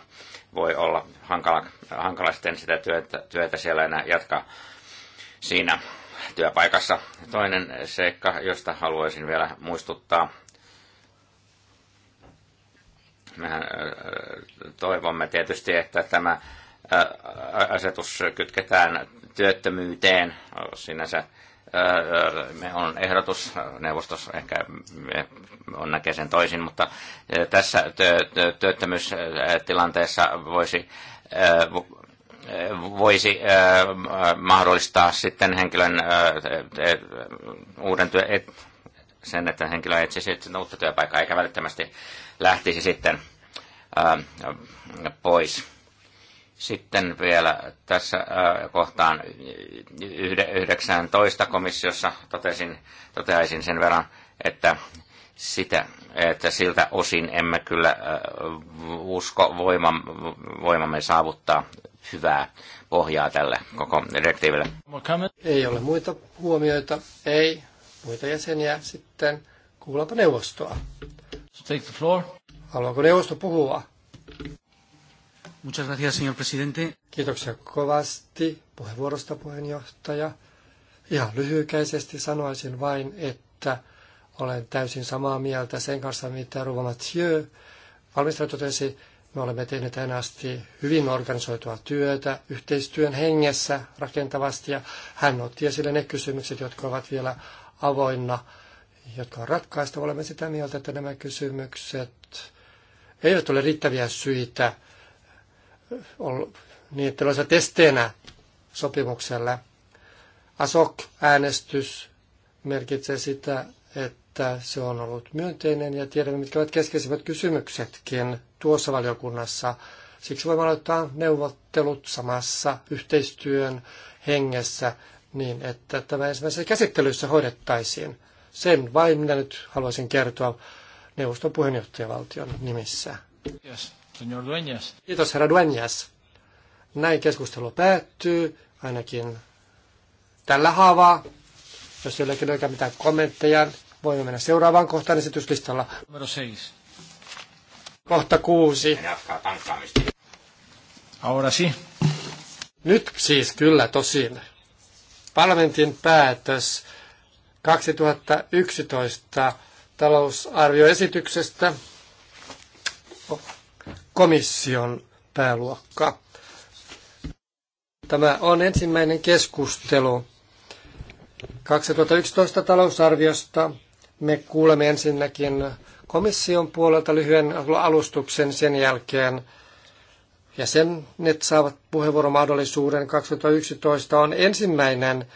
Voi olla hankala, hankala sitten sitä työtä, työtä siellä enää jatkaa siinä työpaikassa. Toinen seikka, josta haluaisin vielä muistuttaa. Mehän toivomme tietysti, että tämä asetus kytketään työttömyyteen. Sinänsä me on ehdotus, neuvostos, ehkä on näkee sen toisin, mutta tässä työttömyystilanteessa voisi voisi äh, mahdollistaa sitten henkilön äh, uuden työ, sen, että henkilö etsisi uutta työpaikkaa eikä välittömästi lähtisi sitten ähm, pois. Sitten vielä tässä äh, kohtaan 19 komissiossa totesin, toteaisin sen verran, että sitä, että siltä osin emme kyllä äh, usko voimamme saavuttaa hyvää pohjaa tälle koko direktiiville.
Ei ole muita huomioita, ei muita jäseniä sitten. Kuullaanpa neuvostoa. Take the floor. Haluaako neuvosto puhua? Muchas gracias, señor presidente. Kiitoksia kovasti puheenvuorosta puheenjohtaja. Ihan lyhykäisesti sanoisin vain, että olen täysin samaa mieltä sen kanssa, mitä Ruva Mathieu valmistaja totesi. Me olemme tehneet tänä asti hyvin organisoitua työtä yhteistyön hengessä rakentavasti ja hän otti esille ne kysymykset, jotka ovat vielä avoinna, jotka on ratkaista. Olemme sitä mieltä, että nämä kysymykset eivät ole riittäviä syitä niin, että olisivat esteenä sopimukselle. ASOK-äänestys merkitsee sitä, että se on ollut myönteinen ja tiedämme, mitkä ovat keskeisimmät kysymyksetkin tuossa valiokunnassa. Siksi voimme aloittaa neuvottelut samassa yhteistyön hengessä niin, että tämä ensimmäisessä käsittelyssä hoidettaisiin. Sen vain minä nyt haluaisin kertoa neuvoston puheenjohtajavaltion nimissä.
Yes, señor Duenas.
Kiitos, herra Duenas. Näin keskustelu päättyy, ainakin tällä haavaa. Jos jollekin oikein mitään kommentteja, Voimme mennä seuraavaan kohtaan esityslistalla.
Numero 6.
Kohta kuusi. Ahora sí. Nyt siis kyllä tosin. Parlamentin päätös 2011 talousarvioesityksestä komission pääluokka. Tämä on ensimmäinen keskustelu 2011 talousarviosta me kuulemme ensinnäkin komission puolelta lyhyen alustuksen sen jälkeen ja sen ne saavat puheenvuoromahdollisuuden. 2011 on ensimmäinen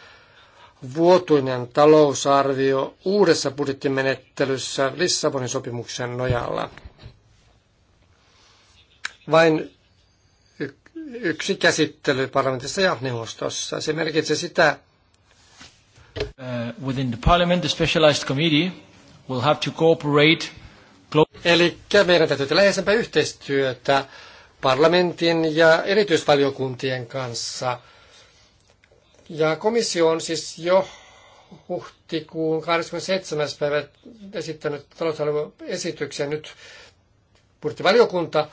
vuotuinen talousarvio uudessa budjettimenettelyssä Lissabonin sopimuksen nojalla. Vain yksi käsittely parlamentissa ja neuvostossa. Se merkitsee sitä,
Uh, within the parliament, the specialized committee will have to cooperate
Eli meidän täytyy tehdä läheisempää yhteistyötä parlamentin ja erityisvaliokuntien kanssa. Ja komissio on siis jo huhtikuun 27. päivä esittänyt talousalueen esityksen. Nyt budjettivaliokunta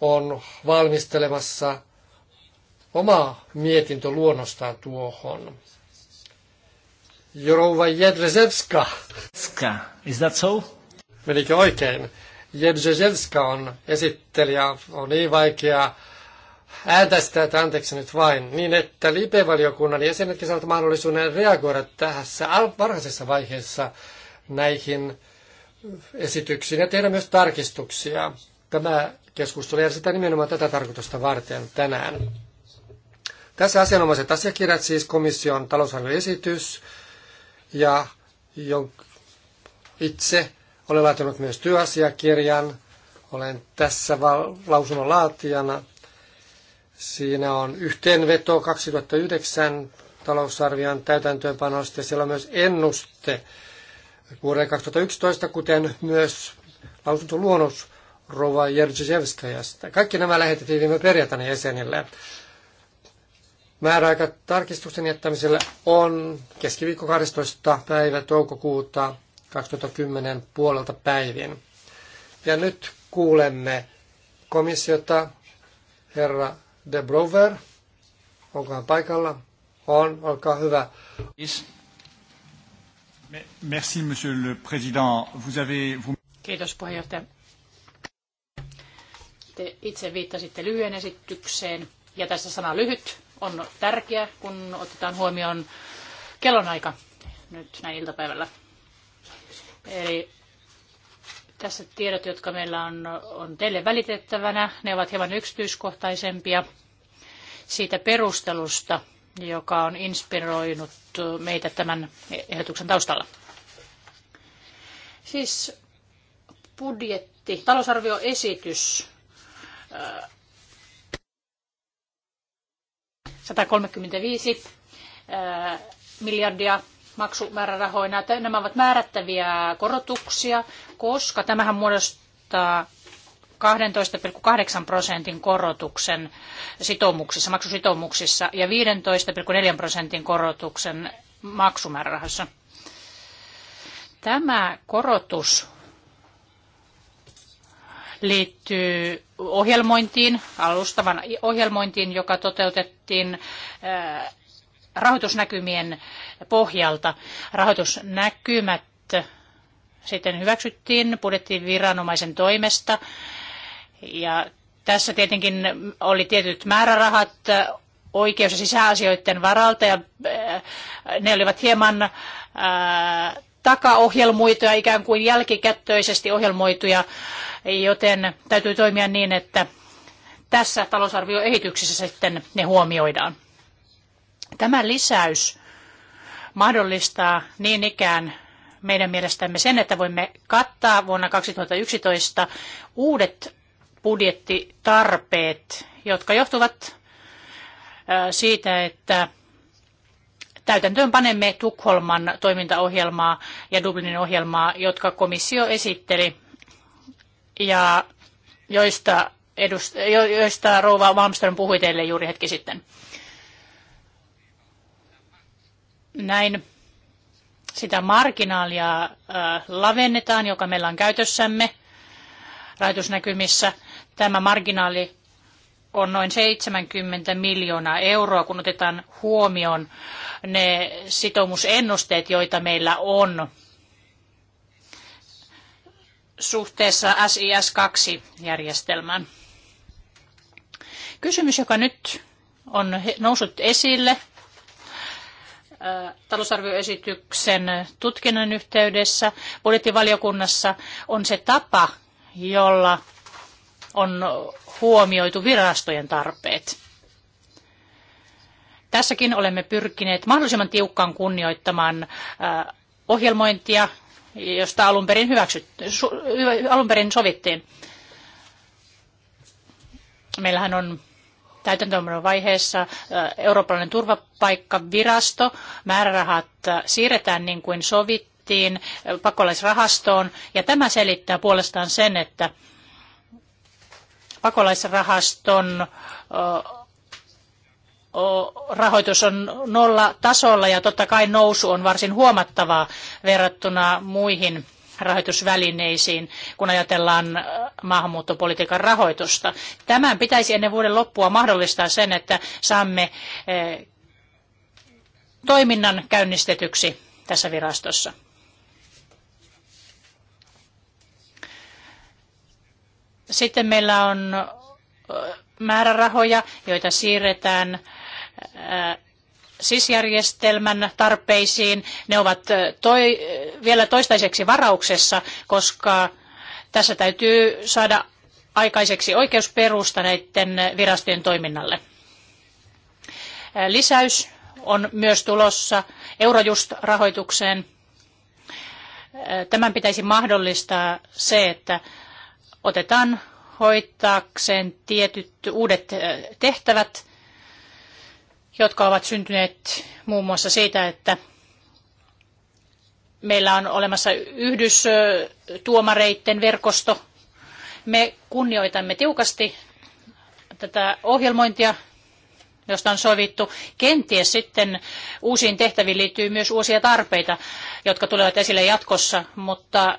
on valmistelemassa omaa mietintöluonnostaan tuohon. Jourouva Jedrzejewska. Is that so? Menikö oikein? Jedrzejewska on esittelijä. On niin vaikea ääntä sitä, että anteeksi nyt vain, niin että lipevaliokunnan jäsenetkin saavat mahdollisuuden reagoida tässä varhaisessa vaiheessa näihin esityksiin ja tehdä myös tarkistuksia. Tämä keskustelu järjestetään nimenomaan tätä tarkoitusta varten tänään. Tässä asianomaiset asiakirjat, siis komission talousarvioesitys, ja itse olen laatinut myös työasiakirjan. Olen tässä lausunnon laatijana. Siinä on yhteenveto 2009 talousarvion täytäntöönpanosta ja siellä on myös ennuste vuoden 2011, kuten myös lausuntoluonnos Rova Jerzyjevskajasta. Kaikki nämä lähetettiin viime perjantaina jäsenille. Määräaika tarkistuksen jättämiselle on keskiviikko 12. päivä toukokuuta 2010 puolelta päivin. Ja nyt kuulemme komissiota herra De Brover. Onko hän paikalla? On, olkaa hyvä. Merci, monsieur le président. Vous avez...
Kiitos puheenjohtaja. Te itse viittasitte lyhyen esitykseen ja tässä sana lyhyt on tärkeä, kun otetaan huomioon kellonaika nyt näin iltapäivällä. Eli tässä tiedot, jotka meillä on, on teille välitettävänä, ne ovat hieman yksityiskohtaisempia siitä perustelusta, joka on inspiroinut meitä tämän ehdotuksen taustalla. Siis budjetti, talousarvioesitys 135 äh, miljardia maksumäärärahoina. Nämä ovat määrättäviä korotuksia, koska tämähän muodostaa 12,8 prosentin korotuksen sitoumuksissa, maksusitoumuksissa ja 15,4 prosentin korotuksen maksumäärärahassa. Tämä korotus liittyy ohjelmointiin, alustavan ohjelmointiin, joka toteutettiin äh, rahoitusnäkymien pohjalta. Rahoitusnäkymät sitten hyväksyttiin viranomaisen toimesta ja tässä tietenkin oli tietyt määrärahat oikeus- ja sisäasioiden varalta ja äh, ne olivat hieman äh, takaohjelmoituja, ikään kuin jälkikättöisesti ohjelmoituja, joten täytyy toimia niin, että tässä talousarvioesityksessä sitten ne huomioidaan. Tämä lisäys mahdollistaa niin ikään meidän mielestämme sen, että voimme kattaa vuonna 2011 uudet budjettitarpeet, jotka johtuvat siitä, että täytäntöönpanemme panemme Tukholman toimintaohjelmaa ja Dublinin ohjelmaa, jotka komissio esitteli ja joista, edust- jo- joista Rouva Malmström puhui teille juuri hetki sitten. Näin sitä marginaalia äh, lavennetaan, joka meillä on käytössämme rajoitusnäkymissä. Tämä marginaali on noin 70 miljoonaa euroa, kun otetaan huomioon ne sitoumusennusteet, joita meillä on suhteessa SIS-2-järjestelmään. Kysymys, joka nyt on noussut esille äh, talousarvioesityksen tutkinnan yhteydessä budjettivaliokunnassa, on se tapa, jolla on huomioitu virastojen tarpeet. Tässäkin olemme pyrkineet mahdollisimman tiukkaan kunnioittamaan äh, ohjelmointia, josta alun perin, alun perin sovittiin. Meillähän on täytäntöönpanon vaiheessa äh, eurooppalainen turvapaikkavirasto. Määrärahat äh, siirretään niin kuin sovittiin pakolaisrahastoon. Ja tämä selittää puolestaan sen, että pakolaisrahaston rahoitus on nolla tasolla ja totta kai nousu on varsin huomattavaa verrattuna muihin rahoitusvälineisiin, kun ajatellaan maahanmuuttopolitiikan rahoitusta. Tämän pitäisi ennen vuoden loppua mahdollistaa sen, että saamme toiminnan käynnistetyksi tässä virastossa. Sitten meillä on määrärahoja, joita siirretään sisjärjestelmän tarpeisiin. Ne ovat toi, vielä toistaiseksi varauksessa, koska tässä täytyy saada aikaiseksi oikeusperusta näiden virastojen toiminnalle. Lisäys on myös tulossa Eurojust-rahoitukseen. Tämän pitäisi mahdollistaa se, että otetaan hoitaakseen tietyt uudet tehtävät, jotka ovat syntyneet muun muassa siitä, että meillä on olemassa yhdystuomareiden verkosto. Me kunnioitamme tiukasti tätä ohjelmointia, josta on sovittu. Kenties sitten uusiin tehtäviin liittyy myös uusia tarpeita, jotka tulevat esille jatkossa, mutta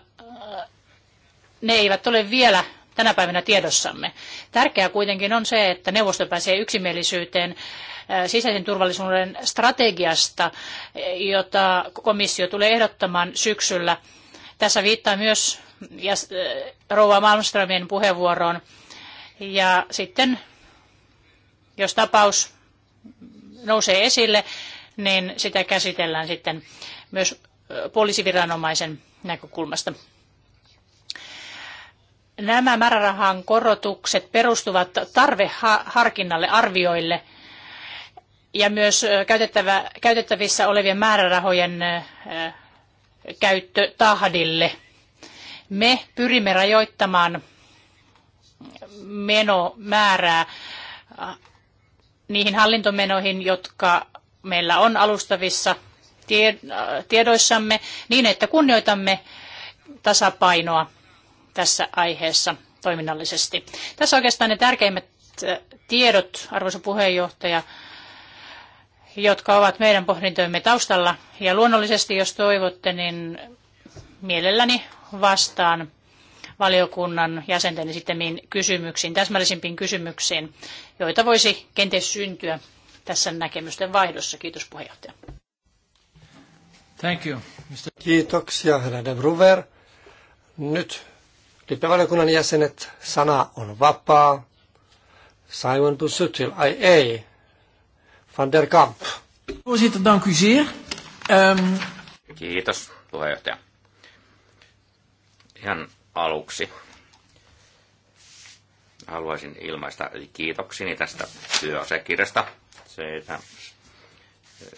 ne eivät ole vielä tänä päivänä tiedossamme. Tärkeää kuitenkin on se, että neuvosto pääsee yksimielisyyteen äh, sisäisen turvallisuuden strategiasta, äh, jota komissio tulee ehdottamaan syksyllä. Tässä viittaa myös äh, rouva Malmströmin puheenvuoroon. Ja sitten, jos tapaus nousee esille, niin sitä käsitellään sitten myös poliisiviranomaisen näkökulmasta nämä määrärahan korotukset perustuvat tarveharkinnalle, arvioille ja myös käytettävä, käytettävissä olevien määrärahojen käyttötahdille. Me pyrimme rajoittamaan menomäärää niihin hallintomenoihin, jotka meillä on alustavissa tiedoissamme, niin että kunnioitamme tasapainoa tässä aiheessa toiminnallisesti. Tässä oikeastaan ne tärkeimmät äh, tiedot, arvoisa puheenjohtaja, jotka ovat meidän pohdintojemme taustalla. Ja luonnollisesti, jos toivotte, niin mielelläni vastaan valiokunnan jäsenten esittämiin kysymyksiin, täsmällisimpiin kysymyksiin, joita voisi kenties syntyä tässä näkemysten vaihdossa. Kiitos puheenjohtaja.
Thank you. Mr. Kiitoksia, herra de Bruver. Nyt Lippivaliokunnan jäsenet, sana on vapaa. Simon Busuttil, ai ei.
Van der Kamp.
Voorzitter, dank u zeer. Um...
Kiitos, puheenjohtaja. Ihan aluksi haluaisin ilmaista kiitoksini tästä työasekirjasta. Siitä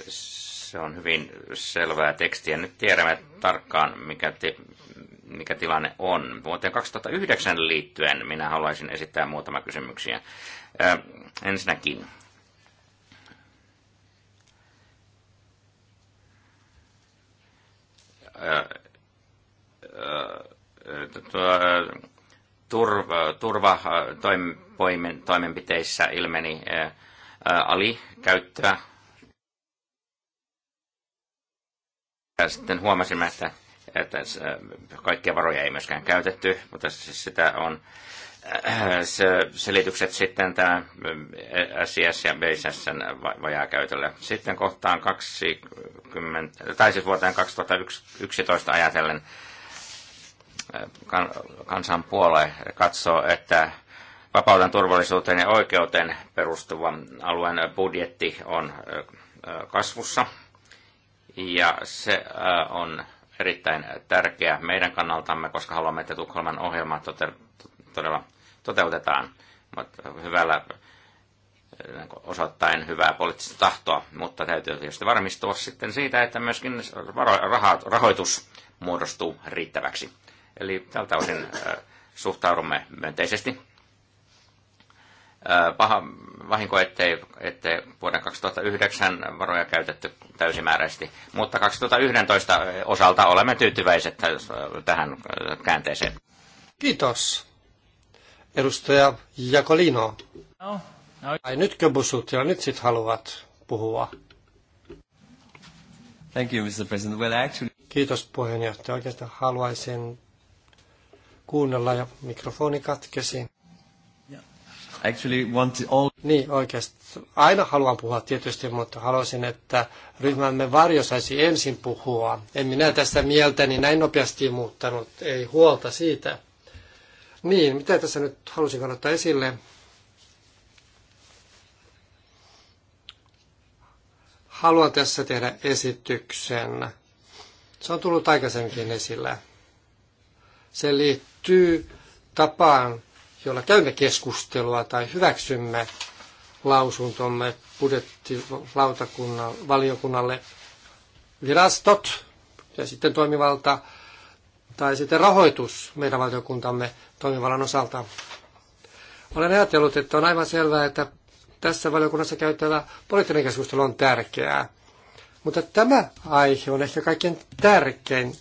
se on hyvin selvää tekstiä. Nyt tiedämme tarkkaan, mikä te, mikä tilanne on. Vuoteen 2009 liittyen minä haluaisin esittää muutama kysymyksiä. Ensinnäkin, turvatoimenpiteissä ilmeni alikäyttöä. Ja sitten huomasimme, että että äh, kaikkia varoja ei myöskään käytetty, mutta siis sitä on äh, selitykset sitten tämä SIS äh, ja vajaa käytölle. Sitten kohtaan 20, tai siis vuoteen 2011 ajatellen kansanpuolue katsoo, että vapauden turvallisuuteen ja oikeuteen perustuva alueen budjetti on kasvussa ja se on erittäin tärkeä meidän kannaltamme, koska haluamme, että Tukholman ohjelma todella toteutetaan mutta hyvällä niin osoittain hyvää poliittista tahtoa, mutta täytyy tietysti varmistua sitten siitä, että myöskin rahoitus muodostuu riittäväksi. Eli tältä osin äh, suhtaudumme myönteisesti paha vahinko, ettei, ettei vuoden 2009 varoja käytetty täysimääräisesti. Mutta 2011 osalta olemme tyytyväiset tähän käänteeseen.
Kiitos. Edustaja Jakolino. No, no. Ai nytkö busut ja nyt sit haluat puhua? Thank you, Mr. President. Well, actually... Kiitos puheenjohtaja. Oikeastaan haluaisin kuunnella ja mikrofoni katkesi. Actually want all... Niin, oikeastaan. Aina haluan puhua tietysti, mutta haluaisin, että ryhmämme varjo saisi ensin puhua. En minä tässä mieltäni näin nopeasti muuttanut, ei huolta siitä. Niin, mitä tässä nyt halusin kannattaa esille? Haluan tässä tehdä esityksen. Se on tullut aikaisemminkin esille. Se liittyy tapaan jolla käymme keskustelua tai hyväksymme lausuntomme budjettilautakunnan valiokunnalle virastot ja sitten toimivalta tai sitten rahoitus meidän valiokuntamme toimivallan osalta. Olen ajatellut, että on aivan selvää, että tässä valiokunnassa käytävä poliittinen keskustelu on tärkeää. Mutta tämä aihe on ehkä kaikkein tärkein.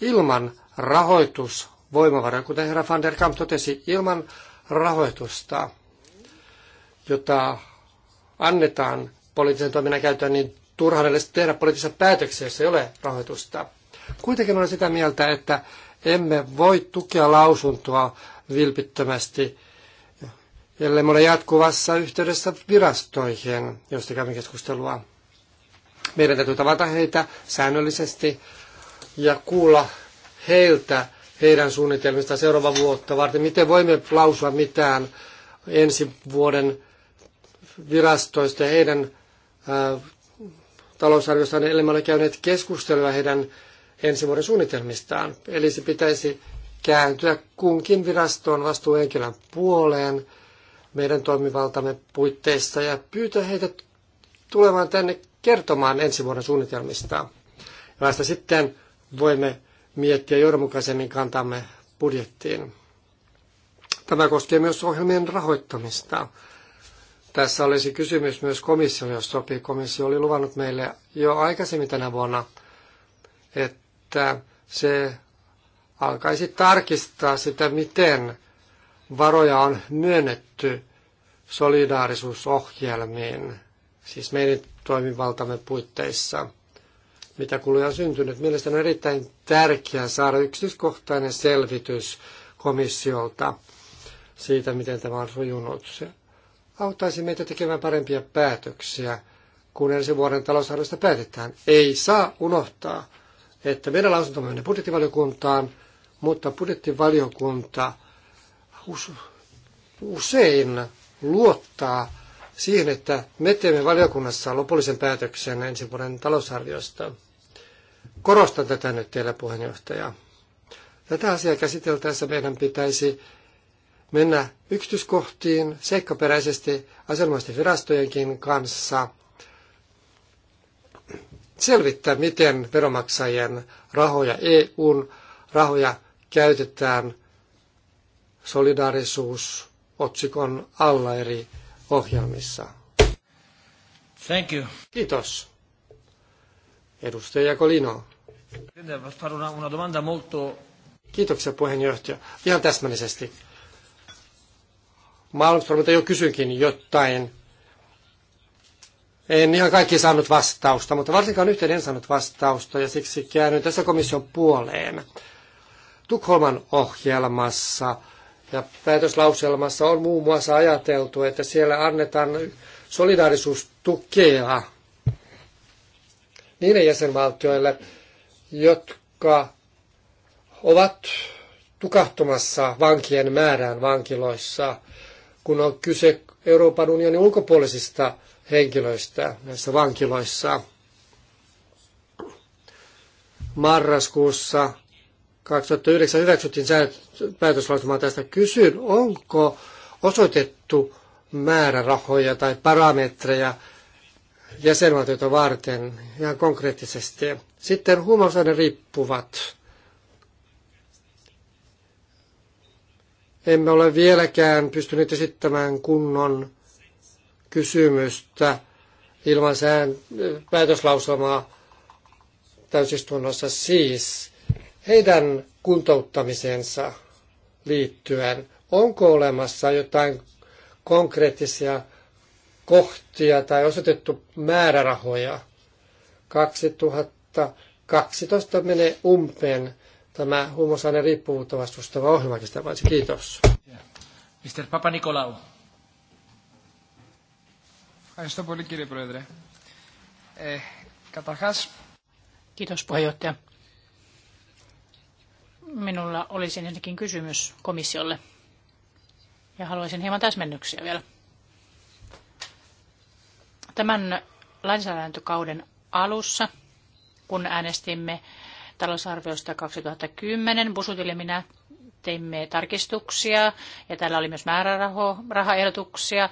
Ilman rahoitus voimavaran, kuten herra van der Kamp totesi, ilman rahoitusta, jota annetaan poliittisen toiminnan käyttöön, niin turhaan edes tehdä poliittisessa päätöksiä, jos ei ole rahoitusta. Kuitenkin olen sitä mieltä, että emme voi tukea lausuntoa vilpittömästi, ellei ole jatkuvassa yhteydessä virastoihin, joista käymme keskustelua. Meidän täytyy tavata heitä säännöllisesti ja kuulla heiltä heidän suunnitelmista seuraava vuotta varten. Miten voimme lausua mitään ensi vuoden virastoista ja heidän talousarviostaan, ellei ole käyneet keskustelua heidän ensi vuoden suunnitelmistaan. Eli se pitäisi kääntyä kunkin viraston vastuuhenkilön puoleen meidän toimivaltamme puitteissa ja pyytää heitä tulemaan tänne kertomaan ensi vuoden suunnitelmistaan. Ja vasta sitten voimme miettiä johdonmukaisemmin kantamme budjettiin. Tämä koskee myös ohjelmien rahoittamista. Tässä olisi kysymys myös komissiolle, jos sopii. Komissio oli luvannut meille jo aikaisemmin tänä vuonna, että se alkaisi tarkistaa sitä, miten varoja on myönnetty solidaarisuusohjelmiin, siis meidän toimivaltamme puitteissa – mitä kuluja on syntynyt. Mielestäni on erittäin tärkeää saada yksityiskohtainen selvitys komissiolta siitä, miten tämä on sujunut. Se auttaisi meitä tekemään parempia päätöksiä, kun ensi vuoden talousarvosta päätetään. Ei saa unohtaa, että meidän lausuntomme menee budjettivaliokuntaan, mutta budjettivaliokunta usein luottaa siihen, että me teemme valiokunnassa lopullisen päätöksen ensi vuoden talousarviosta. Korostan tätä nyt teillä puheenjohtaja. Tätä asiaa käsiteltäessä meidän pitäisi mennä yksityiskohtiin seikkaperäisesti asianomaisten virastojenkin kanssa selvittää, miten veromaksajien rahoja, EUn rahoja käytetään solidaarisuusotsikon alla eri ohjelmissa. Thank you. Kiitos. Edustaja Kolino. Kiitoksia puheenjohtaja. Ihan täsmällisesti. Maailmanformalta jo kysynkin jotain. En ihan kaikki saanut vastausta, mutta varsinkaan yhteen en saanut vastausta ja siksi käännyin tässä komission puoleen. Tukholman ohjelmassa ja päätöslauselmassa on muun muassa ajateltu, että siellä annetaan solidaarisuustukea niille jäsenvaltioille, jotka ovat tukahtumassa vankien määrään vankiloissa, kun on kyse Euroopan unionin ulkopuolisista henkilöistä näissä vankiloissa. Marraskuussa 2009 hyväksyttiin päätöslausumaa tästä. Kysyn, onko osoitettu määrärahoja tai parametreja jäsenvaltioita varten ihan konkreettisesti. Sitten huumausaine riippuvat. Emme ole vieläkään pystyneet esittämään kunnon kysymystä ilman sään päätöslauselmaa täysistunnossa siis heidän kuntouttamisensa liittyen. Onko olemassa jotain konkreettisia kohtia tai osoitettu määrärahoja 2000 2012 menee umpeen tämä huumausaineen riippuvuutta vastustava ohjelma Kiitos.
Mr. Papa Nikolau.
Kiitos puheenjohtaja. Minulla olisi ensinnäkin kysymys komissiolle. Ja haluaisin hieman täsmennyksiä vielä. Tämän lainsäädäntökauden alussa – kun äänestimme talousarviosta 2010. busutille ja minä teimme tarkistuksia ja täällä oli myös määrärahaehdotuksia.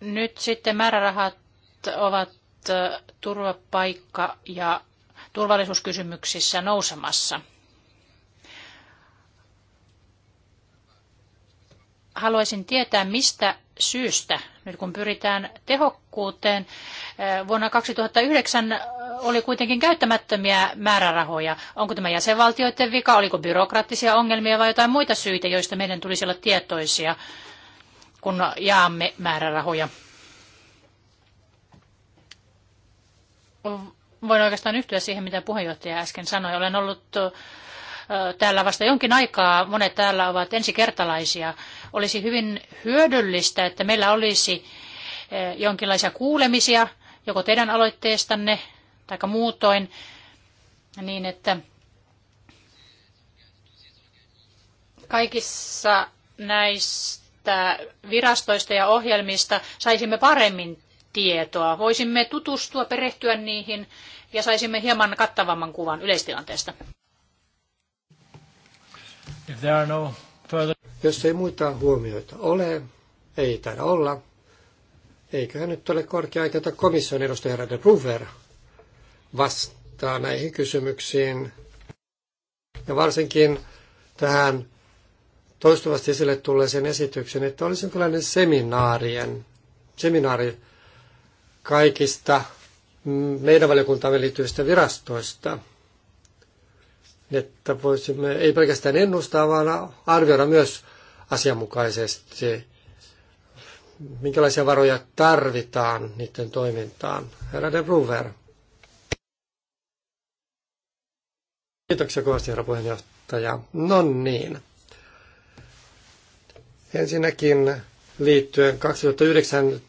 Nyt sitten määrärahat ovat turvapaikka- ja turvallisuuskysymyksissä nousemassa. Haluaisin tietää, mistä syystä, nyt kun pyritään tehokkuuteen. Eh, vuonna 2009 eh, oli kuitenkin käyttämättömiä määrärahoja. Onko tämä jäsenvaltioiden vika, oliko byrokraattisia ongelmia vai jotain muita syitä, joista meidän tulisi olla tietoisia, kun jaamme määrärahoja? Voin oikeastaan yhtyä siihen, mitä puheenjohtaja äsken sanoi. Olen ollut eh, täällä vasta jonkin aikaa. Monet täällä ovat ensikertalaisia. Olisi hyvin hyödyllistä, että meillä olisi jonkinlaisia kuulemisia, joko teidän aloitteestanne tai muutoin, niin että kaikissa näistä virastoista ja ohjelmista saisimme paremmin tietoa. Voisimme tutustua, perehtyä niihin ja saisimme hieman kattavamman kuvan yleistilanteesta.
If there are no further... Jos ei muita huomioita ole, ei taida olla. Eiköhän nyt ole korkea aika, että komission edustaja Rade Ruver vastaa näihin kysymyksiin. Ja varsinkin tähän toistuvasti esille tulleeseen esitykseen, että olisi jonkinlainen seminaarien, seminaari kaikista meidän valiokuntaan liittyvistä virastoista – että voisimme ei pelkästään ennustaa, vaan arvioida myös asianmukaisesti, minkälaisia varoja tarvitaan niiden toimintaan. Herra de Bruver. Kiitoksia kovasti, herra puheenjohtaja. No niin. Ensinnäkin liittyen 2009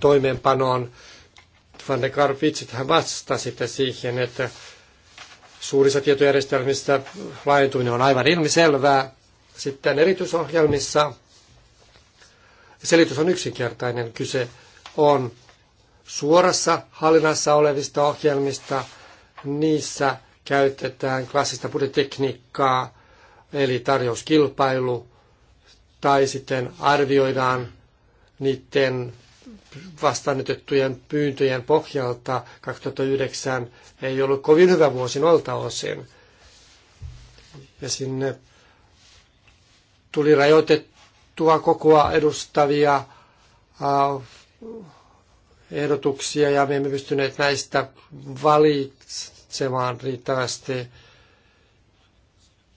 toimeenpanoon, Van de Karp itse vastasi siihen, että Suurissa tietojärjestelmissä laajentuminen on aivan ilmiselvää. Sitten erityisohjelmissa selitys on yksinkertainen. Kyse on suorassa hallinnassa olevista ohjelmista. Niissä käytetään klassista budjetekniikkaa, eli tarjouskilpailu, tai sitten arvioidaan niiden vastaanotettujen pyyntöjen pohjalta 2009 ei ollut kovin hyvä vuosi noilta osin. Ja sinne tuli rajoitettua kokoa edustavia ehdotuksia ja me emme pystyneet näistä valitsemaan riittävästi.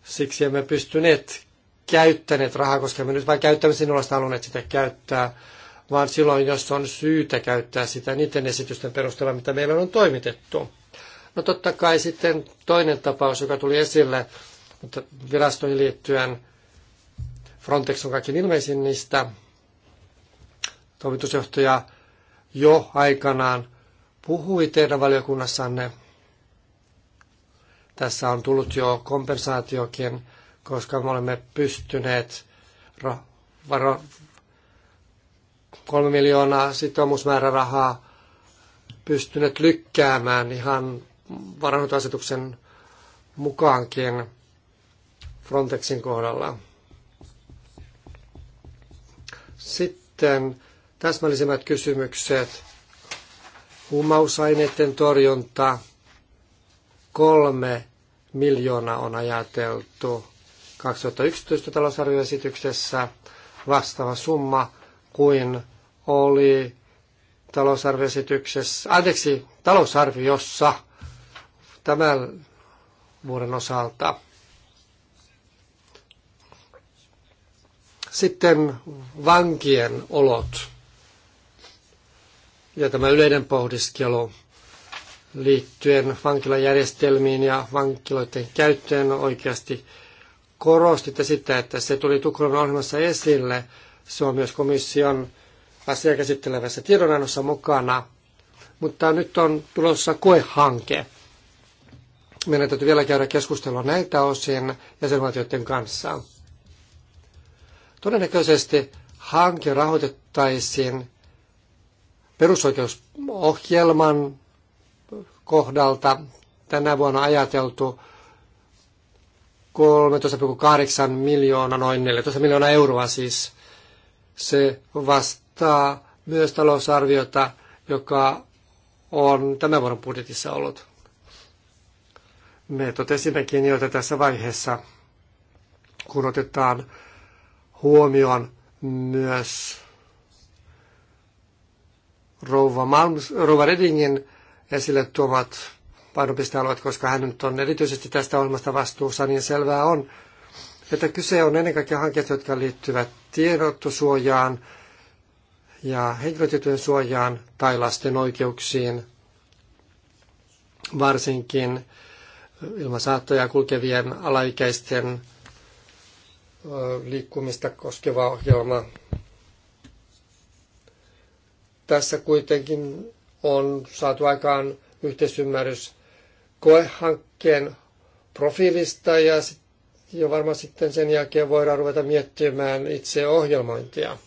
Siksi emme pystyneet käyttäneet rahaa, koska me nyt vain käyttämisen olemme halunneet sitä käyttää vaan silloin, jos on syytä käyttää sitä niiden esitysten perusteella, mitä meillä on toimitettu. No totta kai sitten toinen tapaus, joka tuli esille mutta virastoihin liittyen, Frontex on kaikkein ilmeisin niistä. Toimitusjohtaja jo aikanaan puhui teidän valiokunnassanne. Tässä on tullut jo kompensaatiokin, koska me olemme pystyneet kolme miljoonaa sitoumusmäärärahaa pystyneet lykkäämään ihan varanhoitoasetuksen mukaankin Frontexin kohdalla. Sitten täsmällisemmät kysymykset. Huumausaineiden torjunta. Kolme miljoonaa on ajateltu 2011 talousarvioesityksessä. Vastaava summa kuin oli talousarvioesityksessä, anteeksi, talousarviossa tämän vuoden osalta. Sitten vankien olot ja tämä yleinen pohdiskelu liittyen vankilajärjestelmiin ja vankiloiden käyttöön oikeasti korostitte sitä, että se tuli Tukholman ohjelmassa esille – se on myös komission asia käsittelevässä tiedonannossa mukana. Mutta nyt on tulossa koehanke. Meidän täytyy vielä käydä keskustelua näiltä osin jäsenvaltioiden kanssa. Todennäköisesti hanke rahoitettaisiin perusoikeusohjelman kohdalta. Tänä vuonna ajateltu 13,8 miljoonaa, noin 14 miljoonaa euroa siis. Se vastaa myös talousarviota, joka on tämän vuoden budjetissa ollut. Me totesimmekin jo että tässä vaiheessa, kun otetaan huomioon myös rouva, Malms, rouva Redingin esille tuomat painopistealueet, koska hän nyt on erityisesti tästä ohjelmasta vastuussa, niin selvää on, että kyse on ennen kaikkea hankkeet, jotka liittyvät tiedottosuojaan ja henkilötietojen suojaan tai lasten oikeuksiin, varsinkin ilman saattoja kulkevien alaikäisten liikkumista koskeva ohjelma. Tässä kuitenkin on saatu aikaan yhteisymmärrys koehankkeen profiilista ja sitten jo varmaan sitten sen jälkeen voidaan ruveta miettimään itse ohjelmointia.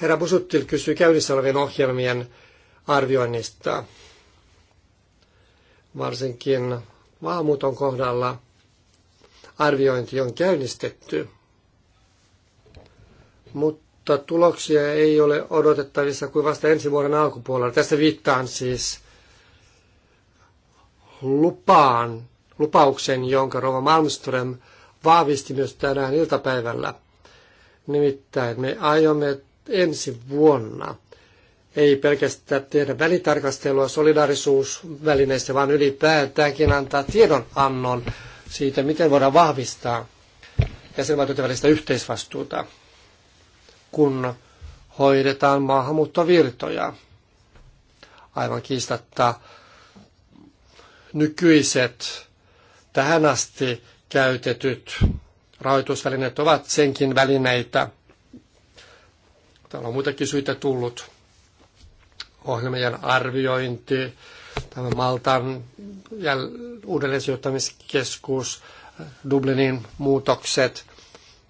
Herra Busuttil kysyi käynnissä olevien ohjelmien arvioinnista, varsinkin maahanmuuton kohdalla arviointi on käynnistetty, mutta tuloksia ei ole odotettavissa kuin vasta ensi vuoden alkupuolella. Tässä viittaan siis lupaan, lupauksen, jonka Rova Malmström vahvisti myös tänään iltapäivällä. Nimittäin me aiomme ensi vuonna ei pelkästään tehdä välitarkastelua solidarisuusvälineistä, vaan ylipäätäänkin antaa tiedonannon siitä, miten voidaan vahvistaa jäsenvaltioiden välistä yhteisvastuuta, kun hoidetaan maahanmuuttovirtoja. Aivan kiistattaa nykyiset tähän asti käytetyt rahoitusvälineet ovat senkin välineitä. Täällä on muitakin syitä tullut. Ohjelmien arviointi, tämä Maltan uudelleensijoittamiskeskus, Dublinin muutokset.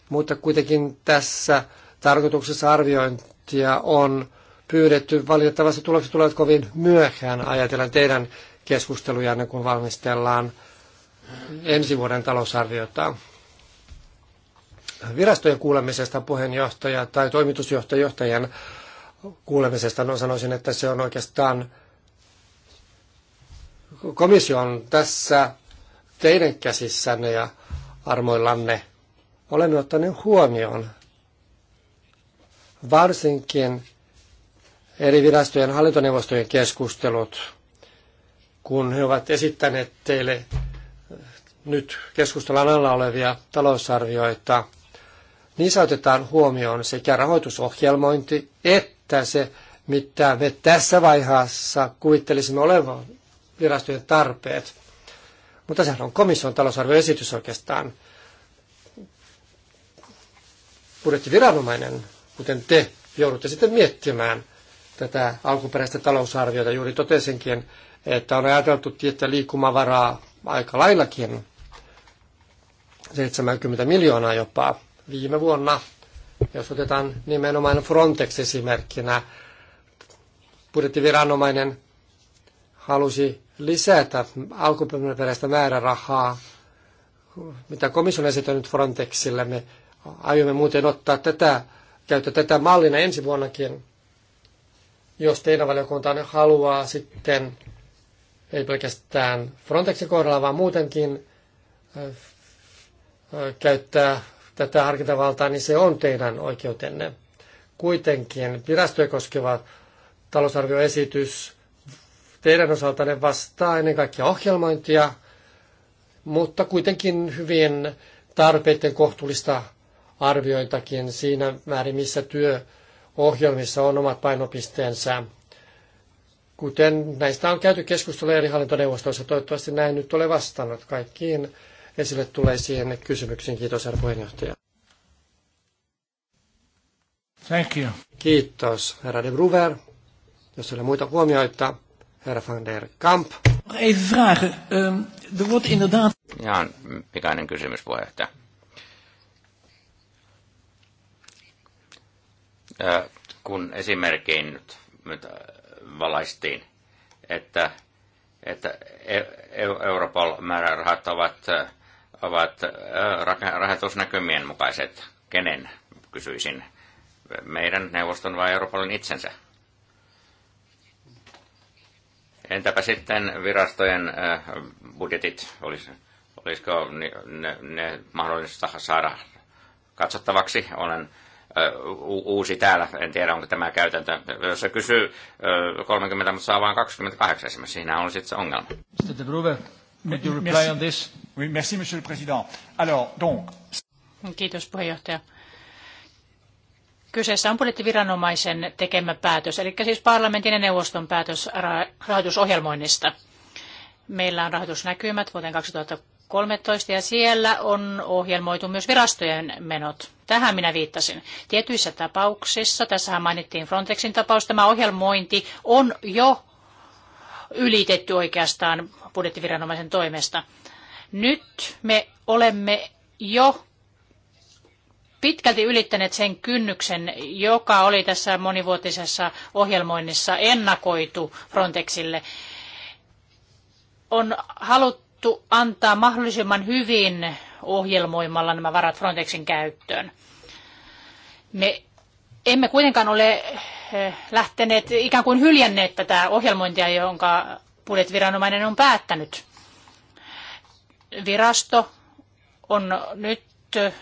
Mutta kuitenkin tässä tarkoituksessa arviointia on pyydetty. Valitettavasti tulokset tulevat kovin myöhään ajatellen teidän keskusteluja, ennen kuin valmistellaan ensi vuoden talousarviota. Virastojen kuulemisesta puheenjohtaja tai toimitusjohtajan kuulemisesta, no sanoisin, että se on oikeastaan komission tässä teidän käsissänne ja armoillanne. Olemme ottaneet huomioon varsinkin eri virastojen hallintoneuvostojen keskustelut kun he ovat esittäneet teille eh, nyt keskustelun alla olevia talousarvioita, niin otetaan huomioon sekä rahoitusohjelmointi että se, mitä me tässä vaiheessa kuvittelisimme olevan virastojen tarpeet. Mutta sehän on komission talousarvioesitys oikeastaan. Budjettiviranomainen, kuten te, joudutte sitten miettimään tätä alkuperäistä talousarviota. Juuri totesinkin, että on ajateltu tietä liikkumavaraa aika laillakin, 70 miljoonaa jopa viime vuonna. Jos otetaan nimenomaan Frontex esimerkkinä, budjettiviranomainen halusi lisätä alkuperäistä määrärahaa, mitä komissio on esittänyt Frontexille. Me aiomme muuten ottaa tätä, käyttää tätä mallina ensi vuonnakin, jos teidän valiokuntaan haluaa sitten ei pelkästään Frontexin kohdalla, vaan muutenkin käyttää tätä harkintavaltaa, niin se on teidän oikeutenne. Kuitenkin virastoja koskeva talousarvioesitys teidän osaltanne vastaa ennen kaikkea ohjelmointia, mutta kuitenkin hyvin tarpeiden kohtuullista arviointakin siinä määrin, missä työohjelmissa on omat painopisteensä. Kuten näistä on käyty keskustelua eri hallintoneuvostoissa, toivottavasti näin nyt ole vastannut kaikkiin esille tulleisiin kysymyksiin. Kiitos, herra puheenjohtaja. Thank you. Kiitos, herra de Bruver. Jos ei ole muita huomioita, herra van der Kamp. Even vragen. Um, er wordt inderdaad...
Ihan pikainen kysymys, puheenjohtaja. kun esimerkkiin nyt, nyt valaistiin, että, että e-, e-, Europol-määrärahat ovat, ovat rahoitusnäkymien mukaiset. Kenen, kysyisin, meidän neuvoston vai Europolin itsensä? Entäpä sitten virastojen budjetit, olis, olisiko ne, ne mahdollista saada katsottavaksi? Olen uusi täällä. En tiedä, onko tämä käytäntö. Jos se kysyy 30, mutta saa vain 28 esimerkiksi, siinä on sitten se ongelma.
Kiitos, puheenjohtaja. Kyseessä on budjettiviranomaisen tekemä päätös, eli siis parlamentin ja neuvoston päätös rahoitusohjelmoinnista. Meillä on rahoitusnäkymät vuoteen 2016 13 ja siellä on ohjelmoitu myös virastojen menot. Tähän minä viittasin. Tietyissä tapauksissa, tässä mainittiin Frontexin tapaus, tämä ohjelmointi on jo ylitetty oikeastaan budjettiviranomaisen toimesta. Nyt me olemme jo pitkälti ylittäneet sen kynnyksen, joka oli tässä monivuotisessa ohjelmoinnissa ennakoitu Frontexille. On haluttu haluttu antaa mahdollisimman hyvin ohjelmoimalla nämä varat Frontexin käyttöön. Me emme kuitenkaan ole eh, lähteneet, ikään kuin hyljänneet tätä ohjelmointia, jonka budjettiviranomainen on päättänyt. Virasto on nyt eh,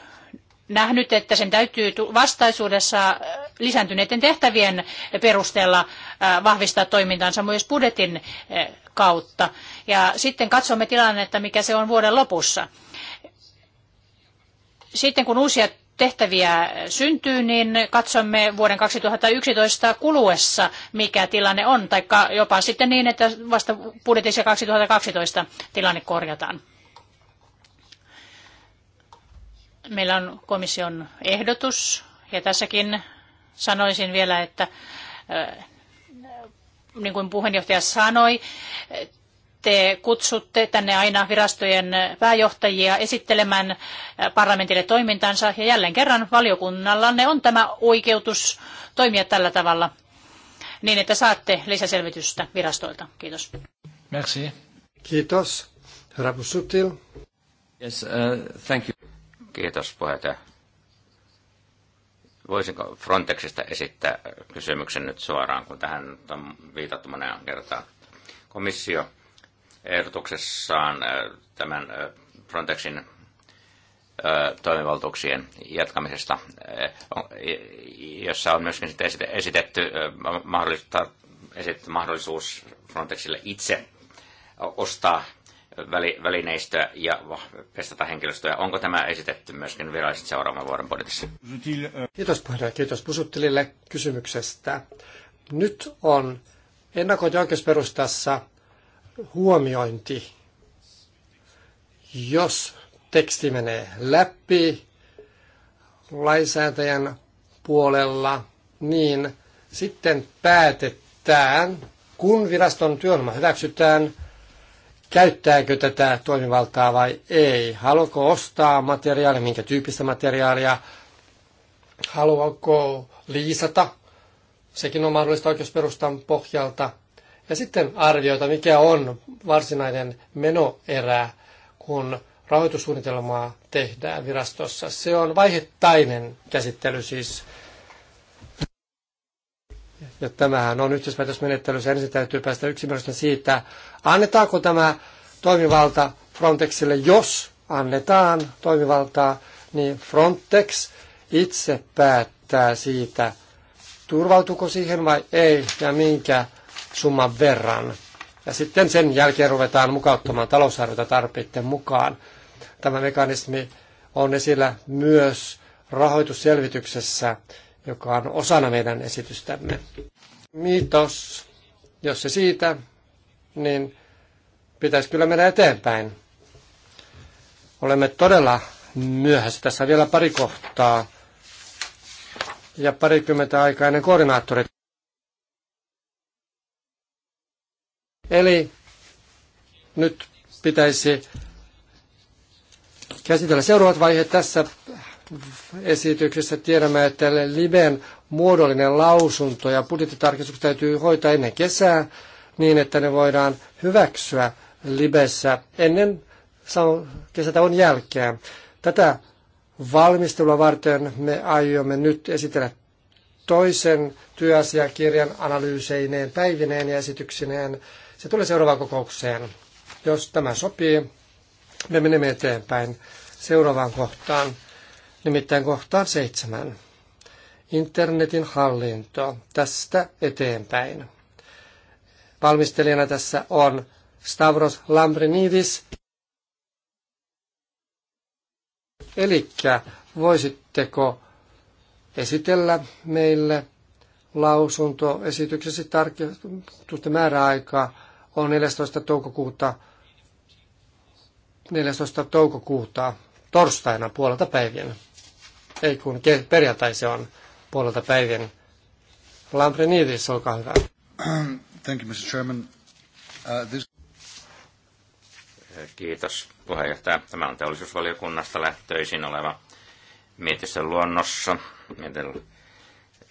nähnyt, että sen täytyy vastaisuudessa lisääntyneiden tehtävien perusteella vahvistaa toimintansa myös budjetin kautta. Ja sitten katsomme tilannetta, mikä se on vuoden lopussa. Sitten kun uusia tehtäviä syntyy, niin katsomme vuoden 2011 kuluessa, mikä tilanne on, tai jopa sitten niin, että vasta budjetissa 2012 tilanne korjataan. Meillä on komission ehdotus, ja tässäkin Sanoisin vielä, että äh, niin kuin puheenjohtaja sanoi, te kutsutte tänne aina virastojen pääjohtajia esittelemään parlamentille toimintansa ja jälleen kerran valiokunnallanne on tämä oikeutus toimia tällä tavalla niin, että saatte lisäselvitystä virastoilta. Kiitos.
Merci.
Kiitos.
Yes, uh, thank you. Kiitos puheenjohtaja. Voisinko Frontexista esittää kysymyksen nyt suoraan, kun tähän on viitattu moneen kertaan. Komissio ehdotuksessaan tämän Frontexin toimivaltuuksien jatkamisesta, jossa on myöskin esitetty mahdollisuus Frontexille itse ostaa välineistöä ja pestata henkilöstöä. Onko tämä esitetty myöskin virallisesti seuraavan vuoden budjetissa?
Kiitos puheenjohtaja, kiitos Pusuttilille kysymyksestä. Nyt on ennakointioikeusperustassa huomiointi. Jos teksti menee läpi lainsäätäjän puolella, niin sitten päätetään, kun viraston työohjelma hyväksytään – käyttääkö tätä toimivaltaa vai ei. Haluako ostaa materiaalia, minkä tyyppistä materiaalia, Haluako liisata, sekin on mahdollista oikeusperustan pohjalta. Ja sitten arvioita, mikä on varsinainen menoerä, kun rahoitussuunnitelmaa tehdään virastossa. Se on vaihettainen käsittely siis ja tämähän on yhteispäätösmenettelyssä. Ensin täytyy päästä yksimielisyyteen siitä, annetaanko tämä toimivalta Frontexille. Jos annetaan toimivaltaa, niin Frontex itse päättää siitä, turvautuuko siihen vai ei ja minkä summan verran. Ja sitten sen jälkeen ruvetaan mukauttamaan talousarviota tarpeiden mukaan. Tämä mekanismi on esillä myös rahoitusselvityksessä, joka on osana meidän esitystämme. mitos, Jos se siitä, niin pitäisi kyllä mennä eteenpäin. Olemme todella myöhässä. Tässä vielä pari kohtaa ja parikymmentä aikainen koordinaattori. Eli nyt pitäisi käsitellä seuraavat vaiheet tässä esityksessä tiedämme, että Liben muodollinen lausunto ja budjettitarkistukset täytyy hoitaa ennen kesää niin, että ne voidaan hyväksyä Libessä ennen on jälkeen. Tätä valmistelua varten me aiomme nyt esitellä toisen työasiakirjan analyyseineen, päivineen ja esityksineen. Se tulee seuraavaan kokoukseen. Jos tämä sopii, me menemme eteenpäin seuraavaan kohtaan nimittäin kohtaan seitsemän. Internetin hallinto tästä eteenpäin. Valmistelijana tässä on Stavros Lambrinidis. Eli voisitteko esitellä meille lausuntoesityksesi tarkistusten määräaika on 14. toukokuuta 14. toukokuuta torstaina puolelta päivien. Ei kun perjantai se on puolelta päivien. Lambrinidis, olkaa hyvä.
Thank you, Mr. Chairman. Uh, this...
Kiitos puheenjohtaja. Tämä on teollisuusvaliokunnasta lähtöisin oleva mietisen luonnossa. Mietin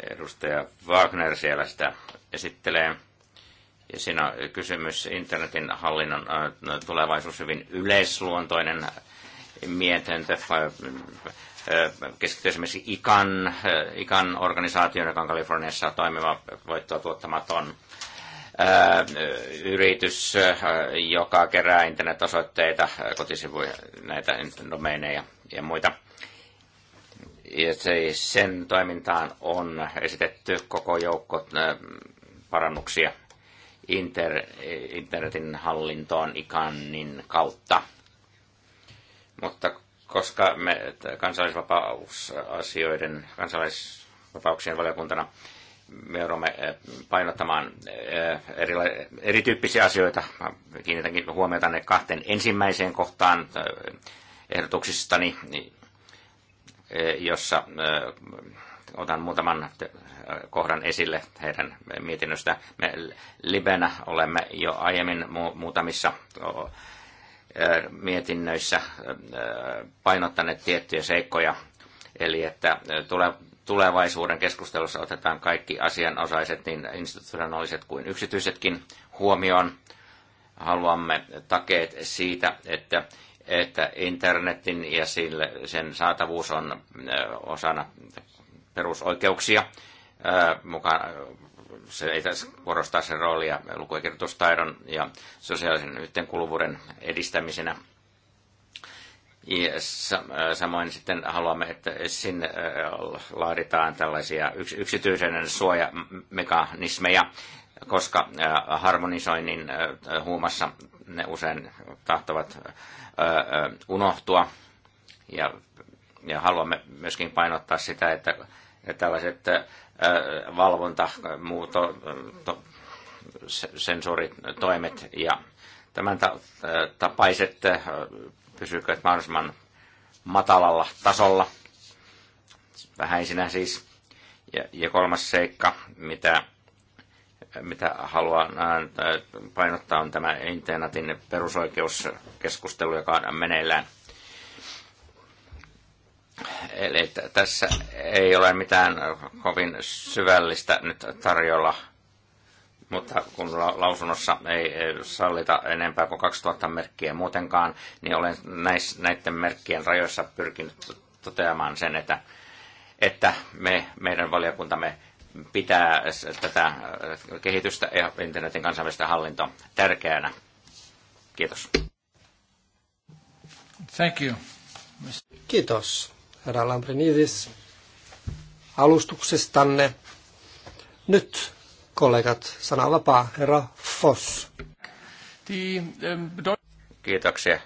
edustaja Wagner siellä sitä esittelee. Ja siinä on kysymys internetin hallinnon tulevaisuus hyvin yleisluontoinen mietintö keskittyy esimerkiksi ICAN, ICAN organisaatioon, joka on Kaliforniassa toimiva voittoa tuottamaton yritys, joka kerää internetosoitteita, kotisivuja, näitä domeineja ja muita. Ja sen toimintaan on esitetty koko joukko parannuksia inter, internetin hallintoon ikanin kautta – mutta koska me kansalaisvapausasioiden, kansalaisvapauksien valiokuntana me joudumme eh, painottamaan eh, erila- erityyppisiä asioita. Mä kiinnitänkin huomiota ne kahteen ensimmäiseen kohtaan eh, ehdotuksistani, niin, jossa otan muutaman kohdan esille heidän mietinnöstä. Me Libenä olemme jo aiemmin muutamissa mietinnöissä painottaneet tiettyjä seikkoja, eli että tule, tulevaisuuden keskustelussa otetaan kaikki asianosaiset, niin institutionaaliset kuin yksityisetkin, huomioon. Haluamme takeet siitä, että, että internetin ja sille, sen saatavuus on osana perusoikeuksia, mukaan se ei tässä korostaa sen roolia luku- ja kirjoitustaidon ja sosiaalisen yhteenkuuluvuuden edistämisenä. Äh, samoin sitten haluamme, että sinne äh, laaditaan tällaisia yksityisen suojamekanismeja, koska äh, harmonisoinnin huumassa ne usein tahtovat unohtua. Ja, ja haluamme myöskin painottaa sitä, että tällaiset valvonta, muut to, sensoritoimet ja tämän tapaiset pysyvät mahdollisimman matalalla tasolla, vähäisinä siis. Ja, ja kolmas seikka, mitä, mitä haluan painottaa, on tämä internetin perusoikeuskeskustelu, joka on meneillään – Eli tässä ei ole mitään kovin syvällistä nyt tarjolla, mutta kun la- lausunnossa ei sallita enempää kuin 2000 merkkiä muutenkaan, niin olen näis, näiden merkkien rajoissa pyrkinyt toteamaan sen, että, että me, meidän valiokuntamme pitää tätä äh, kehitystä ja internetin kansainvälistä hallintoa tärkeänä. Kiitos.
Thank you.
Kiitos herra Lambrinidis, alustuksestanne. Nyt, kollegat, sana vapaa, herra Foss. Ähm,
Kiitoksia.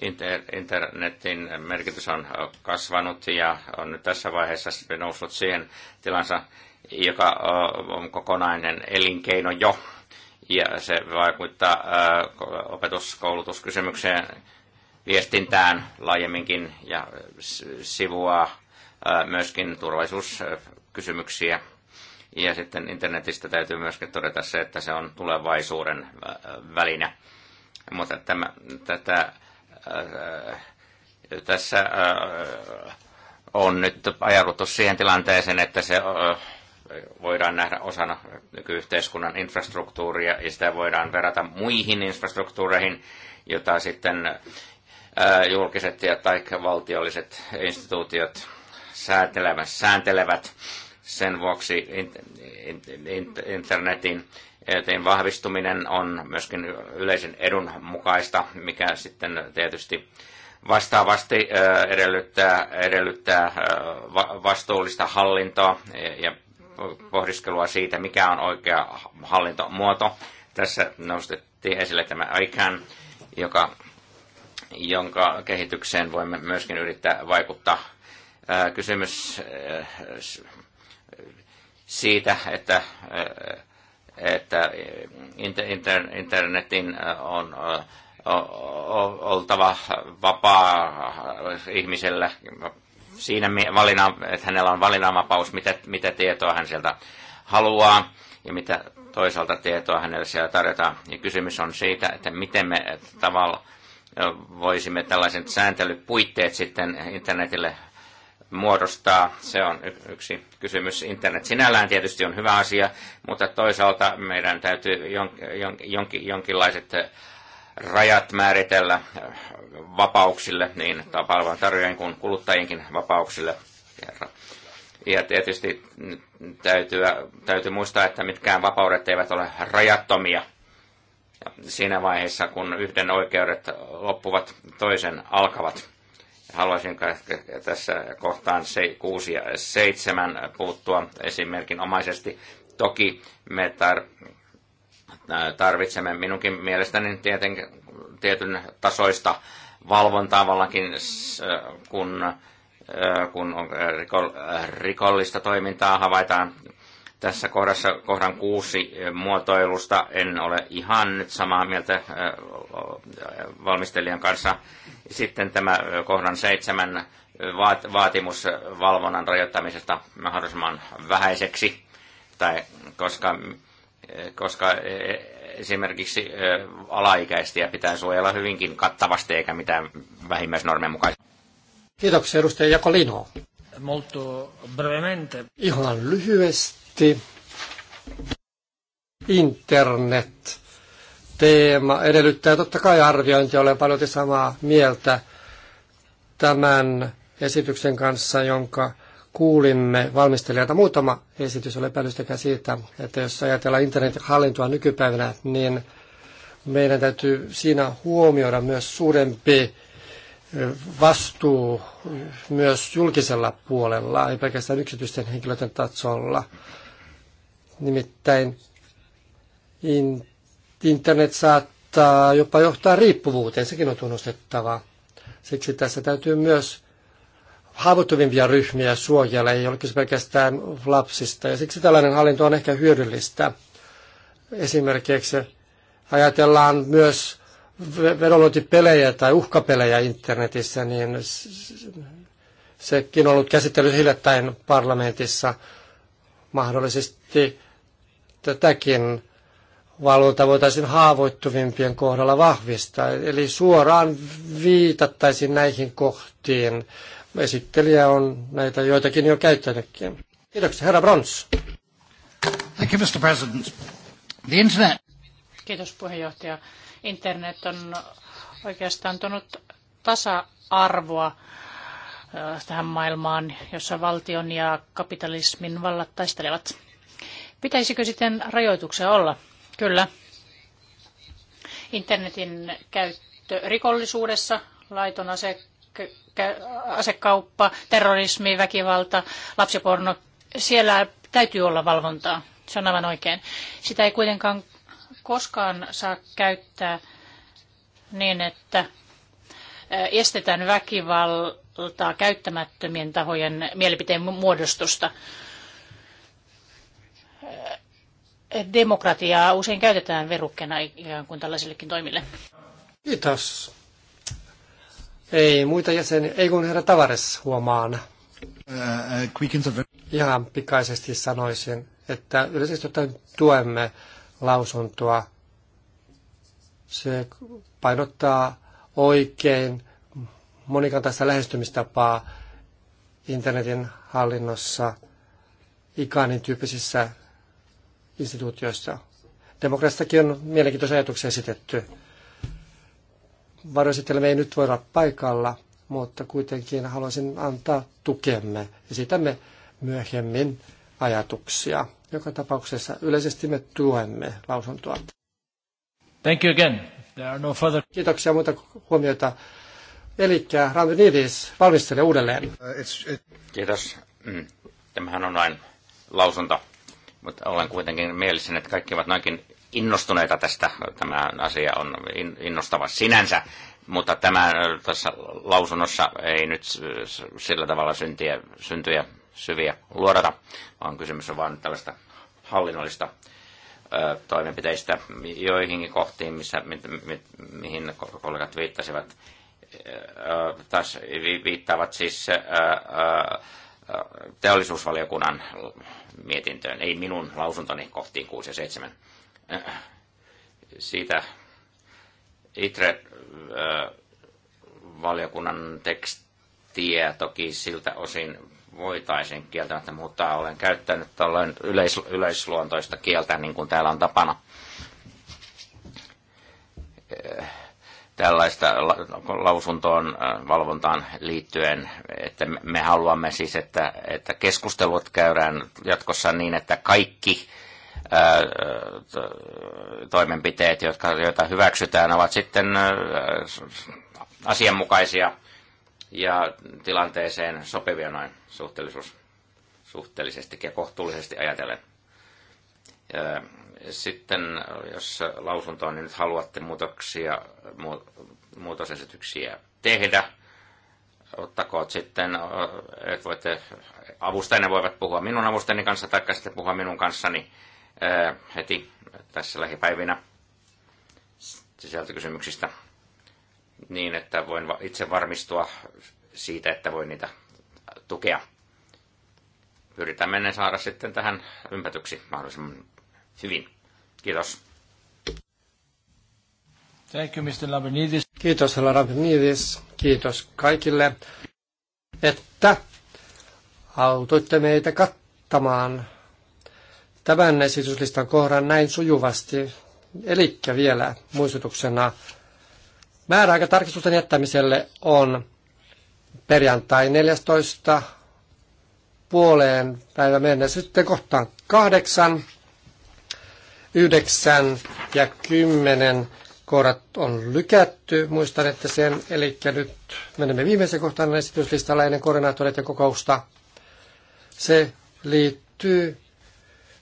Inter, internetin merkitys on kasvanut ja on nyt tässä vaiheessa noussut siihen tilansa, joka äh, on kokonainen elinkeino jo. Ja se vaikuttaa äh, opetuskoulutuskysymykseen viestintään laajemminkin ja sivua, myöskin turvallisuuskysymyksiä. Ja sitten internetistä täytyy myöskin todeta se, että se on tulevaisuuden väline. Mutta tämä, tätä, tässä on nyt ajauduttu siihen tilanteeseen, että se voidaan nähdä osana nykyyhteiskunnan infrastruktuuria ja sitä voidaan verrata muihin infrastruktuureihin, jota sitten julkiset ja tai valtiolliset instituutiot sääntelevät, sääntelevät. Sen vuoksi internetin joten vahvistuminen on myöskin yleisen edun mukaista, mikä sitten tietysti vastaavasti edellyttää, edellyttää vastuullista hallintoa ja pohdiskelua siitä, mikä on oikea hallintomuoto. Tässä nostettiin esille tämä ICANN, joka jonka kehitykseen voimme myöskin yrittää vaikuttaa. Kysymys siitä, että, että internetin on oltava vapaa ihmisellä siinä valina, että hänellä on valinnanvapaus, mitä, mitä tietoa hän sieltä haluaa ja mitä toisaalta tietoa hänelle siellä tarjotaan. Ja kysymys on siitä, että miten me tavalla voisimme tällaiset sääntelypuitteet sitten internetille muodostaa. Se on yksi kysymys. Internet sinällään tietysti on hyvä asia, mutta toisaalta meidän täytyy jon, jon, jon- jonkinlaiset rajat määritellä vapauksille, niin palvelun tarjoajien kuin kuluttajienkin vapauksille. Ja tietysti täytyy, täytyy muistaa, että mitkään vapaudet eivät ole rajattomia – siinä vaiheessa, kun yhden oikeudet loppuvat, toisen alkavat. Haluaisin tässä kohtaan 6 ja 7 puuttua esimerkinomaisesti. Toki me tar- tarvitsemme minunkin mielestäni tieten, tietyn tasoista valvontaa vallakin, kun äh, kun rikollista toimintaa havaitaan tässä kohdassa, kohdan kuusi eh, muotoilusta en ole ihan nyt samaa mieltä eh, valmistelijan kanssa. Sitten tämä eh, kohdan seitsemän vaatimus valvonnan rajoittamisesta mahdollisimman vähäiseksi, tai koska, koska esimerkiksi alaikäistiä pitää suojella hyvinkin kattavasti eikä mitään vähimmäisnormien mukaisesti.
Kiitoksia edustaja Jakolino. Molto brevemente. Ihan lyhyesti netti, internet, teema edellyttää totta kai arviointia. Olen paljon samaa mieltä tämän esityksen kanssa, jonka kuulimme valmistelijalta muutama esitys, ole epäilystäkään siitä, että jos ajatellaan internetin hallintoa nykypäivänä, niin meidän täytyy siinä huomioida myös suurempi vastuu myös julkisella puolella, ei pelkästään yksityisten henkilöiden tasolla. Nimittäin internet saattaa jopa johtaa riippuvuuteen, sekin on tunnustettava. Siksi tässä täytyy myös haavoittuvimpia ryhmiä suojella, ei ole kyse pelkästään lapsista. Ja siksi tällainen hallinto on ehkä hyödyllistä. Esimerkiksi ajatellaan myös vedonlyöntipelejä tai uhkapelejä internetissä, niin sekin on ollut käsittely hiljattain parlamentissa. Mahdollisesti tätäkin valvonta voitaisiin haavoittuvimpien kohdalla vahvistaa. Eli suoraan viitattaisiin näihin kohtiin. Esittelijä on näitä joitakin jo käyttänytkin. Kiitoksia, herra Brons. Thank you, Mr.
President. The internet...
Kiitos puheenjohtaja. Internet on oikeastaan tuonut tasa-arvoa äh, tähän maailmaan, jossa valtion ja kapitalismin vallat taistelevat. Pitäisikö sitten rajoituksia olla? Kyllä. Internetin käyttö rikollisuudessa, laiton ase, asekauppa, terrorismi, väkivalta, lapsiporno, siellä täytyy olla valvontaa. Se on aivan oikein. Sitä ei kuitenkaan koskaan saa käyttää niin, että estetään väkivaltaa käyttämättömien tahojen mielipiteen muodostusta demokratiaa usein käytetään verukkeena ikään kuin tällaisillekin toimille.
Kiitos. Ei muita jäseniä, ei kun herra Tavares huomaan. Uh, uh, Ihan pikaisesti sanoisin, että yleisesti ottaen tuemme lausuntoa. Se painottaa oikein monikantaista lähestymistapaa internetin hallinnossa, ikanin tyyppisissä instituutioissa. Demokraastakin on mielenkiintoisia ajatuksia esitetty. Varoisittelemme ei nyt voi olla paikalla, mutta kuitenkin haluaisin antaa tukemme. Esitämme myöhemmin ajatuksia. Joka tapauksessa yleisesti me tuemme lausuntoa.
Thank you again. There are no further... Kiitoksia
muita huomioita. Eli Rami Nidis, valmistelee uudelleen.
Kiitos. Mm. Tämähän on vain lausunto mutta olen kuitenkin mielissäni, että kaikki ovat noinkin innostuneita tästä. Tämä asia on innostava sinänsä, mutta tämä tässä lausunnossa ei nyt sillä tavalla syntiä, syntyjä syviä luodata, vaan kysymys on vain tällaista hallinnollista toimenpiteistä joihinkin kohtiin, missä, mi, mi, mihin kollegat viittasivat. taas viittaavat siis ää, ää, teollisuusvaliokunnan mietintöön, ei minun lausuntoni kohtiin 6 ja 7. Äh, siitä itse äh, valiokunnan tekstiä toki siltä osin voitaisiin kieltämättä muuttaa. Olen käyttänyt tällöin yleis- yleisluontoista kieltä, niin kuin täällä on tapana. Äh, tällaista lausuntoon äh, valvontaan liittyen, että me haluamme siis, että, että keskustelut käydään jatkossa niin, että kaikki äh, toimenpiteet, jotka, joita hyväksytään, ovat sitten äh, asianmukaisia ja tilanteeseen sopivia noin suhteellisuus, suhteellisesti ja kohtuullisesti ajatellen. Sitten jos lausuntoon niin nyt haluatte muutoksia, muutosesityksiä tehdä, ottakoot sitten, että voitte, avustajana voivat puhua minun avustajani kanssa tai sitten puhua minun kanssani heti tässä lähipäivinä sisältökysymyksistä niin, että voin itse varmistua siitä, että voin niitä tukea. Pyritään mennä saada sitten tähän ympätyksi mahdollisimman hyvin. Kiitos.
Thank you, Mr. Labrinidis.
Kiitos, Labrinidis. Kiitos kaikille, että autoitte meitä kattamaan tämän esityslistan kohdan näin sujuvasti. Eli vielä muistutuksena, määräaika tarkistusten jättämiselle on perjantai 14 puoleen päivä mennessä. Sitten kohtaan kahdeksan. 9 ja 10 kohdat on lykätty. Muistan, että sen, eli nyt menemme viimeisen kohtaan esityslistalla ennen koordinaattoreiden kokousta. Se liittyy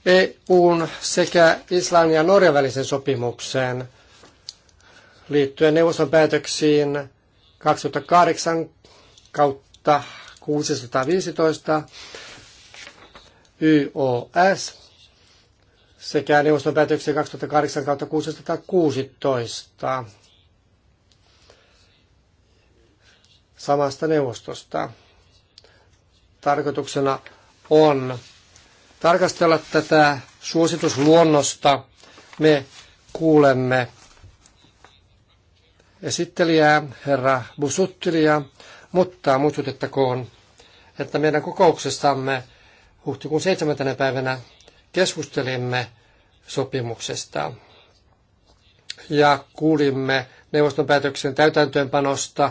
EUn sekä Islannin ja Norjan välisen sopimukseen liittyen neuvoston päätöksiin 2008 kautta 615 YOS sekä neuvoston päätöksen 2008 16 samasta neuvostosta. Tarkoituksena on tarkastella tätä suositusluonnosta. Me kuulemme esittelijää, herra Busuttilia, mutta muistutettakoon, että meidän kokouksessamme huhtikuun 7. päivänä keskustelimme sopimuksesta ja kuulimme neuvoston päätöksen täytäntöönpanosta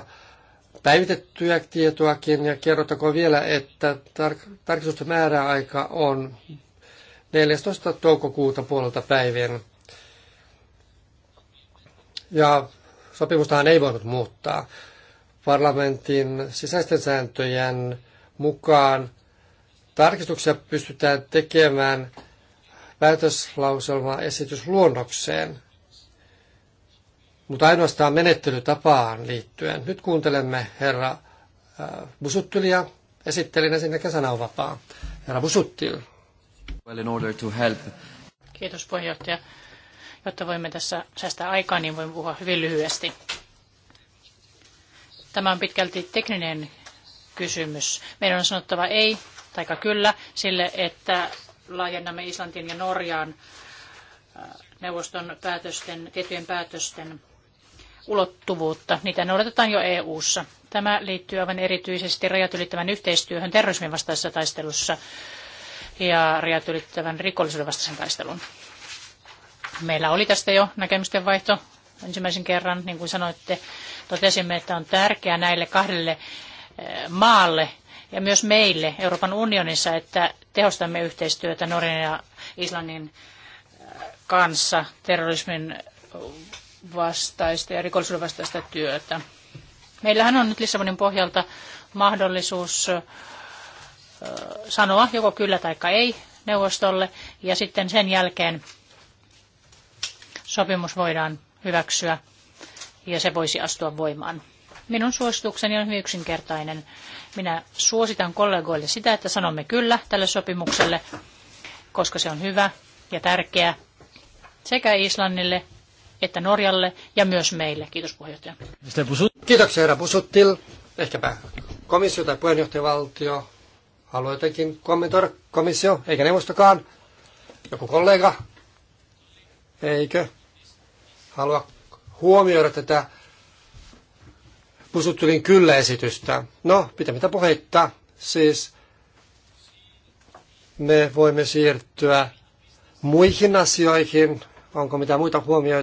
päivitettyä tietoakin ja kerrotakoon vielä, että tar- tarkistusten määräaika on 14. toukokuuta puolelta päivien. Ja sopimustahan ei voinut muuttaa. Parlamentin sisäisten sääntöjen mukaan tarkistuksia pystytään tekemään esitys luonnokseen, mutta ainoastaan menettelytapaan liittyen. Nyt kuuntelemme herra äh, Busuttilia, esittelin ensinnäkin sananvapaa. Herra Busuttil. Well, in order to help.
Kiitos puheenjohtaja. Jotta voimme tässä säästää aikaa, niin voin puhua hyvin lyhyesti. Tämä on pitkälti tekninen kysymys. Meidän on sanottava ei tai kyllä sille, että laajennamme Islantiin ja Norjaan äh, neuvoston päätösten, tiettyjen päätösten ulottuvuutta. Niitä noudatetaan jo EU-ssa. Tämä liittyy aivan erityisesti rajat ylittävän yhteistyöhön terrorismin vastaisessa taistelussa ja rajat ylittävän rikollisuuden vastaisen taistelun. Meillä oli tästä jo näkemysten vaihto ensimmäisen kerran, niin kuin sanoitte, totesimme, että on tärkeää näille kahdelle eh, maalle ja myös meille Euroopan unionissa, että tehostamme yhteistyötä Norjan ja Islannin äh, kanssa terrorismin vastaista ja rikollisuuden vastaista työtä. Meillähän on nyt Lissabonin pohjalta mahdollisuus äh, sanoa joko kyllä tai ei neuvostolle ja sitten sen jälkeen sopimus voidaan hyväksyä ja se voisi astua voimaan. Minun suositukseni on hyvin yksinkertainen. Minä suositan kollegoille sitä, että sanomme kyllä tälle sopimukselle, koska se on hyvä ja tärkeä sekä Islannille että Norjalle ja myös meille. Kiitos puheenjohtaja.
Kiitoksia herra Busuttil. Ehkäpä komissio tai puheenjohtajavaltio haluaa jotenkin kommentoida komissio, eikä neuvostokaan. Joku kollega, eikö halua huomioida tätä pusuttelin kyllä esitystä. No, mitä puheitta. Siis me voimme siirtyä muihin asioihin. Onko mitä muita huomioita?